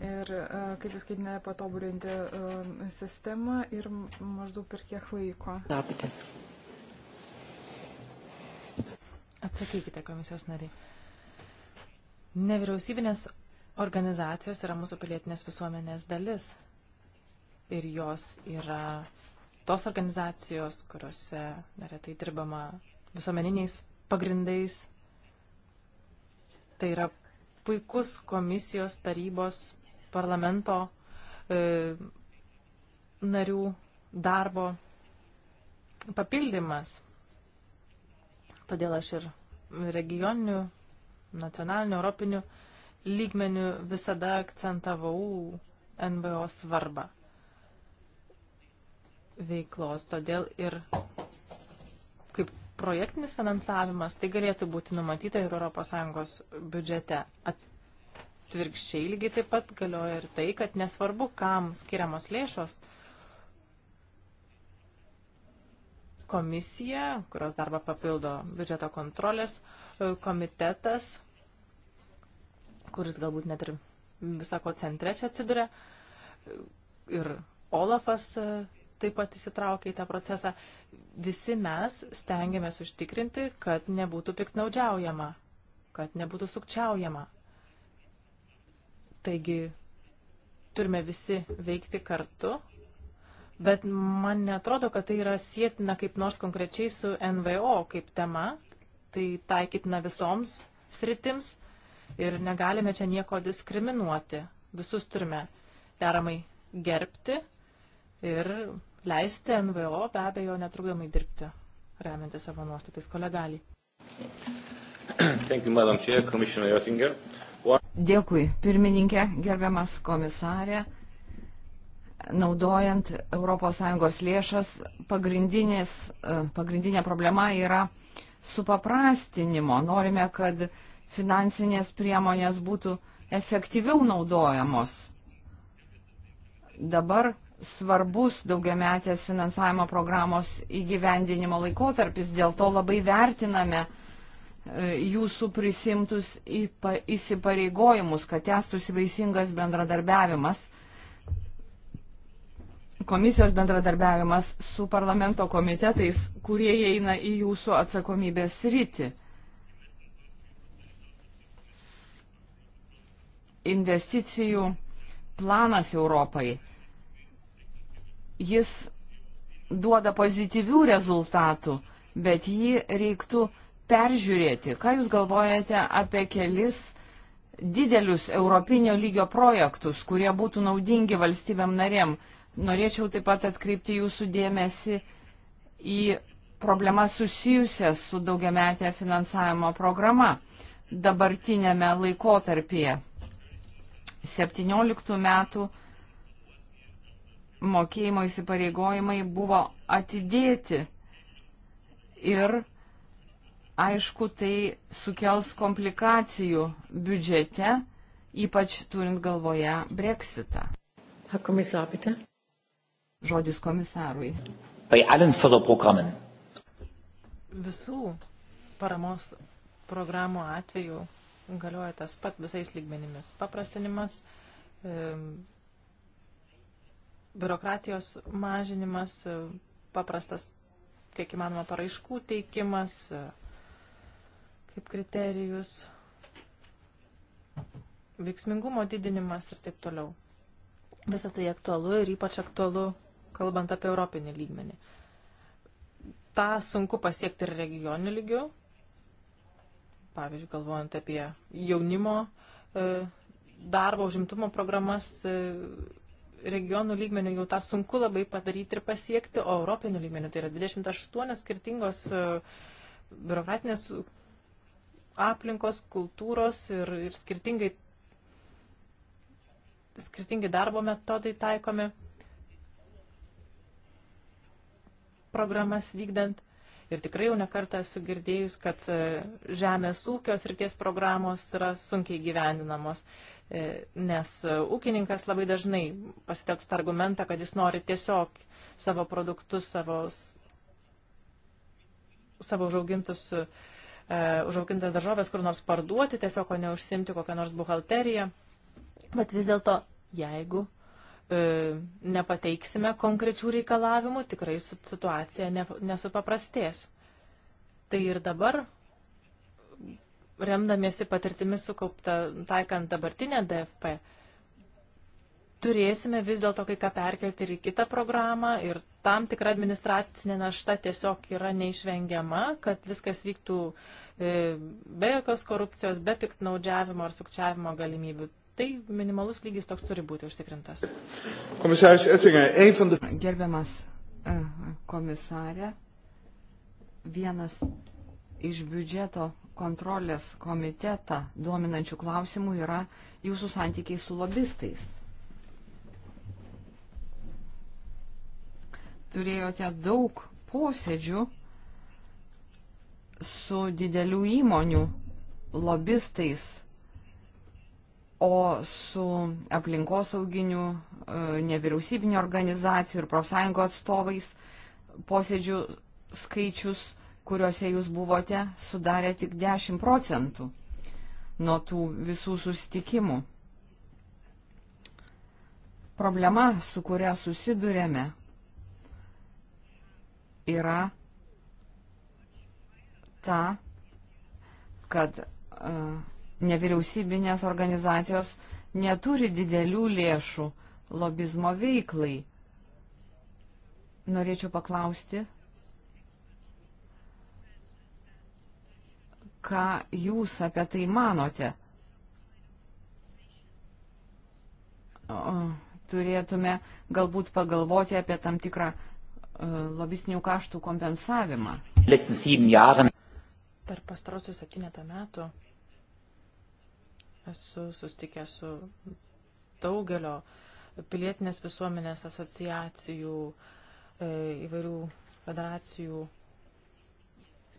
ir e, kaip jūs ketinate patobulinti sistemą ir maždaug per kiek laiko. Tapite. Atsakykite, komisijos nariai. Nevyriausybinės organizacijos yra mūsų pilietinės visuomenės dalis ir jos yra tos organizacijos, kuriuose neretai dirbama visuomeniniais pagrindais. Tai yra puikus komisijos, tarybos, parlamento e, narių darbo papildymas. Todėl aš ir regioninių, nacionalinių, europinių lygmenių visada akcentavau NVO svarbą veiklos, todėl ir kaip projektinis finansavimas tai galėtų būti numatyta ir ES biudžete. Atvirkščiai lygiai taip pat galioja ir tai, kad nesvarbu, kam skiriamos lėšos, komisija, kurios darbą papildo biudžeto kontrolės e, komitetas, kuris galbūt net ir visako centre čia atsiduria, e, ir Olafas e, taip pat įsitraukia į tą procesą. Visi mes stengiamės užtikrinti, kad nebūtų piknaudžiaujama, kad nebūtų sukčiaujama. Taigi turime visi veikti kartu, bet man netrodo, kad tai yra sėtina kaip nors konkrečiai su NVO kaip tema, tai taikytina visoms sritims ir negalime čia nieko diskriminuoti. Visus turime deramai gerbti ir leisti NVO be abejo netrukdomai dirbti, remianti savo nuostatais kolegaliai. Dėkui, pirmininkė, gerbiamas komisarė. Naudojant ES lėšas, e, pagrindinė problema yra supaprastinimo. Norime, kad finansinės priemonės būtų efektyviau naudojamos. Dabar svarbus daugiametės finansavimo programos įgyvendinimo laikotarpis, dėl to labai vertiname e, jūsų prisimtus įsipareigojimus, kad tęstųsi vaisingas bendradarbiavimas, komisijos bendradarbiavimas su parlamento komitetais, kurie įeina į jūsų atsakomybės rytį. Investicijų planas Europai jis duoda pozityvių rezultatų, bet jį reiktų peržiūrėti. Ką Jūs galvojate apie kelis didelius europinio lygio projektus, kurie būtų naudingi valstybėm narėm? Norėčiau taip pat atkreipti Jūsų dėmesį į problemas susijusias su daugiametė finansavimo programa dabartinėme laikotarpyje. 17 metų mokėjimo įsipareigojimai buvo atidėti. Ir aišku, tai sukels komplikacijų biudžete, ypač turint galvoje Brexitą. Žodis komisarui. Visų paramos programų atveju galioja tas pat visais lygmenimis. Paprastinimas, biurokratijos mažinimas, paprastas, kiek įmanoma, paraiškų teikimas kaip kriterijus, veiksmingumo didinimas ir taip toliau. Visą tai aktualu ir ypač aktualu, kalbant apie europinį lygmenį. Ta sunku pasiekti ir regionių lygių, pavyzdžiui, galvojant apie jaunimo e, darbą, užimtumo programas e, regionų lygmenių jau tą sunku labai padaryti ir pasiekti, o europinių lygmenių tai yra 28 skirtingos e, biurokratinės aplinkos, kultūros ir, ir skirtingai, skirtingi darbo metodai taikomi programas vykdant. Ir tikrai jau nekartą esu girdėjus, kad e, žemės ūkios ir ties programos yra sunkiai gyvendinamos. E, nes ūkininkas labai dažnai pasitelks tą argumentą, kad jis nori tiesiog savo produktus, savo, savo užaugintus, e, užaugintas daržovės kur nors parduoti, tiesiog o ne užsimti kokią nors buhalteriją. Bet vis dėlto, jeigu e, nepateiksime konkrečių reikalavimų, tikrai situacija nesupaprastės. Tai ir dabar remdamiesi patirtimi sukaupta taikant dabartinę DFP, turėsime vis dėlto kai ką perkelti ir į kitą programą ir tam tikra administracinė našta tiesiog yra neišvengiama, kad viskas vyktų e, be jokios korupcijos, be piktnaudžiavimo ar sukčiavimo galimybių. Tai minimalus lygis toks turi būti užtikrintas. Komisaris Ettinger, Gerbiamas e, komisarė, vienas iš biudžeto kontrolės komitetą duominančių klausimų yra jūsų santykiai su lobistais. Turėjote daug posėdžių su didelių įmonių lobistais, o su aplinkosauginiu, e, nevyriausybinio organizacijų ir profsąjungo atstovais posėdžių skaičius kuriuose jūs buvote, sudarė tik 10 procentų nuo tų visų sustikimų. Problema, su kuria susidurėme, yra ta, kad nevyriausybinės organizacijos neturi didelių lėšų lobizmo veiklai. Norėčiau paklausti, ką jūs apie tai manote. Turėtume galbūt pagalvoti apie tam tikrą e, lobistinių kaštų kompensavimą. Per pastarosius septynetą metų esu sustikęs su daugelio pilietinės visuomenės asociacijų, e, įvairių federacijų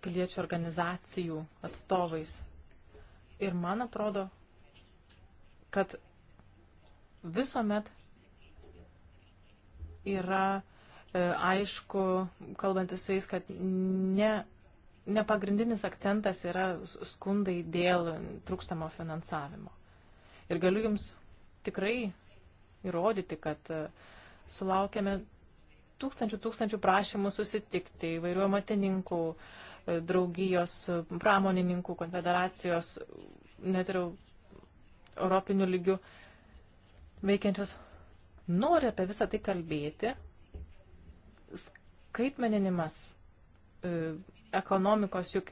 piliečių organizacijų atstovais. Ir man atrodo, kad visuomet yra e, aišku, kalbantis su jais, kad ne, ne pagrindinis akcentas yra skundai dėl trūkstamo finansavimo. Ir galiu Jums tikrai įrodyti, kad e, sulaukėme tūkstančių tūkstančių prašymų susitikti įvairių amatininkų, e, draugijos, pramonininkų, konfederacijos, net ir europinių lygių veikiančios nori apie visą tai kalbėti. Skaitmeninimas e, ekonomikos juk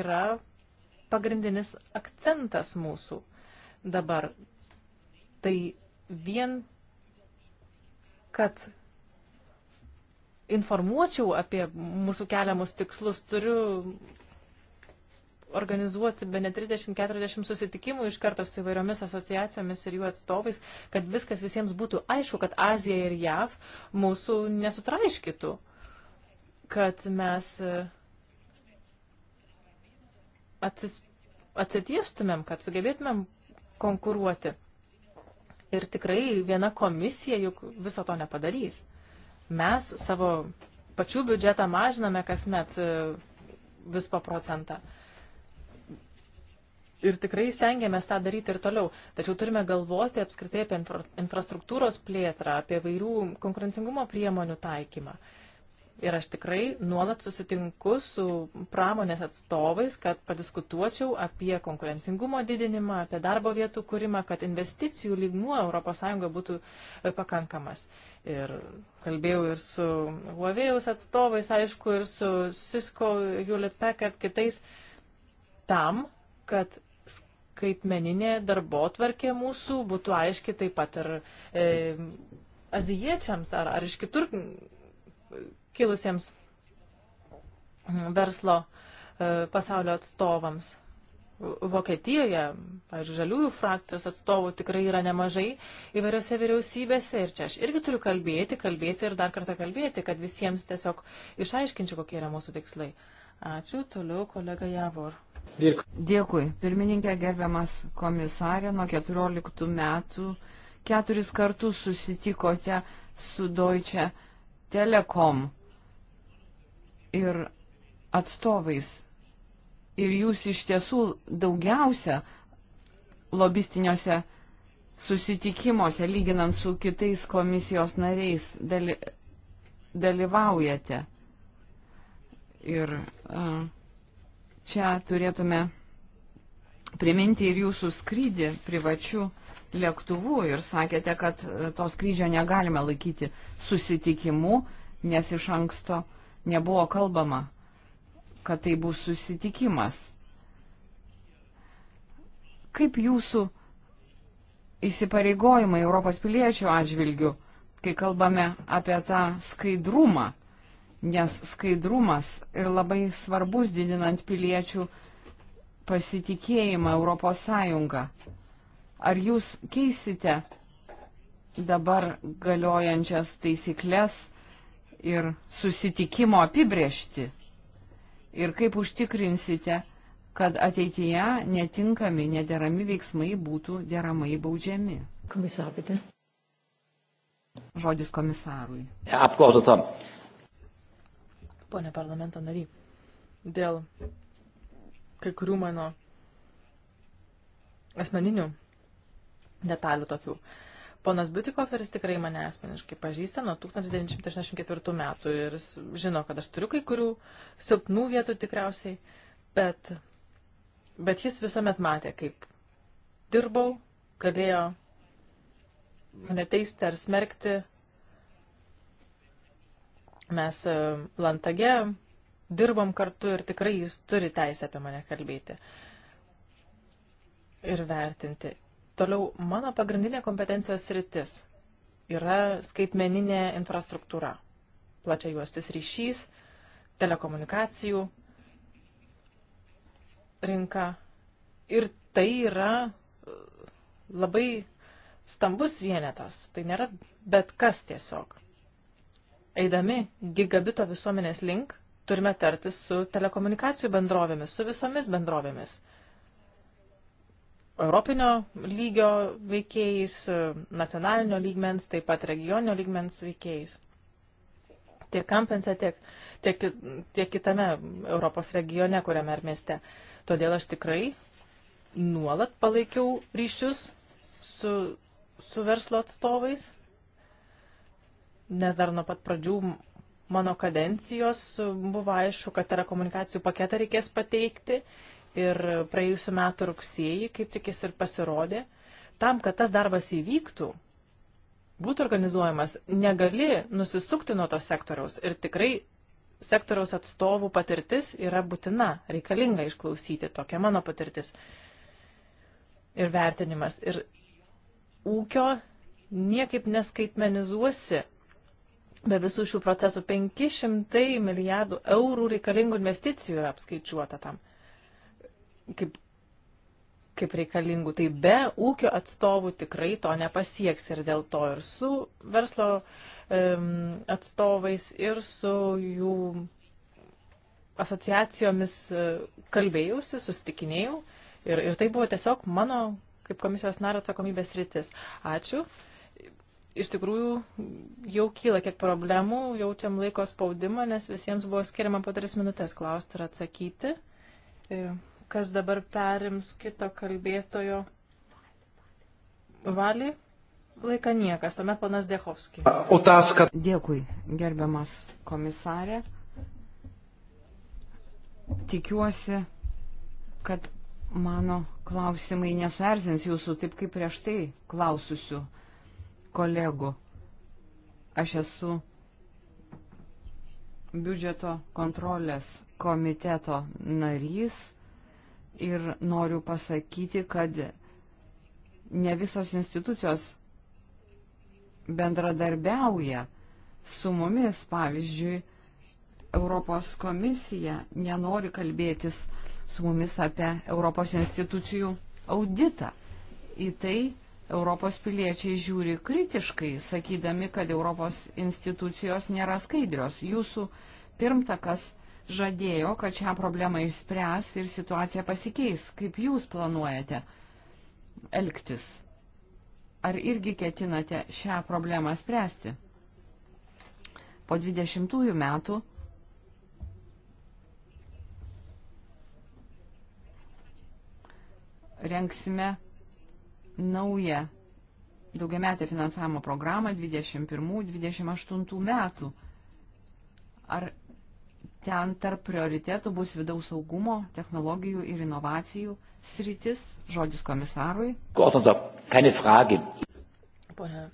yra pagrindinis akcentas mūsų dabar. Tai vien, kad informuočiau apie mūsų keliamus tikslus, turiu organizuoti be ne 30-40 susitikimų iš karto su įvairiomis asociacijomis ir jų atstovais, kad viskas visiems būtų aišku, kad Azija ir JAV mūsų nesutraiškytų, kad mes e, atsis, atsitiestumėm, kad sugebėtumėm konkuruoti. Ir tikrai viena komisija juk viso to nepadarys. Mes savo pačių biudžetą mažiname kasmet e, vis po procentą. Ir tikrai stengiamės tą daryti ir toliau. Tačiau turime galvoti apskritai apie infrastruktūros plėtrą, apie vairių konkurencingumo priemonių taikymą. Uh, Ir aš tikrai nuolat susitinku su pramonės atstovais, kad padiskutuočiau apie konkurencingumo didinimą, apie darbo vietų kūrimą, kad investicijų lygmuo ES būtų e, pakankamas. Ir kalbėjau ir su Huawei'aus atstovais, aišku, ir su Cisco, Hewlett Packard, kitais, tam, kad skaitmeninė darbo tvarkė mūsų būtų aiški taip pat ir e, azijiečiams ar, ar iš kitur kilusiems verslo e, pasaulio atstovams. Vokietijoje, pavyzdžiui, žaliųjų frakcijos atstovų tikrai yra nemažai įvairiose vyriausybėse ir čia aš irgi turiu kalbėti, kalbėti ir dar kartą kalbėti, kad visiems tiesiog išaiškinčiau, kokie yra mūsų tikslai. Ačiū, toliau kolega Javor. Dėkui. Pirmininkė, gerbiamas komisarė, nuo 14 metų keturis kartus susitikote su Deutsche Telekom ir atstovais. Ir jūs iš tiesų daugiausia lobistiniuose susitikimuose, lyginant su kitais komisijos nariais, daly, dalyvaujate. Ir uh, čia turėtume priminti ir jūsų skrydį privačių lėktuvų ir sakėte, kad to skrydžio negalime laikyti susitikimu, nes iš anksto uh, nebuvo kalbama, kad tai bus susitikimas. Kaip jūsų įsipareigojimai Europos piliečių atžvilgių, kai kalbame apie tą skaidrumą, nes skaidrumas ir labai svarbus didinant piliečių pasitikėjimą Europos Sąjunga. Ar jūs keisite dabar galiojančias taisyklės ir susitikimo apibriešti? Ir kaip užtikrinsite, kad ateityje netinkami, nederami veiksmai būtų deramai baudžiami? Komisarpite. Žodis komisarui. Apkodotam. Pone parlamento nary, dėl kai kurių mano asmeninių detalių tokių. Uh, Ponas Butikoferis tikrai mane asmeniškai pažįsta nuo 1984 metų ir žino, kad aš turiu kai kurių silpnų vietų tikriausiai, bet, bet jis visuomet matė, kaip dirbau, galėjo mane teisti ar smerkti. Mes e, Lantage dirbom kartu ir tikrai jis turi teisę apie mane kalbėti ir vertinti. Toliau, mano pagrindinė kompetencijos rytis yra skaitmeninė infrastruktūra, plačia juostis ryšys, telekomunikacijų rinka. Ir tai yra e, labai stambus vienetas, tai nėra bet kas tiesiog. Eidami gigabito visuomenės link, turime tartis su telekomunikacijų bendrovėmis, su visomis bendrovėmis europinio lygio veikėjais, nacionalinio lygmens, taip pat regioninio lygmens veikėjais. Tiek kampense, tiek, tiek, tiek kitame Europos regione, kuriame ar mieste. Todėl aš tikrai nuolat palaikiau ryšius su, su verslo atstovais, nes dar nuo pat pradžių mano kadencijos buvo aišku, kad telekomunikacijų tai paketą reikės pateikti ir praėjusiu metu rugsėjį, kaip tik jis ir pasirodė, tam, kad tas darbas įvyktų, būtų organizuojamas, negali nusisukti nuo to sektoriaus ir tikrai sektoriaus atstovų patirtis yra būtina, reikalinga išklausyti, tokia mano patirtis ir vertinimas. Ir ūkio niekaip neskaitmenizuosi be visų šių procesų 500 milijardų eurų reikalingų investicijų yra apskaičiuota tam kaip, kaip reikalingų. Tai be ūkio atstovų tikrai to nepasieks ir dėl to ir su verslo um, atstovais, ir su jų asociacijomis e, kalbėjausi, sustikinėjau ir, ir tai buvo tiesiog mano kaip komisijos nario atsakomybės rytis. Ačiū. Iš tikrųjų, jau kyla kiek problemų, jaučiam laiko spaudimą, nes visiems buvo skiriama po tris minutės klausti ir atsakyti. E, kas dabar perims kito kalbėtojo valį laiką niekas. Tuomet panas Dėchovskis. Otaska. Dėkui, gerbiamas komisarė. Tikiuosi, kad mano klausimai nesuerzins jūsų taip kaip prieš tai klaususių kolegų. Aš esu biudžeto kontrolės komiteto narys ir noriu pasakyti, kad ne visos institucijos bendradarbiauja su mumis, pavyzdžiui, Europos komisija nenori kalbėtis su mumis apie Europos institucijų auditą. Į tai Europos piliečiai žiūri kritiškai, sakydami, kad Europos institucijos nėra skaidrios. Jūsų pirmtakas žadėjo, kad šią problemą išspręs ir situacija pasikeis. Kaip jūs planuojate elgtis? Ar irgi ketinate šią problemą spręsti? Po 20 metų renksime naują daugiametę finansavimo programą 21-28 metų. Ar Ten tarp prioritėtų bus vidaus saugumo, technologijų ir inovacijų sritis. Žodis komisarui. Pone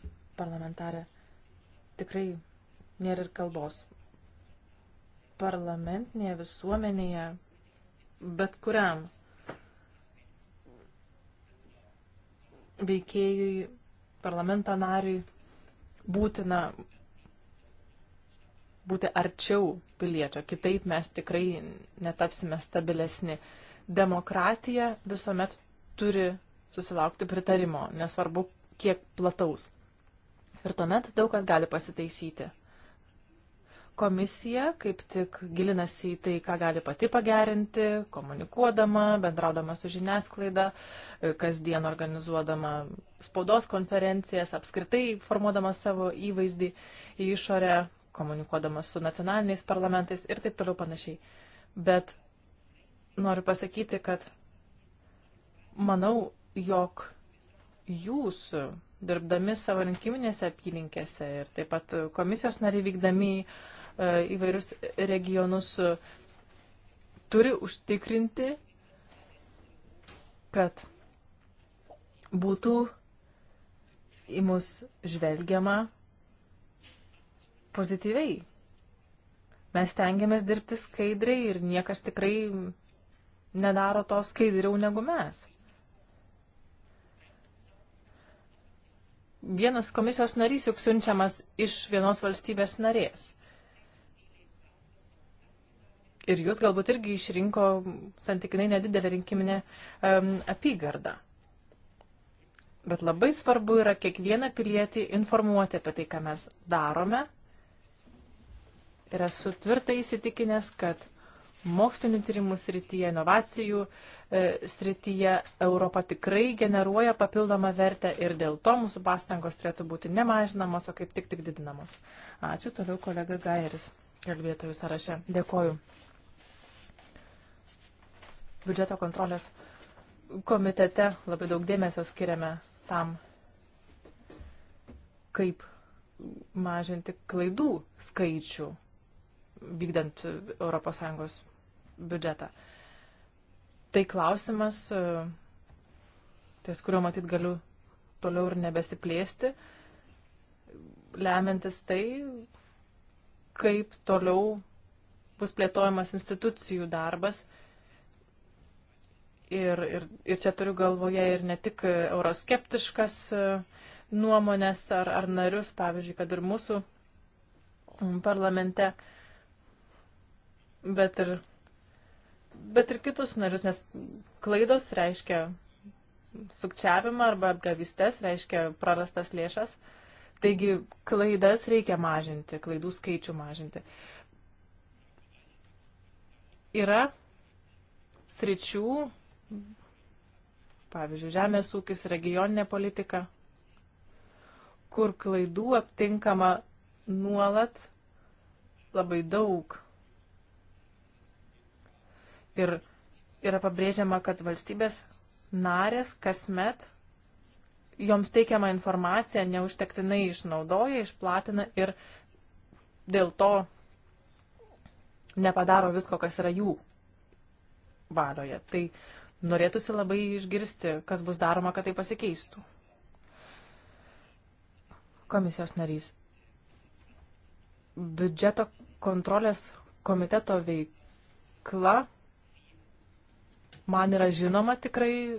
parlamentarė, tikrai nėra ir kalbos. Parlamentinėje visuomenėje, bet kuriam veikėjui, parlamento nariui būtina būti arčiau piliečio. Kitaip mes tikrai netapsime stabilesni. Demokratija visuomet turi susilaukti pritarimo, nesvarbu kiek plataus. Ir tuomet daug kas gali pasitaisyti. Komisija kaip tik gilinasi į tai, ką gali pati pagerinti, komunikuodama, bendraudama su žiniasklaida, kasdien organizuodama spaudos konferencijas, apskritai formuodama savo įvaizdį į išorę, komunikuodamas su nacionaliniais parlamentais ir taip toliau panašiai. Bet noriu pasakyti, kad manau, jog jūs, dirbdami savo rinkiminėse apylinkėse ir taip pat komisijos nariai vykdami e, įvairius regionus, turi užtikrinti, kad būtų į mus žvelgiama pozityviai. Mes tengiamės dirbti skaidriai ir niekas tikrai nedaro to skaidriau negu mes. Vienas komisijos narys juk siunčiamas iš vienos valstybės narės. Ir jūs galbūt irgi išrinko santykinai nedidelę rinkiminę um, apygardą. Bet labai svarbu yra kiekvieną pilietį informuoti apie tai, ką mes darome Ir esu tvirtai įsitikinęs, kad mokslinių tyrimų srityje, inovacijų e, srityje Europa tikrai generuoja papildomą vertę ir dėl to mūsų pastangos turėtų būti nemažinamos, o kaip tik tik didinamos. Ačiū toliau kolega Gairis, kalbėtojų sąraše. Dėkoju. Biudžeto kontrolės komitete labai daug dėmesio skiriame tam, kaip mažinti klaidų skaičių vykdant ES biudžetą. Tai klausimas, e, ties kuriuo matyt galiu toliau ir nebesiplėsti, lemiantis tai, kaip toliau bus plėtojamas institucijų darbas. Ir, ir, ir čia turiu galvoje ir ne tik euroskeptiškas e, nuomonės ar, ar narius, pavyzdžiui, kad ir mūsų parlamente. Uh, bet ir, bet ir kitus narius, nes klaidos reiškia sukčiavimą arba apgavystės, reiškia prarastas lėšas. Taigi klaidas reikia mažinti, klaidų skaičių mažinti. Yra sričių, pavyzdžiui, žemės ūkis, regioninė politika, kur klaidų aptinkama nuolat labai daug. Ir yra pabrėžiama, kad valstybės narės kasmet joms teikiamą informaciją neužtektinai išnaudoja, išplatina ir dėl to nepadaro visko, kas yra jų valioje. Tai norėtųsi labai išgirsti, kas bus daroma, kad tai pasikeistų. Komisijos narys. Biudžeto kontrolės komiteto veikla man yra žinoma tikrai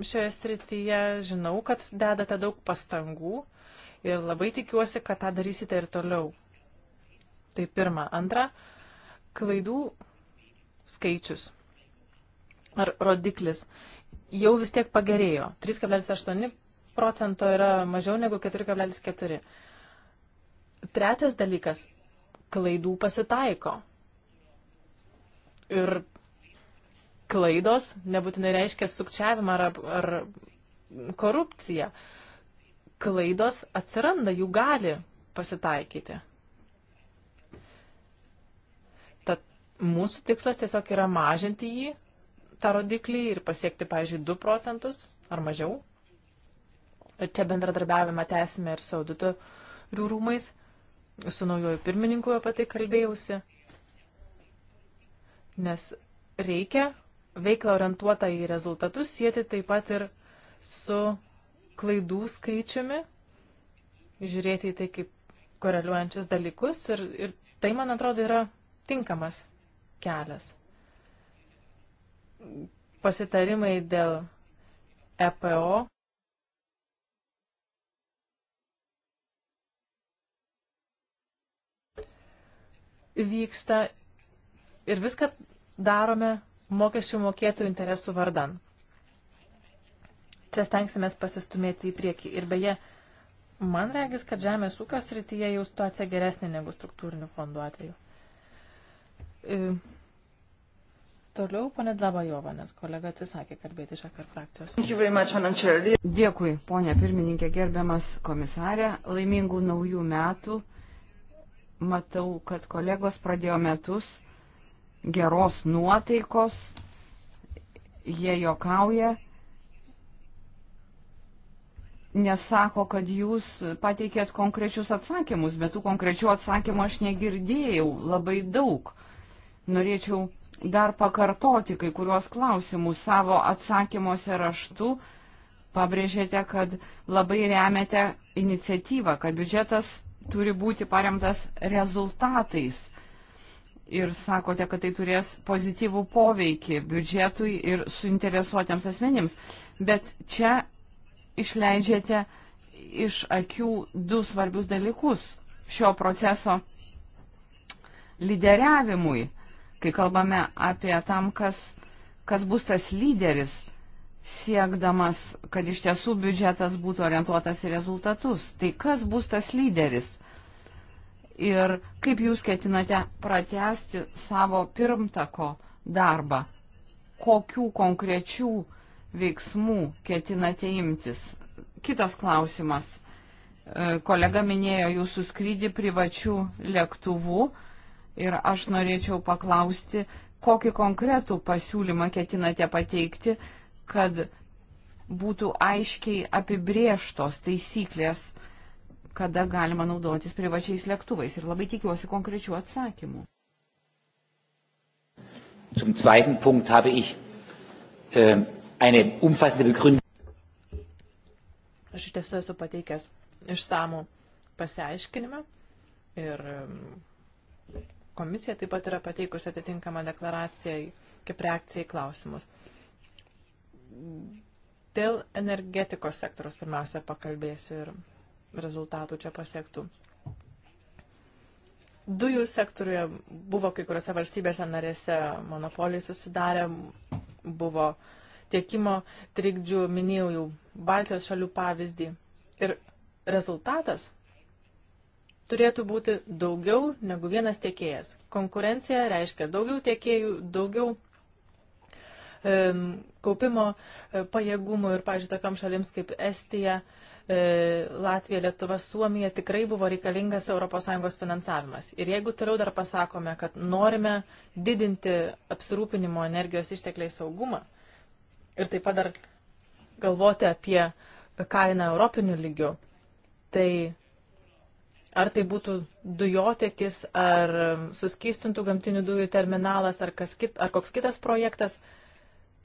šioje srityje, žinau, kad dedate daug pastangų ir labai tikiuosi, kad tą darysite ir toliau. Tai pirma. Antra, klaidų skaičius ar rodiklis jau vis tiek pagerėjo. 3,8 procento yra mažiau negu 4,4. Trečias dalykas - klaidų pasitaiko. Ir klaidos nebūtinai reiškia sukčiavimą ar, ar korupciją. Klaidos atsiranda, jų gali pasitaikyti. Tad mūsų tikslas tiesiog yra mažinti jį, tą rodiklį ir pasiekti, pavyzdžiui, 2 procentus ar mažiau. Ir čia bendradarbiavimą tęsime ir su auditorių rūmais, su naujoju pirmininku apie tai kalbėjausi nes reikia veiklą orientuotą į rezultatus sieti taip pat ir su klaidų skaičiumi, žiūrėti į tai kaip koreliuojančius dalykus ir, ir tai, man atrodo, yra tinkamas kelias. Pasitarimai dėl EPO. Vyksta ir viską darome mokesčių mokėtojų interesų vardan. Čia stengsimės pasistumėti į priekį. Ir beje, man regis, kad žemės ūkio srityje jau situacija geresnė negu struktūrinių fondų atveju. E, toliau, ponė Dabajova, nes kolega atsisakė kalbėti iš akar frakcijos. Dėkui, ponė pirmininkė, gerbiamas komisarė, laimingų naujų metų. Matau, kad kolegos pradėjo metus geros nuotaikos, jie jokauja, nesako, kad jūs pateikėt konkrečius atsakymus, bet tų konkrečių atsakymų aš negirdėjau labai daug. Norėčiau dar pakartoti kai kuriuos klausimus savo atsakymuose raštu. Pabrėžėte, kad labai remiate iniciatyvą, kad biudžetas turi būti paremtas rezultatais ir sakote, kad tai turės pozityvų poveikį biudžetui ir suinteresuotiems asmenims. Bet čia išleidžiate iš akių du svarbius dalykus šio proceso lyderiavimui, kai kalbame apie tam, kas, kas bus tas lyderis, siekdamas, kad iš tiesų biudžetas būtų orientuotas į rezultatus. Tai kas bus tas lyderis? ir kaip jūs ketinate pratesti savo pirmtako darbą, kokių konkrečių veiksmų ketinate imtis. Kitas klausimas. E, kolega minėjo jūsų skrydį privačių lėktuvų ir aš norėčiau paklausti, kokį konkretų pasiūlymą ketinate pateikti, kad būtų aiškiai apibrieštos taisyklės kada galima naudotis privačiais lėktuvais ir labai tikiuosi konkrečių atsakymų. Zum zweiten Punkt habe ich äh, eine umfassende Begründung. Aš iš tiesų esu pateikęs išsamų pasiaiškinimą ir ähm, komisija taip pat yra pateikusi atitinkamą deklaraciją kaip reakcija į klausimus. Dėl energetikos sektoriaus pirmiausia pakalbėsiu ir rezultatų čia pasiektų. Dujų sektoriuje buvo kai kuriuose valstybėse narėse monopoliai susidarę, buvo tiekimo trikdžių, minėjau jau Baltijos šalių pavyzdį. Ir rezultatas turėtų būti daugiau negu vienas tiekėjas. Konkurencija reiškia daugiau tiekėjų, daugiau e, kaupimo e, pajėgumų ir, pažiūrėjau, tokiam šalims kaip Estija, E, Latvija, Lietuva, Suomija tikrai buvo reikalingas ES finansavimas. Ir jeigu toliau dar pasakome, kad norime didinti apsirūpinimo energijos ištekliai saugumą ir taip pat dar galvoti apie kainą europiniu lygiu, tai ar tai būtų dujotekis, ar suskystintų gamtinių dujų terminalas, ar, kit, ar koks kitas projektas,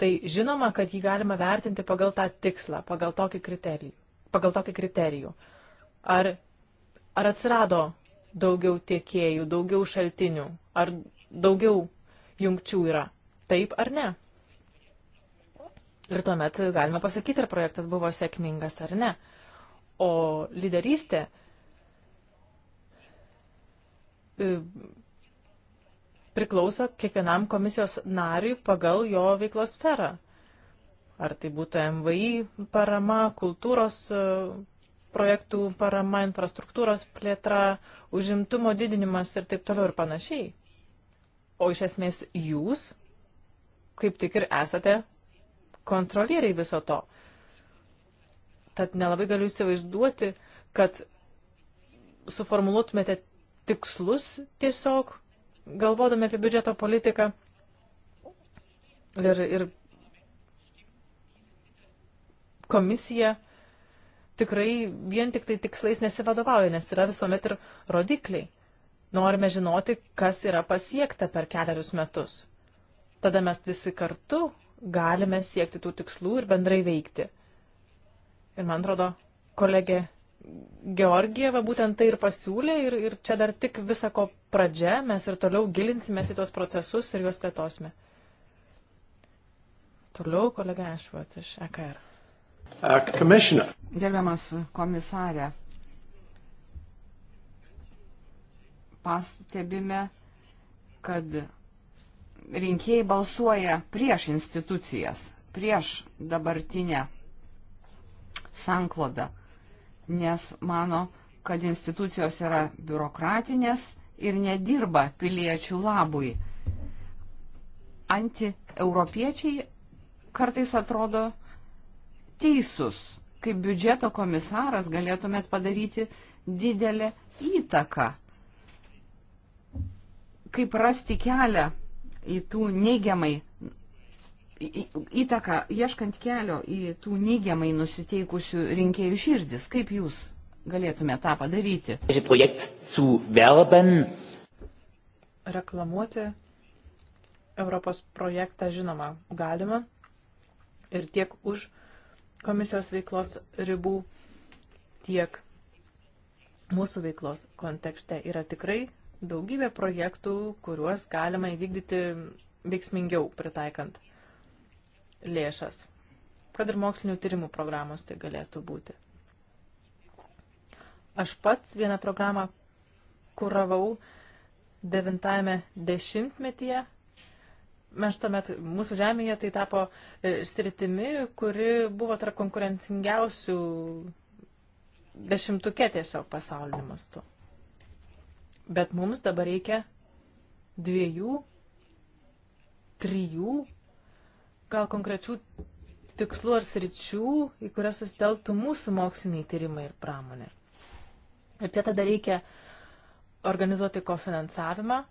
tai žinoma, kad jį galima vertinti pagal tą tikslą, pagal tokį kriterijų pagal tokį kriterijų. Ar, ar atsirado daugiau tiekėjų, daugiau šaltinių, ar daugiau jungčių yra? Taip ar ne? Ir tuomet galime pasakyti, ar projektas buvo sėkmingas ar ne. O lyderystė e, priklauso kiekvienam komisijos nariui pagal jo veiklos sferą. Ar tai būtų MVI parama, kultūros e, projektų parama, infrastruktūros plėtra, užimtumo didinimas ir taip toliau ir panašiai. O iš esmės jūs kaip tik ir esate kontrolieriai viso to. Tad nelabai galiu įsivaizduoti, kad suformuluotumėte tikslus tiesiog, galvodami apie biudžeto politiką ir, ir komisija tikrai vien tik tai tikslais nesivadovauja, nes yra visuomet ir rodikliai. Norime žinoti, kas yra pasiekta per keliarius metus. Tada mes visi kartu galime siekti tų tikslų ir bendrai veikti. Ir man atrodo, kolegė Georgieva būtent tai ir pasiūlė ir, ir čia dar tik visako pradžia, mes ir toliau gilinsimės į tuos procesus ir juos plėtosime. Toliau kolega Ešvat iš EKR. Gerbiamas komisarė, pastebime, kad rinkėjai balsuoja prieš institucijas, prieš dabartinę sanklodą, nes mano, kad institucijos yra biurokratinės ir nedirba piliečių labui. Antieuropiečiai kartais atrodo teisūs. Kaip biudžeto komisaras galėtumėt padaryti didelę įtaką. Kaip rasti kelią į tų neigiamai įtaką, ieškant kelio į tų neigiamai nusiteikusių rinkėjų širdis. Kaip jūs galėtume tą padaryti? Reklamuoti Europos projektą žinoma galima ir tiek už komisijos veiklos ribų, tiek mūsų veiklos kontekste yra tikrai daugybė projektų, kuriuos galima įvykdyti veiksmingiau pritaikant lėšas. Kad ir mokslinių tyrimų programos tai galėtų būti. Aš pats vieną programą kuravau devintajame dešimtmetyje Mes tuomet mūsų žemėje tai tapo e, sritimi, kuri buvo tarp konkurencingiausių dešimtuke tiesiog pasauliniu mastu. Bet mums dabar reikia dviejų, trijų, gal konkrečių tikslų ar sričių, į kurias susitelktų mūsų moksliniai tyrimai ir pramonė. Ir čia tada reikia organizuoti kofinansavimą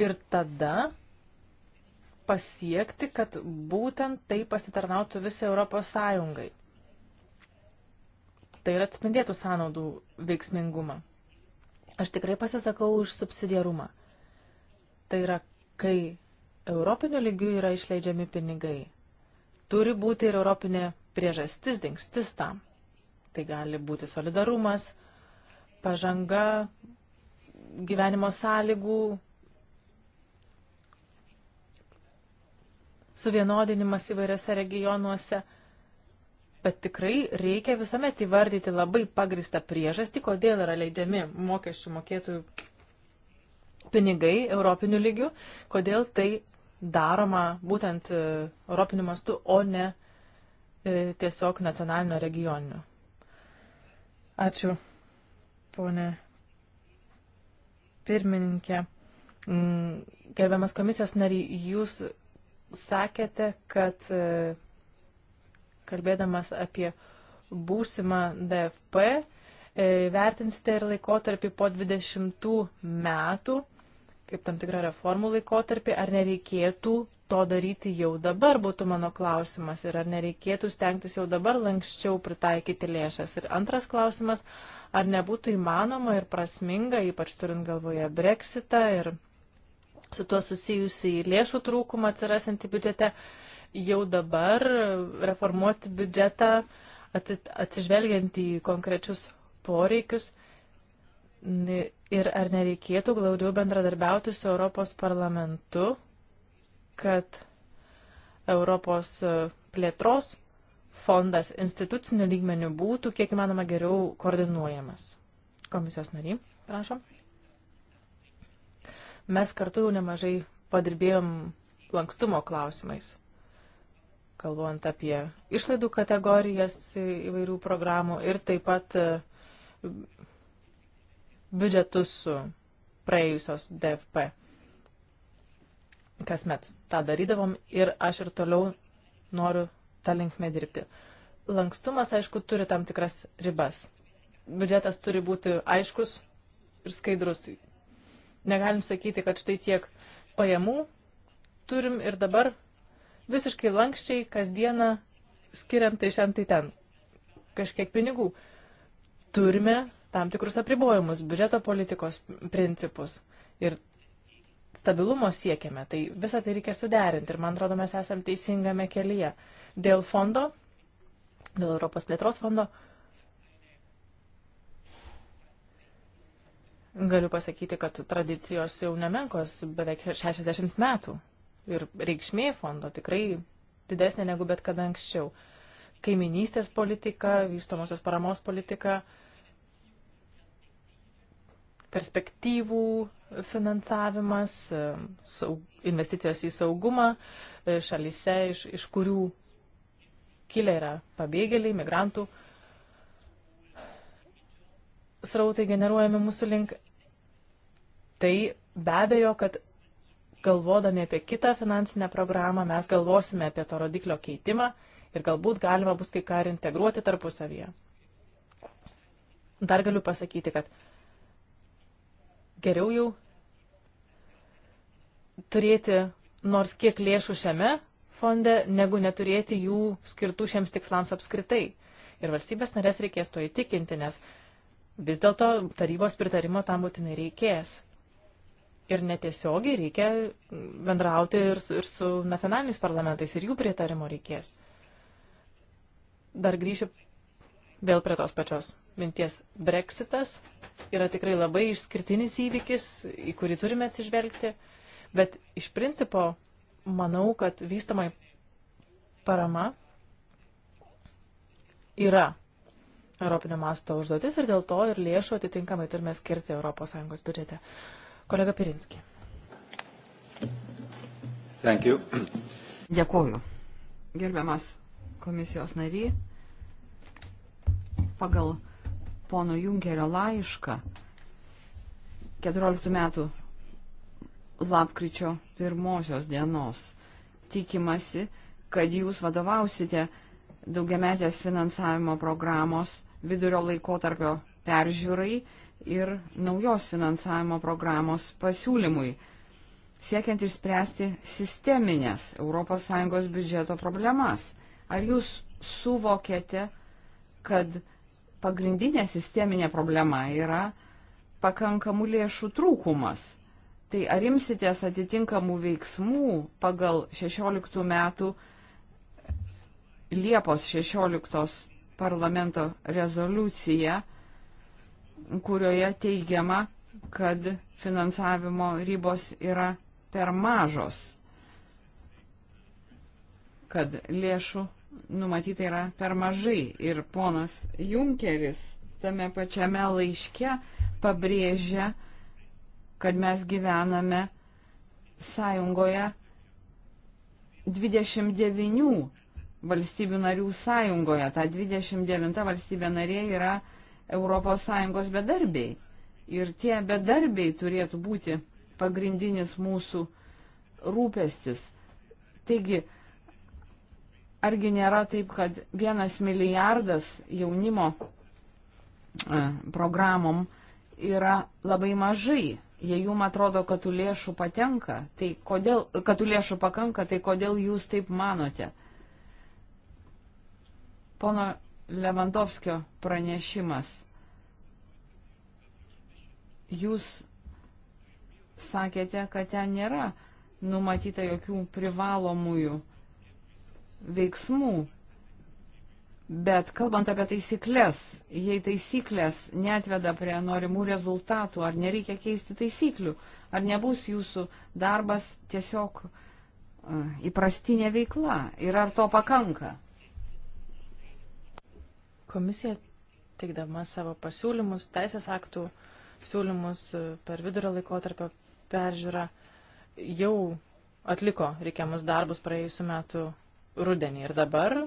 ir tada pasiekti, kad būtent tai pasitarnautų visai Europos Sąjungai. Tai ir atspindėtų sąnaudų veiksmingumą. Aš tikrai pasisakau už subsidiarumą. Tai yra, kai europiniu lygiu yra išleidžiami pinigai, turi būti ir europinė priežastis, dingstis tam. Tai gali būti solidarumas, pažanga gyvenimo sąlygų suvienodinimas įvairiose regionuose. Bet tikrai reikia visuomet įvardyti labai pagristą priežastį, kodėl yra leidžiami mokesčių mokėtojų pinigai europinių lygių, kodėl tai daroma būtent e, europiniu mastu, o ne e, tiesiog nacionalinio regioninio. Ačiū, ponė pirmininkė. Mm, gerbiamas komisijos nariai, jūs sakėte, kad e, kalbėdamas apie būsimą DFP, e, vertinsite ir laikotarpį po 20 metų, kaip tam tikrą reformų laikotarpį, ar nereikėtų to daryti jau dabar, būtų mano klausimas, ir ar nereikėtų stengtis jau dabar lankščiau pritaikyti lėšas. Ir antras klausimas, ar nebūtų įmanoma ir prasminga, ypač turint galvoje Brexitą ir su tuo susijusi į lėšų trūkumą atsirasantį biudžete, jau dabar reformuoti biudžetą atsižvelgiant į konkrečius poreikius ir ar nereikėtų glaudžiau bendradarbiauti su Europos parlamentu, kad Europos plėtros fondas institucinių lygmenių būtų kiek įmanoma geriau koordinuojamas. Komisijos nariai, prašom. Mes kartu jau nemažai padirbėjom lankstumo klausimais, kalbant apie išlaidų kategorijas įvairių programų ir taip pat e, biudžetus su praėjusios DFP. Kasmet tą darydavom ir aš ir toliau noriu tą linkmę dirbti. Lankstumas, aišku, turi tam tikras ribas. Biudžetas turi būti aiškus ir skaidrus. Negalim sakyti, kad štai tiek pajamų turim ir dabar visiškai lankščiai kasdieną skiriam tai šiandien tai ten kažkiek pinigų. Turime tam tikrus apribojimus, biudžeto politikos principus ir stabilumo siekiame. Tai visą tai reikia suderinti ir man atrodo mes esam teisingame kelyje. Dėl fondo, dėl Europos plėtros fondo, uh, Galiu pasakyti, kad tradicijos jau nemenkos beveik 60 metų ir reikšmė fondo tikrai didesnė negu bet kada anksčiau. Kaiminystės politika, vystomosios paramos politika, perspektyvų finansavimas, investicijos į saugumą e, šalyse, iš, iš kurių kilę yra pabėgėliai, migrantų srautai generuojami mūsų link, tai be abejo, kad galvodami apie kitą finansinę programą mes galvosime apie to rodiklio keitimą ir galbūt galima bus kai ką ir integruoti tarpusavyje. Dar galiu pasakyti, kad geriau jau turėti nors kiek lėšų šiame fonde, negu neturėti jų skirtų šiems tikslams apskritai. Ir valstybės narės reikės to įtikinti, nes vis dėlto tarybos pritarimo tam būtinai reikės. Ir netiesiogiai reikia bendrauti ir su, ir su nacionaliniais parlamentais, ir jų pritarimo reikės. Dar grįšiu vėl prie tos pačios minties. Brexitas yra tikrai labai išskirtinis įvykis, į kurį turime atsižvelgti, bet iš principo manau, kad vystamai parama yra Europinio masto užduotis ir dėl to ir lėšų atitinkamai turime skirti ES biudžete. Kolega Pirinski. Thank you. Dėkuoju. Gerbiamas komisijos nary, pagal pono Junkerio laišką 14 metų lapkričio pirmosios dienos tikimasi, kad jūs vadovausite daugiametės finansavimo programos vidurio laikotarpio peržiūrai ir naujos finansavimo programos pasiūlymui, siekiant išspręsti sisteminės ES biudžeto problemas. Ar jūs suvokėte, kad pagrindinė sisteminė problema yra pakankamų lėšų trūkumas? Tai ar imsitės atitinkamų veiksmų pagal 16 metų Liepos 16 parlamento rezoliuciją, kurioje teigiama, kad finansavimo ribos yra per mažos, kad lėšų numatyta yra per mažai. Ir ponas Junkeris tame pačiame laiške pabrėžia, kad mes gyvename sąjungoje 29 valstybių narių sąjungoje. Ta 29 valstybė narė yra ES bedarbiai. Ir tie bedarbiai turėtų būti pagrindinis mūsų rūpestis. Taigi, argi nėra taip, kad vienas milijardas jaunimo e, programom yra labai mažai. Jei jum atrodo, kad tų lėšų patenka, tai kodėl, kad tų lėšų pakanka, tai kodėl jūs taip manote? Pono Levandovskio pranešimas. Jūs sakėte, kad ten nėra numatyta jokių privalomųjų veiksmų. Bet kalbant apie taisyklės, jei taisyklės netveda prie norimų rezultatų, ar nereikia keisti taisyklių, ar nebus jūsų darbas tiesiog įprastinė veikla ir ar to pakanka? Komisija, teikdama savo pasiūlymus, teisės aktų siūlymus per vidurio laikotarpio peržiūrą, jau atliko reikiamus darbus praėjusiu metu rudenį. Ir dabar,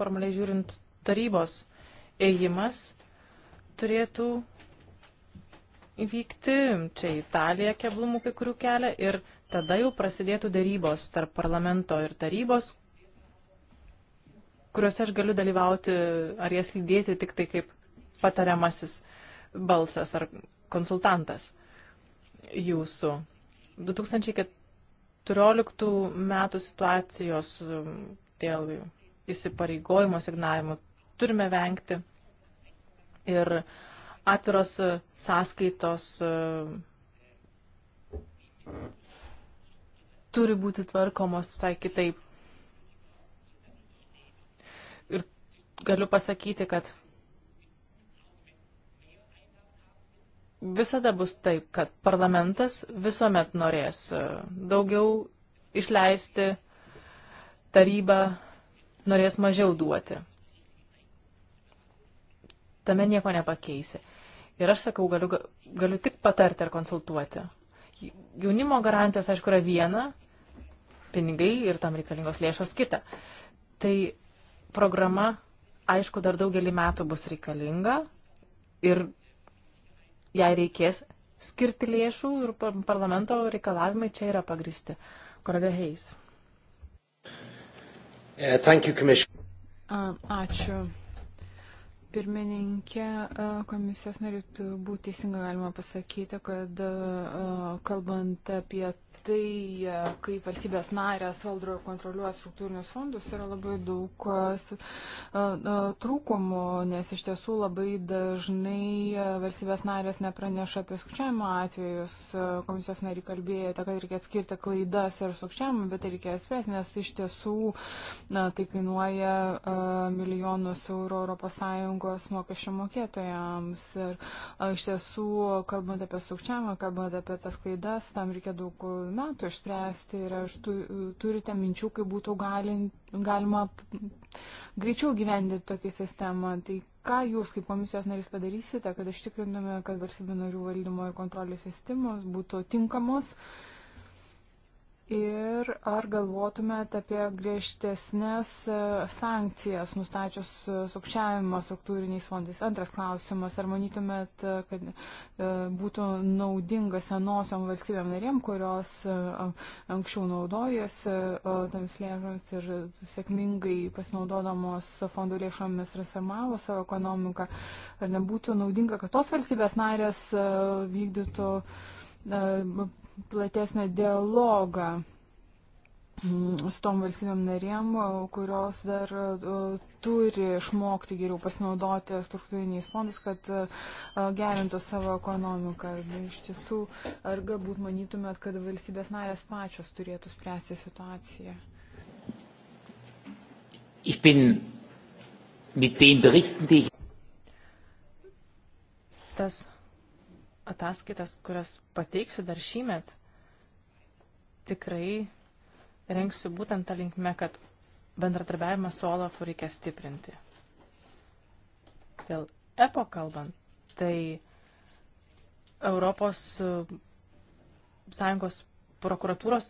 formaliai žiūrint, tarybos ėjimas turėtų įvykti. Čia Italija keblumų kai kurių kelia ir tada jau prasidėtų darybos tarp parlamento ir tarybos, kuriuose aš galiu dalyvauti ar jas lydėti tik tai kaip patariamasis balsas ar konsultantas jūsų. 2014 metų situacijos um, dėl įsipareigojimo signavimo turime vengti ir atviros uh, sąskaitos uh, turi būti tvarkomos visai kitaip galiu pasakyti, kad visada bus taip, kad parlamentas visuomet norės e, daugiau išleisti, taryba norės mažiau duoti. Tame nieko nepakeisi. Ir aš sakau, galiu, galiu tik patarti ar konsultuoti. Jaunimo garantijos, aišku, yra viena, pinigai ir tam reikalingos lėšos kita. Tai programa aišku, dar daugelį metų bus reikalinga ir jai reikės skirti lėšų ir parlamento reikalavimai čia yra pagristi. Kolega Heis. Uh, ačiū. Pirmininkė, komisijos narių būtų teisinga galima pasakyti, kad kalbant apie tai, e, kaip valstybės narės valdo ir kontroliuoja struktūrinius fondus, yra labai daug e, e, trūkumų, nes iš tiesų labai dažnai valstybės narės nepraneša apie sukčiavimo atvejus. Komisijos nariai kalbėjote, kad reikia skirti klaidas ir sukčiavimą, bet tai reikia spręsti, nes iš tiesų na, tai kainuoja milijonus eurų ES mokesčių mokėtojams. Ir iš tiesų, kalbant apie sukčiavimą, kalbant apie tas klaidas, tam reikia daug metų išspręsti ir aš tu, turite minčių, kaip būtų galin, galima greičiau gyvendinti tokį sistemą. Tai ką jūs kaip komisijos narys padarysite, kad ištikrintume, kad valstybių narių valdymo ir kontrolės sistemos būtų tinkamos? Uh, Ir ar galvotumėt apie griežtesnės e, sankcijas nustačius e, sukčiavimą struktūriniais fondais? Antras klausimas, ar manytumėt, e, kad būtų naudinga senosiom valstybėm narėm, kurios anksčiau naudojasi tams lėšoms ir sėkmingai pasinaudodamos fondų lėšomis transformavo savo ekonomiką, ar nebūtų naudinga, kad tos valstybės narės vykdytų platesnį dialogą mm, su tom valstybėm narėm, kurios dar e, turi išmokti geriau pasinaudoti struktūriniais fondais, kad e, gerintų savo ekonomiką. Iš tiesų, ar galbūt manytumėt, kad valstybės narės pačios turėtų spręsti situaciją? Ich bin mit den Berichten, die ich. Das ataskaitas, kurias pateiksiu dar šįmet, tikrai rengsiu būtent tą linkmę, kad bendradarbiavimą su Olafu reikia stiprinti. Dėl EPO kalbant, tai Europos e, Sąjungos prokuratūros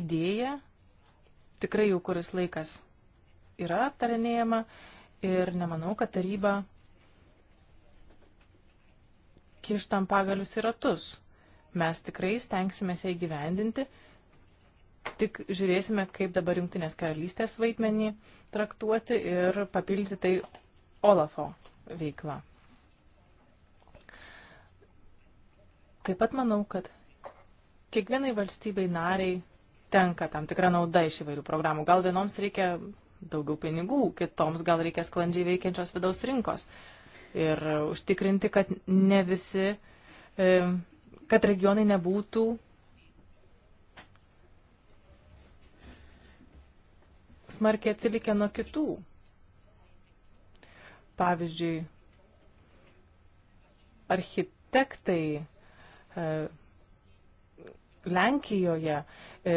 idėja tikrai jau kuris laikas yra aptarinėjama ir nemanau, kad taryba kištam pagalius į ratus. Mes tikrai stengsime ją įgyvendinti, tik žiūrėsime, kaip dabar jungtinės karalystės vaidmenį traktuoti ir papildyti tai Olafo veikla. Taip pat manau, kad kiekvienai valstybei nariai tenka tam tikra nauda iš įvairių programų. Gal vienoms reikia daugiau pinigų, kitoms gal reikia sklandžiai veikiančios vidaus rinkos. Uh, ir užtikrinti, kad ne visi, e, kad regionai nebūtų smarkiai atsilikę nuo kitų. Pavyzdžiui, architektai e, Lenkijoje e,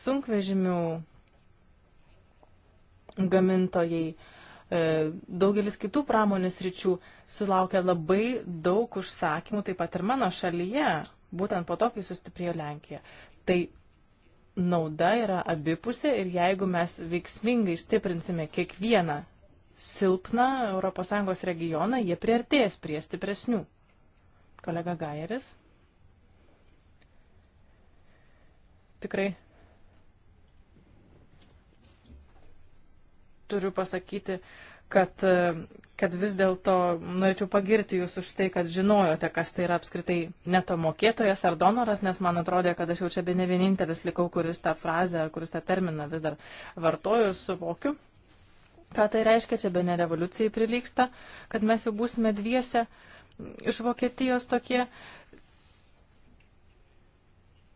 sunkvežimių gamintojai E, daugelis kitų pramonės ryčių sulaukia labai daug užsakymų, taip pat ir mano šalyje, būtent po to, kai sustiprėjo Lenkija. Tai nauda yra abipusė ir jeigu mes veiksmingai stiprinsime kiekvieną silpną ES regioną, jie priartės prie stipresnių. Kolega Gairis. Tikrai turiu pasakyti, kad, e, kad vis dėlto norėčiau pagirti jūs už tai, kad žinojote, kas tai yra apskritai neto mokėtojas ar donoras, nes man atrodė, kad aš jau čia be ne vienintelis likau, kuris tą frazę ar kuris tą terminą vis dar vartoju ir suvokiu. Ką tai reiškia, čia be ne revoliucijai prilyksta, kad mes jau būsime dviese iš Vokietijos tokie.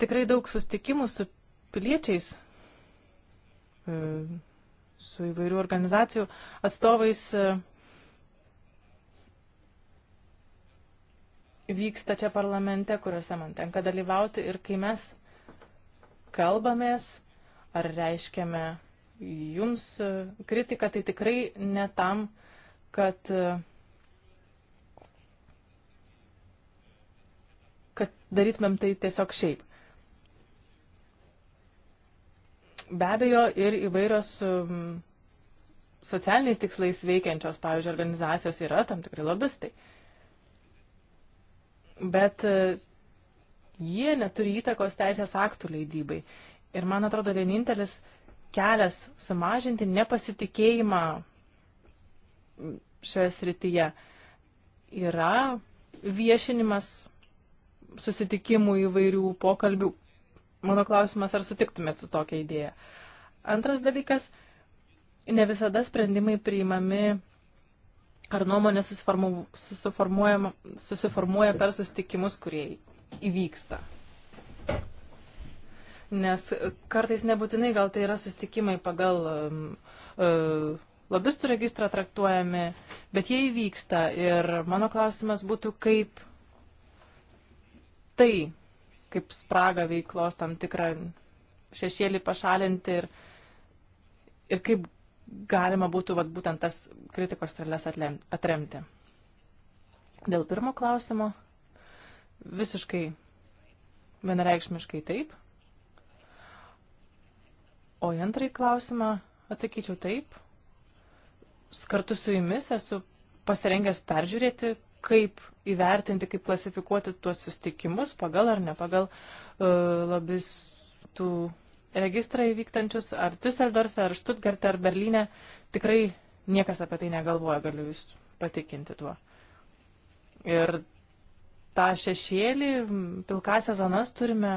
Tikrai daug sustikimų su piliečiais. E, su įvairių organizacijų atstovais e, vyksta čia parlamente, kuriuose man tenka dalyvauti ir kai mes kalbamės ar reiškiame jums kritiką, tai tikrai ne tam, kad, e, kad darytumėm tai tiesiog šiaip. Be abejo, ir įvairios um, socialiniais tikslais veikiančios, pavyzdžiui, organizacijos yra tam tikri lobistai. Bet uh, jie neturi įtakos teisės aktų leidybai. Ir man atrodo, vienintelis kelias sumažinti nepasitikėjimą šioje srityje yra viešinimas susitikimų įvairių pokalbių Mano klausimas, ar sutiktumėt su tokia idėja. Antras dalykas, ne visada sprendimai priimami ar nuomonė susiformuoja per susitikimus, kurie įvyksta. Nes kartais nebūtinai gal tai yra susitikimai pagal um, uh, lobistų registrą traktuojami, bet jie įvyksta. Ir mano klausimas būtų, kaip tai kaip spragą veiklos tam tikrą šešėlį pašalinti ir, ir kaip galima būtų vat, būtent tas kritikos strėlės atremti. Dėl pirmo klausimo visiškai vienareikšmiškai taip. O į antrąjį klausimą atsakyčiau taip. Kartu su jumis esu pasirengęs peržiūrėti kaip įvertinti, kaip klasifikuoti tuos sustikimus pagal ar ne pagal uh, lobistų registrą įvyktančius ar Düsseldorfe, ar Stuttgarte, ar Berlyne. Tikrai niekas apie tai negalvoja, galiu Jūs patikinti tuo. Ir tą šešėlį, pilkąsias zonas turime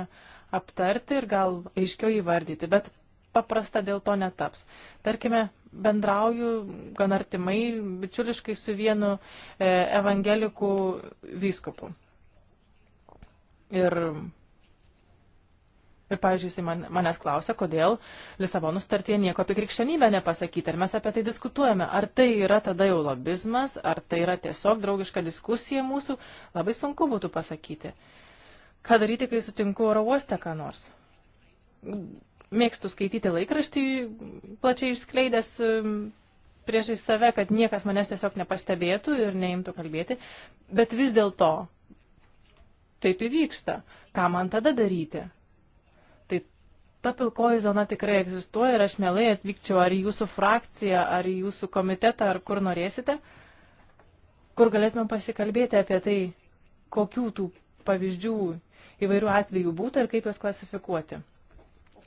aptarti ir gal aiškiau įvardyti. Bet paprasta dėl to netaps. Tarkime, bendrauju gan artimai, bičiuliškai su vienu e, evangelikų vyskupu. Ir, ir pavyzdžiui, jis man, manęs klausia, kodėl Lisabonų startie nieko apie krikščionybę nepasakyti, ar mes apie tai diskutuojame, ar tai yra tada jau lobizmas, ar tai yra tiesiog draugiška diskusija mūsų, labai sunku būtų pasakyti. Ką daryti, kai sutinku oro uoste ką nors? mėgstu skaityti laikraštį plačiai išskleidęs um, priešai save, kad niekas manęs tiesiog nepastebėtų ir neimtų kalbėti, bet vis dėlto taip įvyksta. Ką man tada daryti? Tai ta pilkoji zona tikrai egzistuoja ir aš mielai atvykčiau ar į jūsų frakciją, ar į jūsų komitetą, ar kur norėsite, kur galėtume pasikalbėti apie tai, kokių tų pavyzdžių įvairių atvejų būtų ir kaip juos klasifikuoti.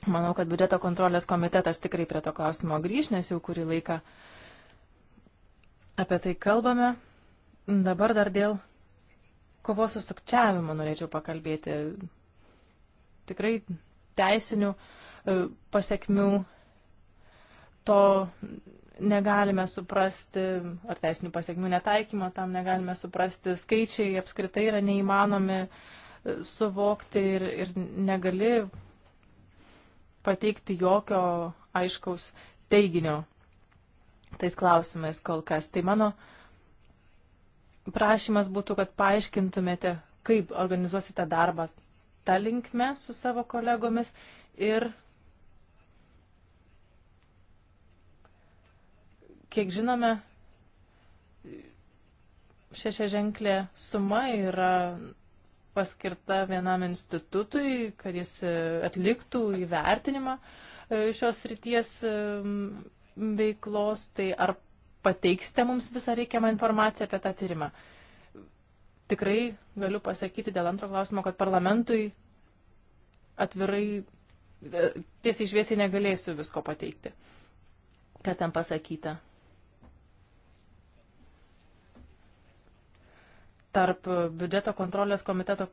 Manau, kad biudžeto kontrolės komitetas tikrai prie to klausimo grįž, nes jau kurį laiką apie tai kalbame. Dabar dar dėl kovos su sukčiavimu norėčiau pakalbėti. Tikrai teisinių e, pasiekmių to negalime suprasti, ar teisinių pasiekmių netaikymo tam negalime suprasti. Skaičiai apskritai yra neįmanomi e, suvokti ir, ir negali pateikti jokio aiškaus teiginio tais klausimais kol kas. Tai mano prašymas būtų, kad paaiškintumėte, kaip organizuosite darbą tą linkmę su savo kolegomis ir kiek žinome, šešia ženklė suma yra paskirta vienam institutui, kad jis e, atliktų įvertinimą e, šios ryties e, veiklos, tai ar pateiksite mums visą reikiamą informaciją apie tą tyrimą? Tikrai galiu pasakyti dėl antro klausimo, kad parlamentui atvirai, tiesiai išviesiai negalėsiu visko pateikti, kas ten pasakyta tarp biudžeto kontrolės komiteto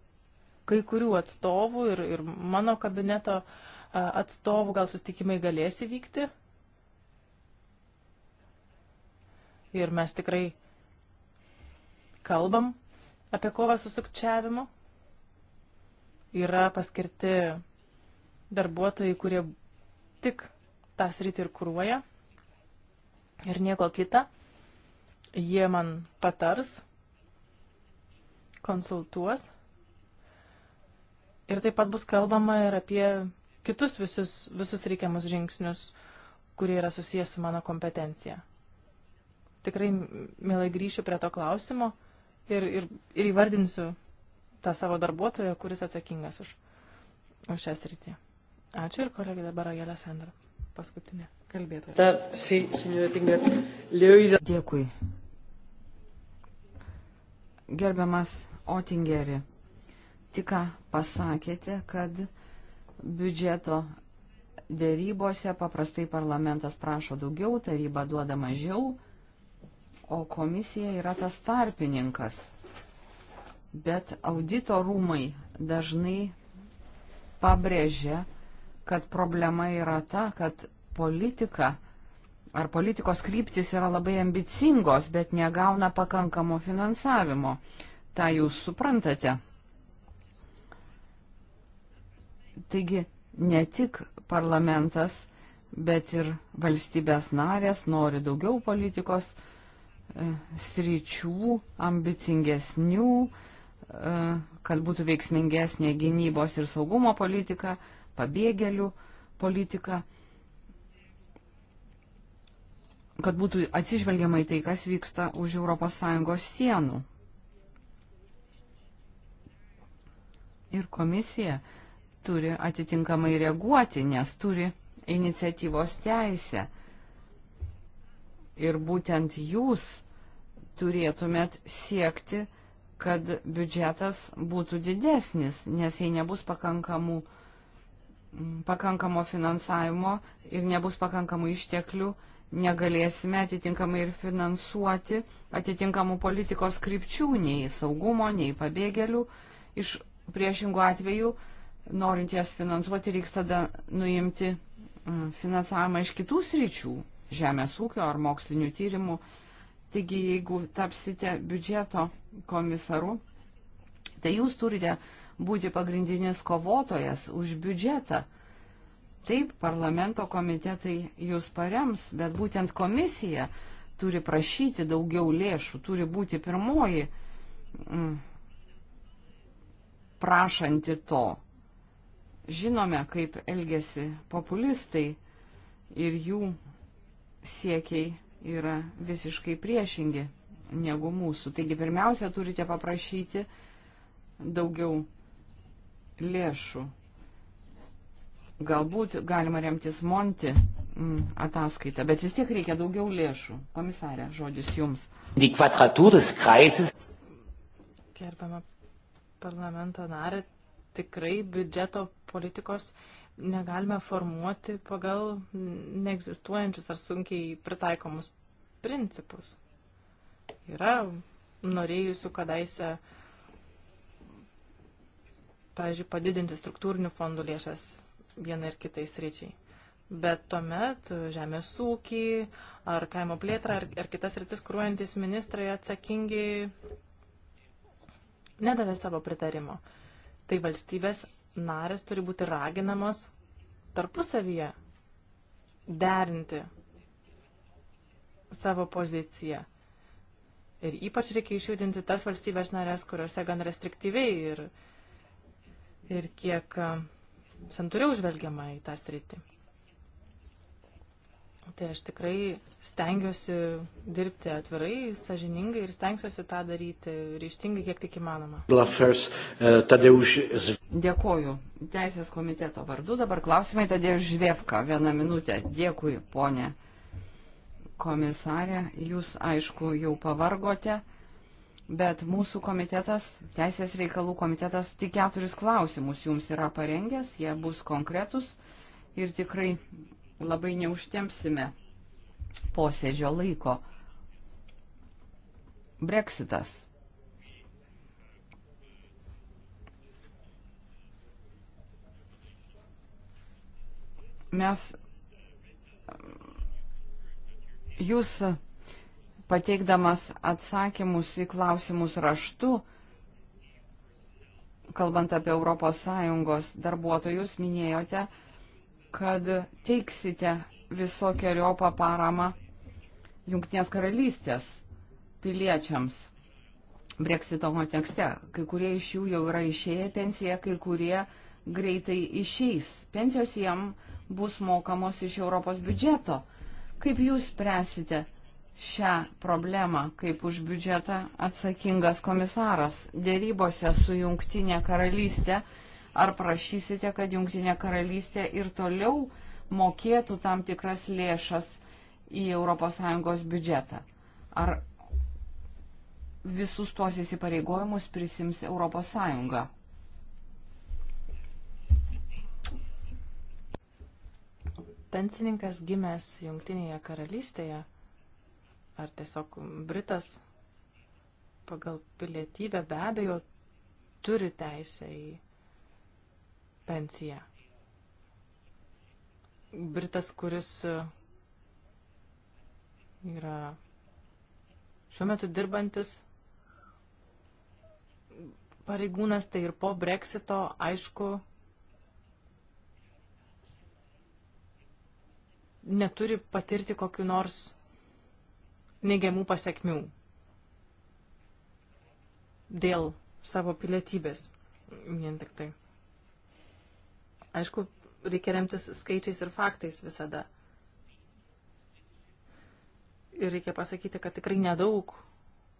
kai kurių atstovų ir, ir mano kabineto atstovų gal sustikimai galės įvykti. Ir mes tikrai kalbam apie kovą su sukčiavimu. Yra paskirti darbuotojai, kurie tik tą sritį ir kūruoja ir nieko kita. Jie man patars, konsultuos. Ir taip pat bus kalbama ir apie kitus visus, visus reikiamus žingsnius, kurie yra susijęs su mano kompetencija. Tikrai mielai grįšiu prie to klausimo ir, ir, ir įvardinsiu tą savo darbuotoją, kuris atsakingas už, už šią sritį. Ačiū ir kolegė dabar Agelė Sandra. Paskutinė kalbėtoja. Ta, sí, Dėkui, Gerbiamas Otingeri, tik ką pasakėte, kad biudžeto dėrybose paprastai parlamentas prašo daugiau, taryba duoda mažiau, o komisija yra tas tarpininkas. Bet audito rūmai dažnai pabrėžia, kad problema yra ta, kad politika ar politikos kryptis yra labai ambicingos, bet negauna pakankamo finansavimo. Ta jūs suprantate. Taigi ne tik parlamentas, bet ir valstybės narės nori daugiau politikos e, sričių, ambicingesnių, e, kad būtų veiksmingesnė gynybos ir saugumo politika, pabėgėlių politika kad būtų atsižvelgiama į tai, kas vyksta už ES sienų. Ir komisija turi atitinkamai reaguoti, nes turi iniciatyvos teisę. Ir būtent jūs turėtumėt siekti, kad biudžetas būtų didesnis, nes jei nebus pakankamų, pakankamo finansavimo ir nebus pakankamų išteklių, negalėsime atitinkamai ir finansuoti atitinkamų politikos krypčių, nei saugumo, nei pabėgėlių. Iš priešingų atvejų, norint jas finansuoti, reiks tada nuimti mm, finansavimą iš kitų sričių - žemės ūkio ar mokslinių tyrimų. Taigi, jeigu tapsite biudžeto komisaru, tai jūs turite būti pagrindinis kovotojas už biudžetą Taip, parlamento komitetai jūs parems, bet būtent komisija turi prašyti daugiau lėšų, turi būti pirmoji mm, prašanti to. Žinome, kaip elgesi populistai ir jų siekiai yra visiškai priešingi negu mūsų. Taigi pirmiausia, turite paprašyti daugiau lėšų. Galbūt galima remtis Monti mm, ataskaitą, bet vis tiek reikia daugiau lėšų. Komisarė, žodis jums. Gerbama parlamento narė, tikrai biudžeto politikos negalime formuoti pagal neegzistuojančius ar sunkiai pritaikomus principus. Yra norėjusių kadaise, pavyzdžiui, padidinti struktūrinių fondų lėšas vienai ir kitai sričiai. Bet tuomet žemės ūkį ar kaimo plėtrą ar, ar kitas rytis kūruojantis ministrai atsakingi nedavė savo pritarimo. Tai valstybės narės turi būti raginamos tarpusavyje derinti savo poziciją. Ir ypač reikia išjudinti tas valstybės narės, kuriuose gan restriktyviai ir, ir kiek uh, santūriau žvelgiama į tą sritį. Tai aš tikrai stengiuosi dirbti atvirai, sažiningai ir stengiuosi tą daryti ryštingai, kiek tik įmanoma. E, Dėkoju. Teisės komiteto vardu. Dabar klausimai Tadėjus Žvėvka. Vieną minutę. Dėkui, ponė komisarė. Jūs, aišku, jau pavargote. Bet mūsų komitetas, Teisės reikalų komitetas, tik keturis klausimus jums yra parengęs, jie bus konkretus ir tikrai labai neužtempsime posėdžio laiko. Brexitas. Mes, jūs pateikdamas atsakymus į klausimus raštu, kalbant apie ES darbuotojus, minėjote, kad teiksite visokiojopą paramą Junktinės karalystės piliečiams breksito kontekste. Kai kurie iš jų jau yra išėję pensiją, kai kurie greitai išeis. Pensijos jiem bus mokamos iš Europos biudžeto. Kaip jūs spręsite šią problemą kaip už biudžetą atsakingas komisaras dėrybose su Junktinė karalystė? Ar prašysite, kad Junktinė karalystė ir toliau mokėtų tam tikras lėšas į ES biudžetą? Ar visus tuos įsipareigojimus prisims ES? Pensininkas gimęs Junktinėje karalystėje ar tiesiog Britas pagal pilietybę be abejo turi teisę į pensiją. Britas, kuris yra šiuo metu dirbantis pareigūnas, tai ir po breksito, aišku, neturi patirti kokiu nors neigiamų pasiekmių dėl savo pilietybės. Vien tik tai. Aišku, reikia remtis skaičiais ir faktais visada. Ir reikia pasakyti, kad tikrai nedaug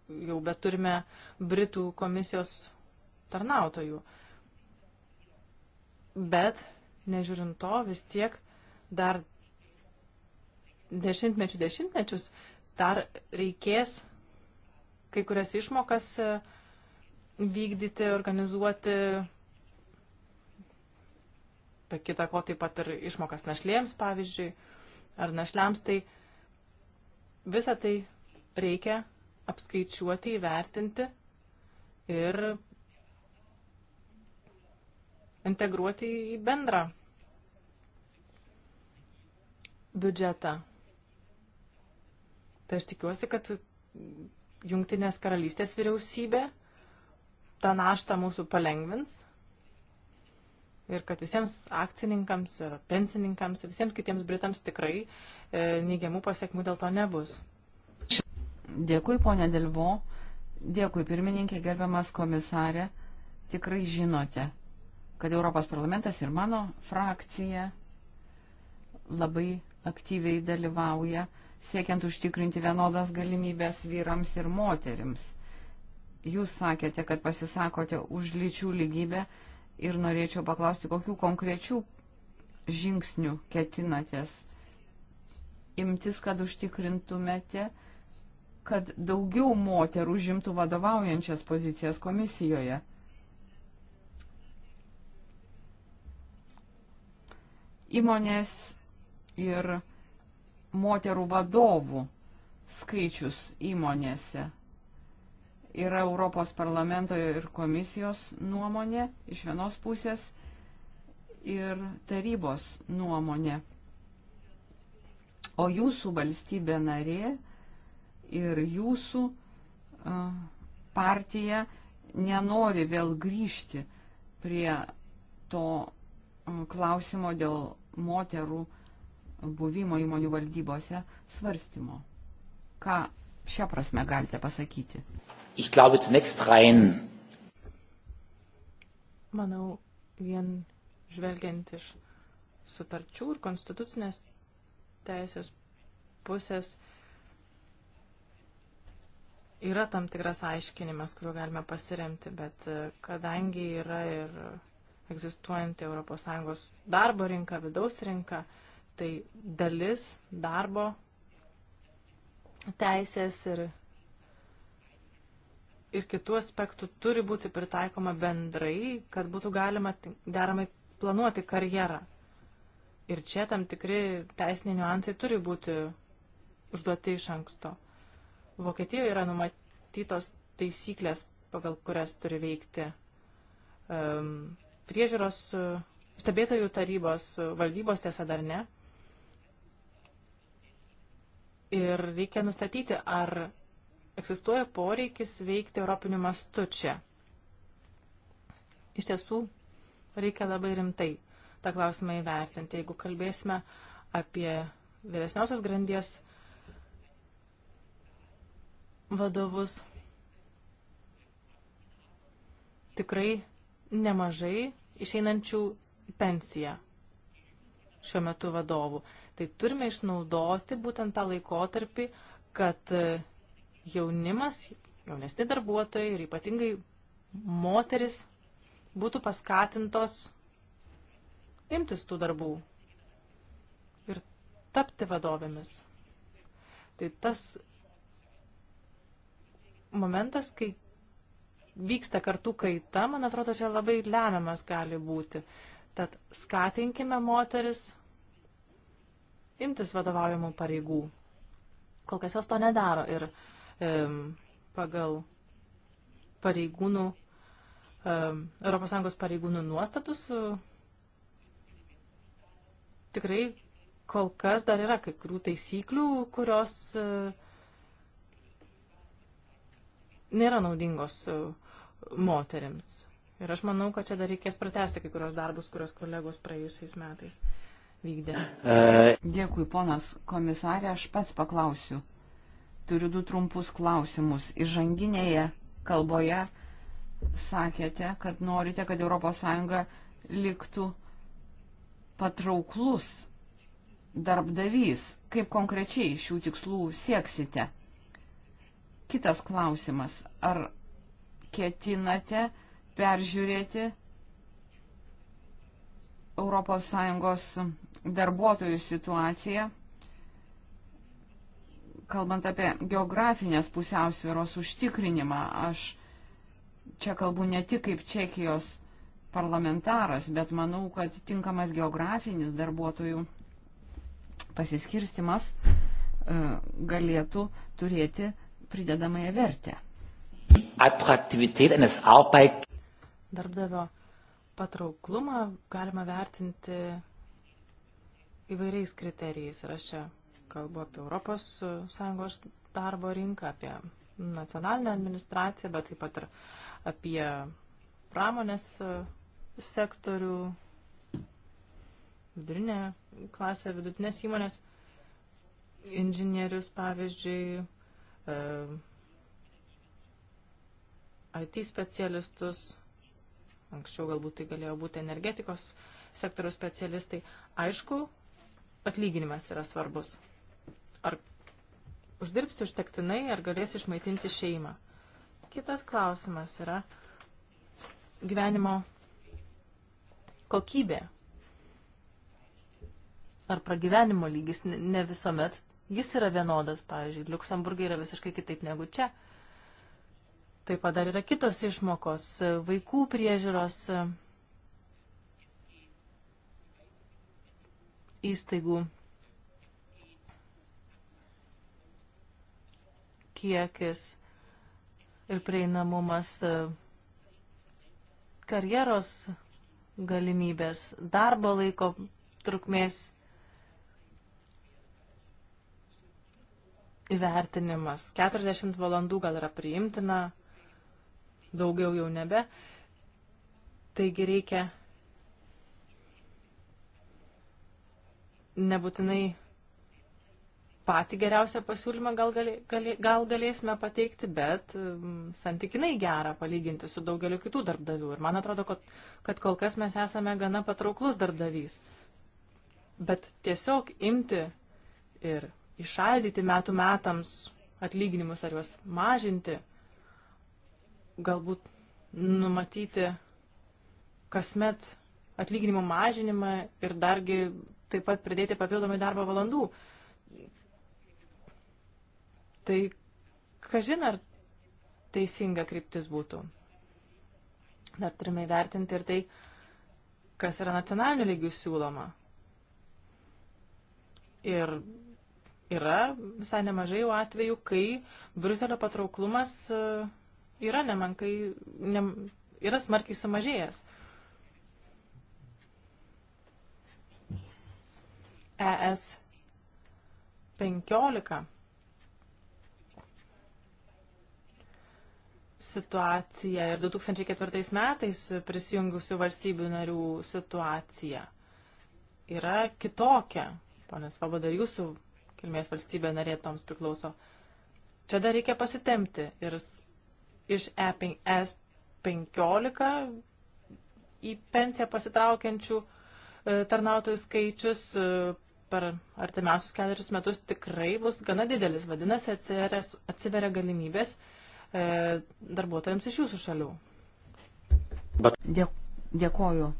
jau, bet turime Britų komisijos tarnautojų. Bet, nežiūrint to, vis tiek dar dešimtmečių dešimtmečius uh, dar reikės kai kurias išmokas e, vykdyti, organizuoti, be kita ko taip pat ir išmokas našlėms, pavyzdžiui, ar našliams, tai visą tai reikia apskaičiuoti, įvertinti ir integruoti į bendrą biudžetą. Tai aš tikiuosi, kad Jungtinės karalystės vyriausybė tą naštą mūsų palengvins ir kad visiems akcininkams ir pensininkams ir visiems kitiems Britams tikrai e, neigiamų pasiekmių dėl to nebus. Dėkui, ponė Delvo. Dėkui, pirmininkė, gerbiamas komisarė. Tikrai žinote, kad Europos parlamentas ir mano frakcija labai aktyviai dalyvauja siekiant užtikrinti vienodas galimybės vyrams ir moterims. Jūs sakėte, kad pasisakote už lyčių lygybę ir norėčiau paklausti, kokių konkrečių žingsnių ketinatės imtis, kad užtikrintumėte, kad daugiau moterų žimtų vadovaujančias pozicijas komisijoje. Įmonės ir moterų vadovų skaičius įmonėse yra Europos parlamento ir komisijos nuomonė iš vienos pusės ir tarybos nuomonė. O jūsų valstybė narė ir jūsų uh, partija nenori vėl grįžti prie to uh, klausimo dėl moterų uh, buvimo įmonių valdybose svarstymo. Ką šią prasme galite pasakyti? Glaube, Manau, vien žvelgiant iš sutarčių ir konstitucinės teisės pusės yra tam tikras aiškinimas, kuriuo galime pasiremti, bet e, kadangi yra ir egzistuojanti ES darbo rinka, vidaus rinka, uh, tai dalis darbo teisės ir, ir kitų aspektų turi būti pritaikoma bendrai, kad būtų galima deramai planuoti karjerą. Ir čia tam tikri teisiniai niuansai turi būti užduoti iš anksto. Vokietijoje yra numatytos taisyklės, pagal kurias turi veikti um, priežiūros stebėtojų tarybos, valdybos tiesa dar ne, Ir reikia nustatyti, ar egzistuoja poreikis veikti europiniu mastu čia. Iš tiesų, reikia labai rimtai tą klausimą įvertinti. Jeigu kalbėsime apie vyresniosios grandies vadovus, tikrai nemažai išeinančių pensiją šiuo metu vadovų. Tai turime išnaudoti būtent tą laikotarpį, kad e, jaunimas, jaunesni darbuotojai ir ypatingai moteris būtų paskatintos imtis tų darbų ir tapti vadovėmis. Tai tas momentas, kai vyksta kartų kaita, man atrodo, čia labai lemiamas gali būti. Tad skatinkime moteris imtis vadovaujamų pareigų. Kol kas jos to nedaro ir e, pagal pareigūnų, e, ES pareigūnų nuostatus e, tikrai kol kas dar yra kai kurių taisyklių, kurios e, nėra naudingos e, moteriams. Ir aš manau, kad čia dar reikės pratesti kai kurios darbus, kurios kolegos praėjusiais metais vykdė. E. Dėkui, ponas komisarė, aš pats paklausiu. Turiu du trumpus klausimus. Įžanginėje kalboje sakėte, kad norite, kad ES liktų patrauklus darbdavys. Kaip konkrečiai šių tikslų sieksite? Kitas klausimas. Ar ketinate peržiūrėti ES darbuotojų situaciją, kalbant apie geografinės pusiausvėros užtikrinimą, aš čia kalbu ne tik kaip Čekijos parlamentaras, bet manau, kad tinkamas geografinis darbuotojų pasiskirstimas e, galėtų turėti pridedamąją vertę. Darbdavio patrauklumą galima vertinti įvairiais kriterijais. Ir aš čia kalbu apie ES e, darbo rinką, apie nacionalinę administraciją, bet taip pat ir apie pramonės e, sektorių, vidurinę klasę, vidutinės įmonės, inžinierius, pavyzdžiui, e, IT specialistus, anksčiau galbūt tai galėjo būti energetikos sektorių specialistai. Aišku, atlyginimas yra svarbus. Ar uždirbsiu užtektinai, ar galėsiu išmaitinti šeimą. Kitas klausimas yra gyvenimo kokybė. Ar pragyvenimo lygis ne visuomet jis yra vienodas, pavyzdžiui, Luksemburgai yra visiškai kitaip negu čia. Taip pat dar yra kitos išmokos, vaikų priežiūros įstaigų kiekis ir prieinamumas e, karjeros galimybės, darbo laiko trukmės įvertinimas. 40 valandų gal yra priimtina, daugiau jau nebe. Taigi reikia nebūtinai patį geriausią pasiūlymą gal, gali, gali, gal galėsime pateikti, bet um, santykinai gerą palyginti su daugeliu kitų darbdavių. Ir man atrodo, kad, kad kol kas mes esame gana patrauklus darbdavys. Bet tiesiog imti ir išaldyti metų metams atlyginimus ar juos mažinti, galbūt numatyti kasmet atlyginimų mažinimą ir dargi taip pat pridėti papildomai darbo valandų. Tai, kažin ar teisinga kryptis būtų. Dar turime įvertinti ir tai, kas yra nacionaliniu lygiu siūloma. Ir yra visai nemažai jau atvejų, kai Bruselio patrauklumas e, yra nemenkai, ne, yra smarkiai sumažėjęs. ES 15 situacija ir 2004 metais prisijungusių valstybių narių situacija yra kitokia. Pone Svabodar, jūsų kilmės valstybė narė toms priklauso. Čia dar reikia pasitemti ir iš ES 15 į pensiją pasitraukiančių e, tarnautojų skaičius e, per artimiausius keturis metus tikrai bus gana didelis. Vadinasi, atsiveres, atsiveria galimybės e, darbuotojams iš jūsų šalių. Dėkoju.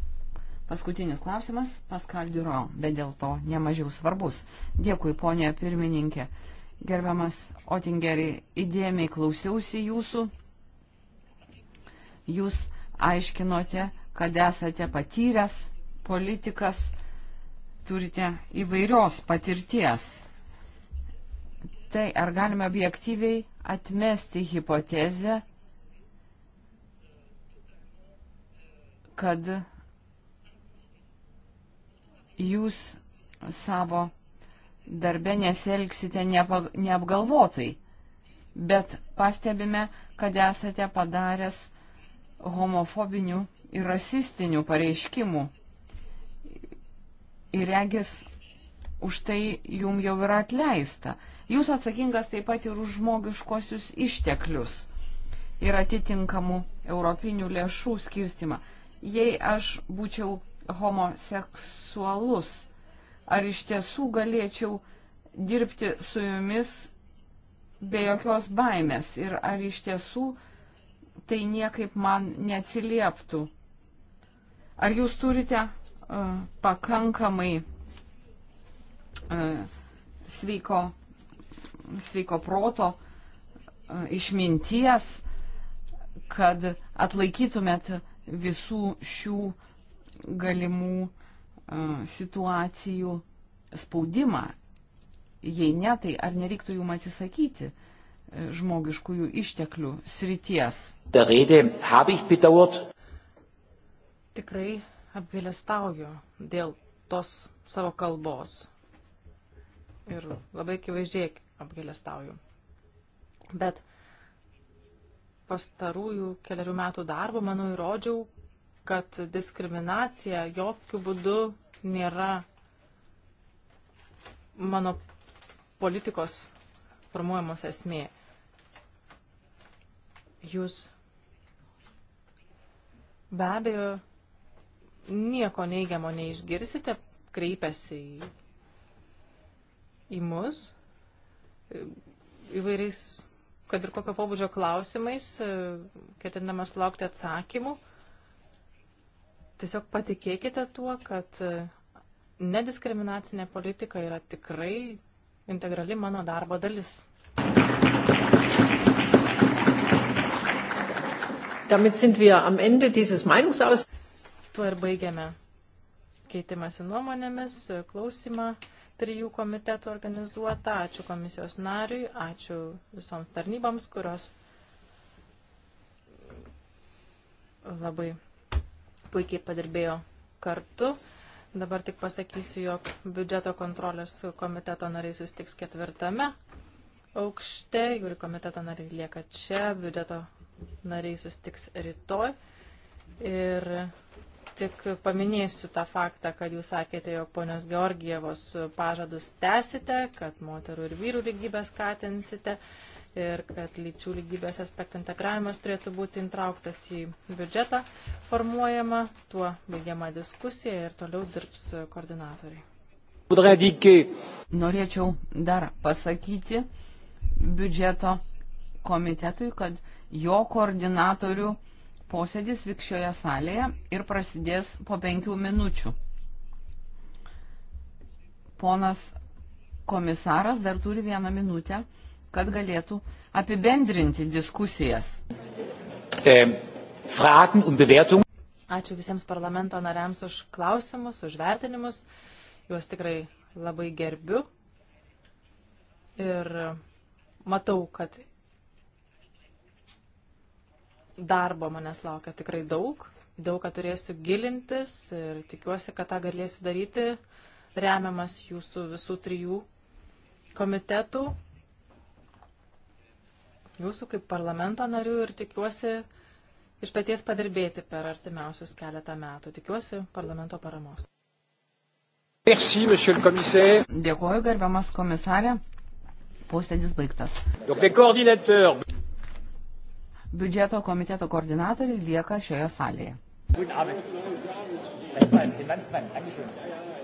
Paskutinis klausimas, Paskal Duro, bet dėl to nemažiau svarbus. Dėkui, ponė pirmininkė. Gerbiamas Otingeri, įdėmiai klausiausi jūsų. Jūs aiškinote, kad esate patyręs politikas turite įvairios patirties. Tai ar galime objektyviai atmesti hipotezę, kad jūs savo darbę nesielgsite neapgalvotai, bet pastebime, kad esate padaręs homofobinių ir rasistinių pareiškimų ir regis už tai jum jau yra atleista. Jūs atsakingas taip pat ir už žmogiškosius išteklius ir atitinkamų europinių lėšų skirstimą. Jei aš būčiau homoseksualus, ar iš tiesų galėčiau dirbti su jumis be jokios baimės ir ar iš tiesų tai niekaip man neatsilieptų. Ar jūs turite E, pakankamai e, sveiko, sveiko proto, e, išminties, kad atlaikytumėt visų šių galimų situacijų spaudimą. Jei ne, tai ar nereiktų jų atsisakyti žmogiškųjų išteklių srities? Tikrai apgailestauju dėl tos savo kalbos. Ir labai akivaizdžiai apgailestauju. Bet pastarųjų keliarių metų darbo, manau, įrodžiau, kad diskriminacija jokių būdų nėra mano politikos formuojamos esmė. Jūs be abejo nieko neigiamo neišgirsite, kreipiasi į, į mus e, įvairiais, kad ir kokio pobūdžio klausimais, e, ketinamas laukti atsakymų. Tiesiog patikėkite tuo, kad e, nediskriminacinė politika yra tikrai integrali mano darbo dalis. Damit sind wir am Ende dieses Meinungsaus. Tuo ir baigiame keitimąsi nuomonėmis, klausimą trijų komitetų organizuotą. Ačiū komisijos nariui, ačiū visoms tarnyboms, kurios labai puikiai padirbėjo kartu. Dabar tik pasakysiu, jog biudžeto kontrolės komiteto nariai sustiks ketvirtame aukšte, jūri komiteto nariai lieka čia, biudžeto nariai sustiks rytoj. Ir tik paminėsiu tą faktą, kad jūs sakėte, jog ponios Georgievos pažadus tęsite, kad moterų ir vyrų lygybę skatinsite ir kad lyčių lygybės aspektų integravimas turėtų būti intrauktas į biudžetą formuojama. Tuo baigiama diskusija ir toliau dirbs koordinatoriai. Norėčiau dar pasakyti biudžeto komitetui, kad jo koordinatorių posėdis vyks šioje salėje ir prasidės po penkių minučių. Ponas komisaras dar turi vieną minutę, kad galėtų apibendrinti diskusijas. Ehm, Ačiū visiems parlamento nariams už klausimus, už vertinimus. Juos tikrai labai gerbiu. Ir matau, kad darbo manęs laukia tikrai daug, daug ką turėsiu gilintis ir tikiuosi, kad tą galėsiu daryti, remiamas jūsų visų trijų komitetų, jūsų kaip parlamento narių ir tikiuosi iš paties padirbėti per artimiausius keletą metų. Tikiuosi parlamento paramos. Merci, Dėkuoju, gerbiamas komisarė. Posėdis baigtas. Donc, biudžeto komiteto koordinatoriai lieka šioje salėje. Guten Abend. Das war es, den Landsmann. Dankeschön.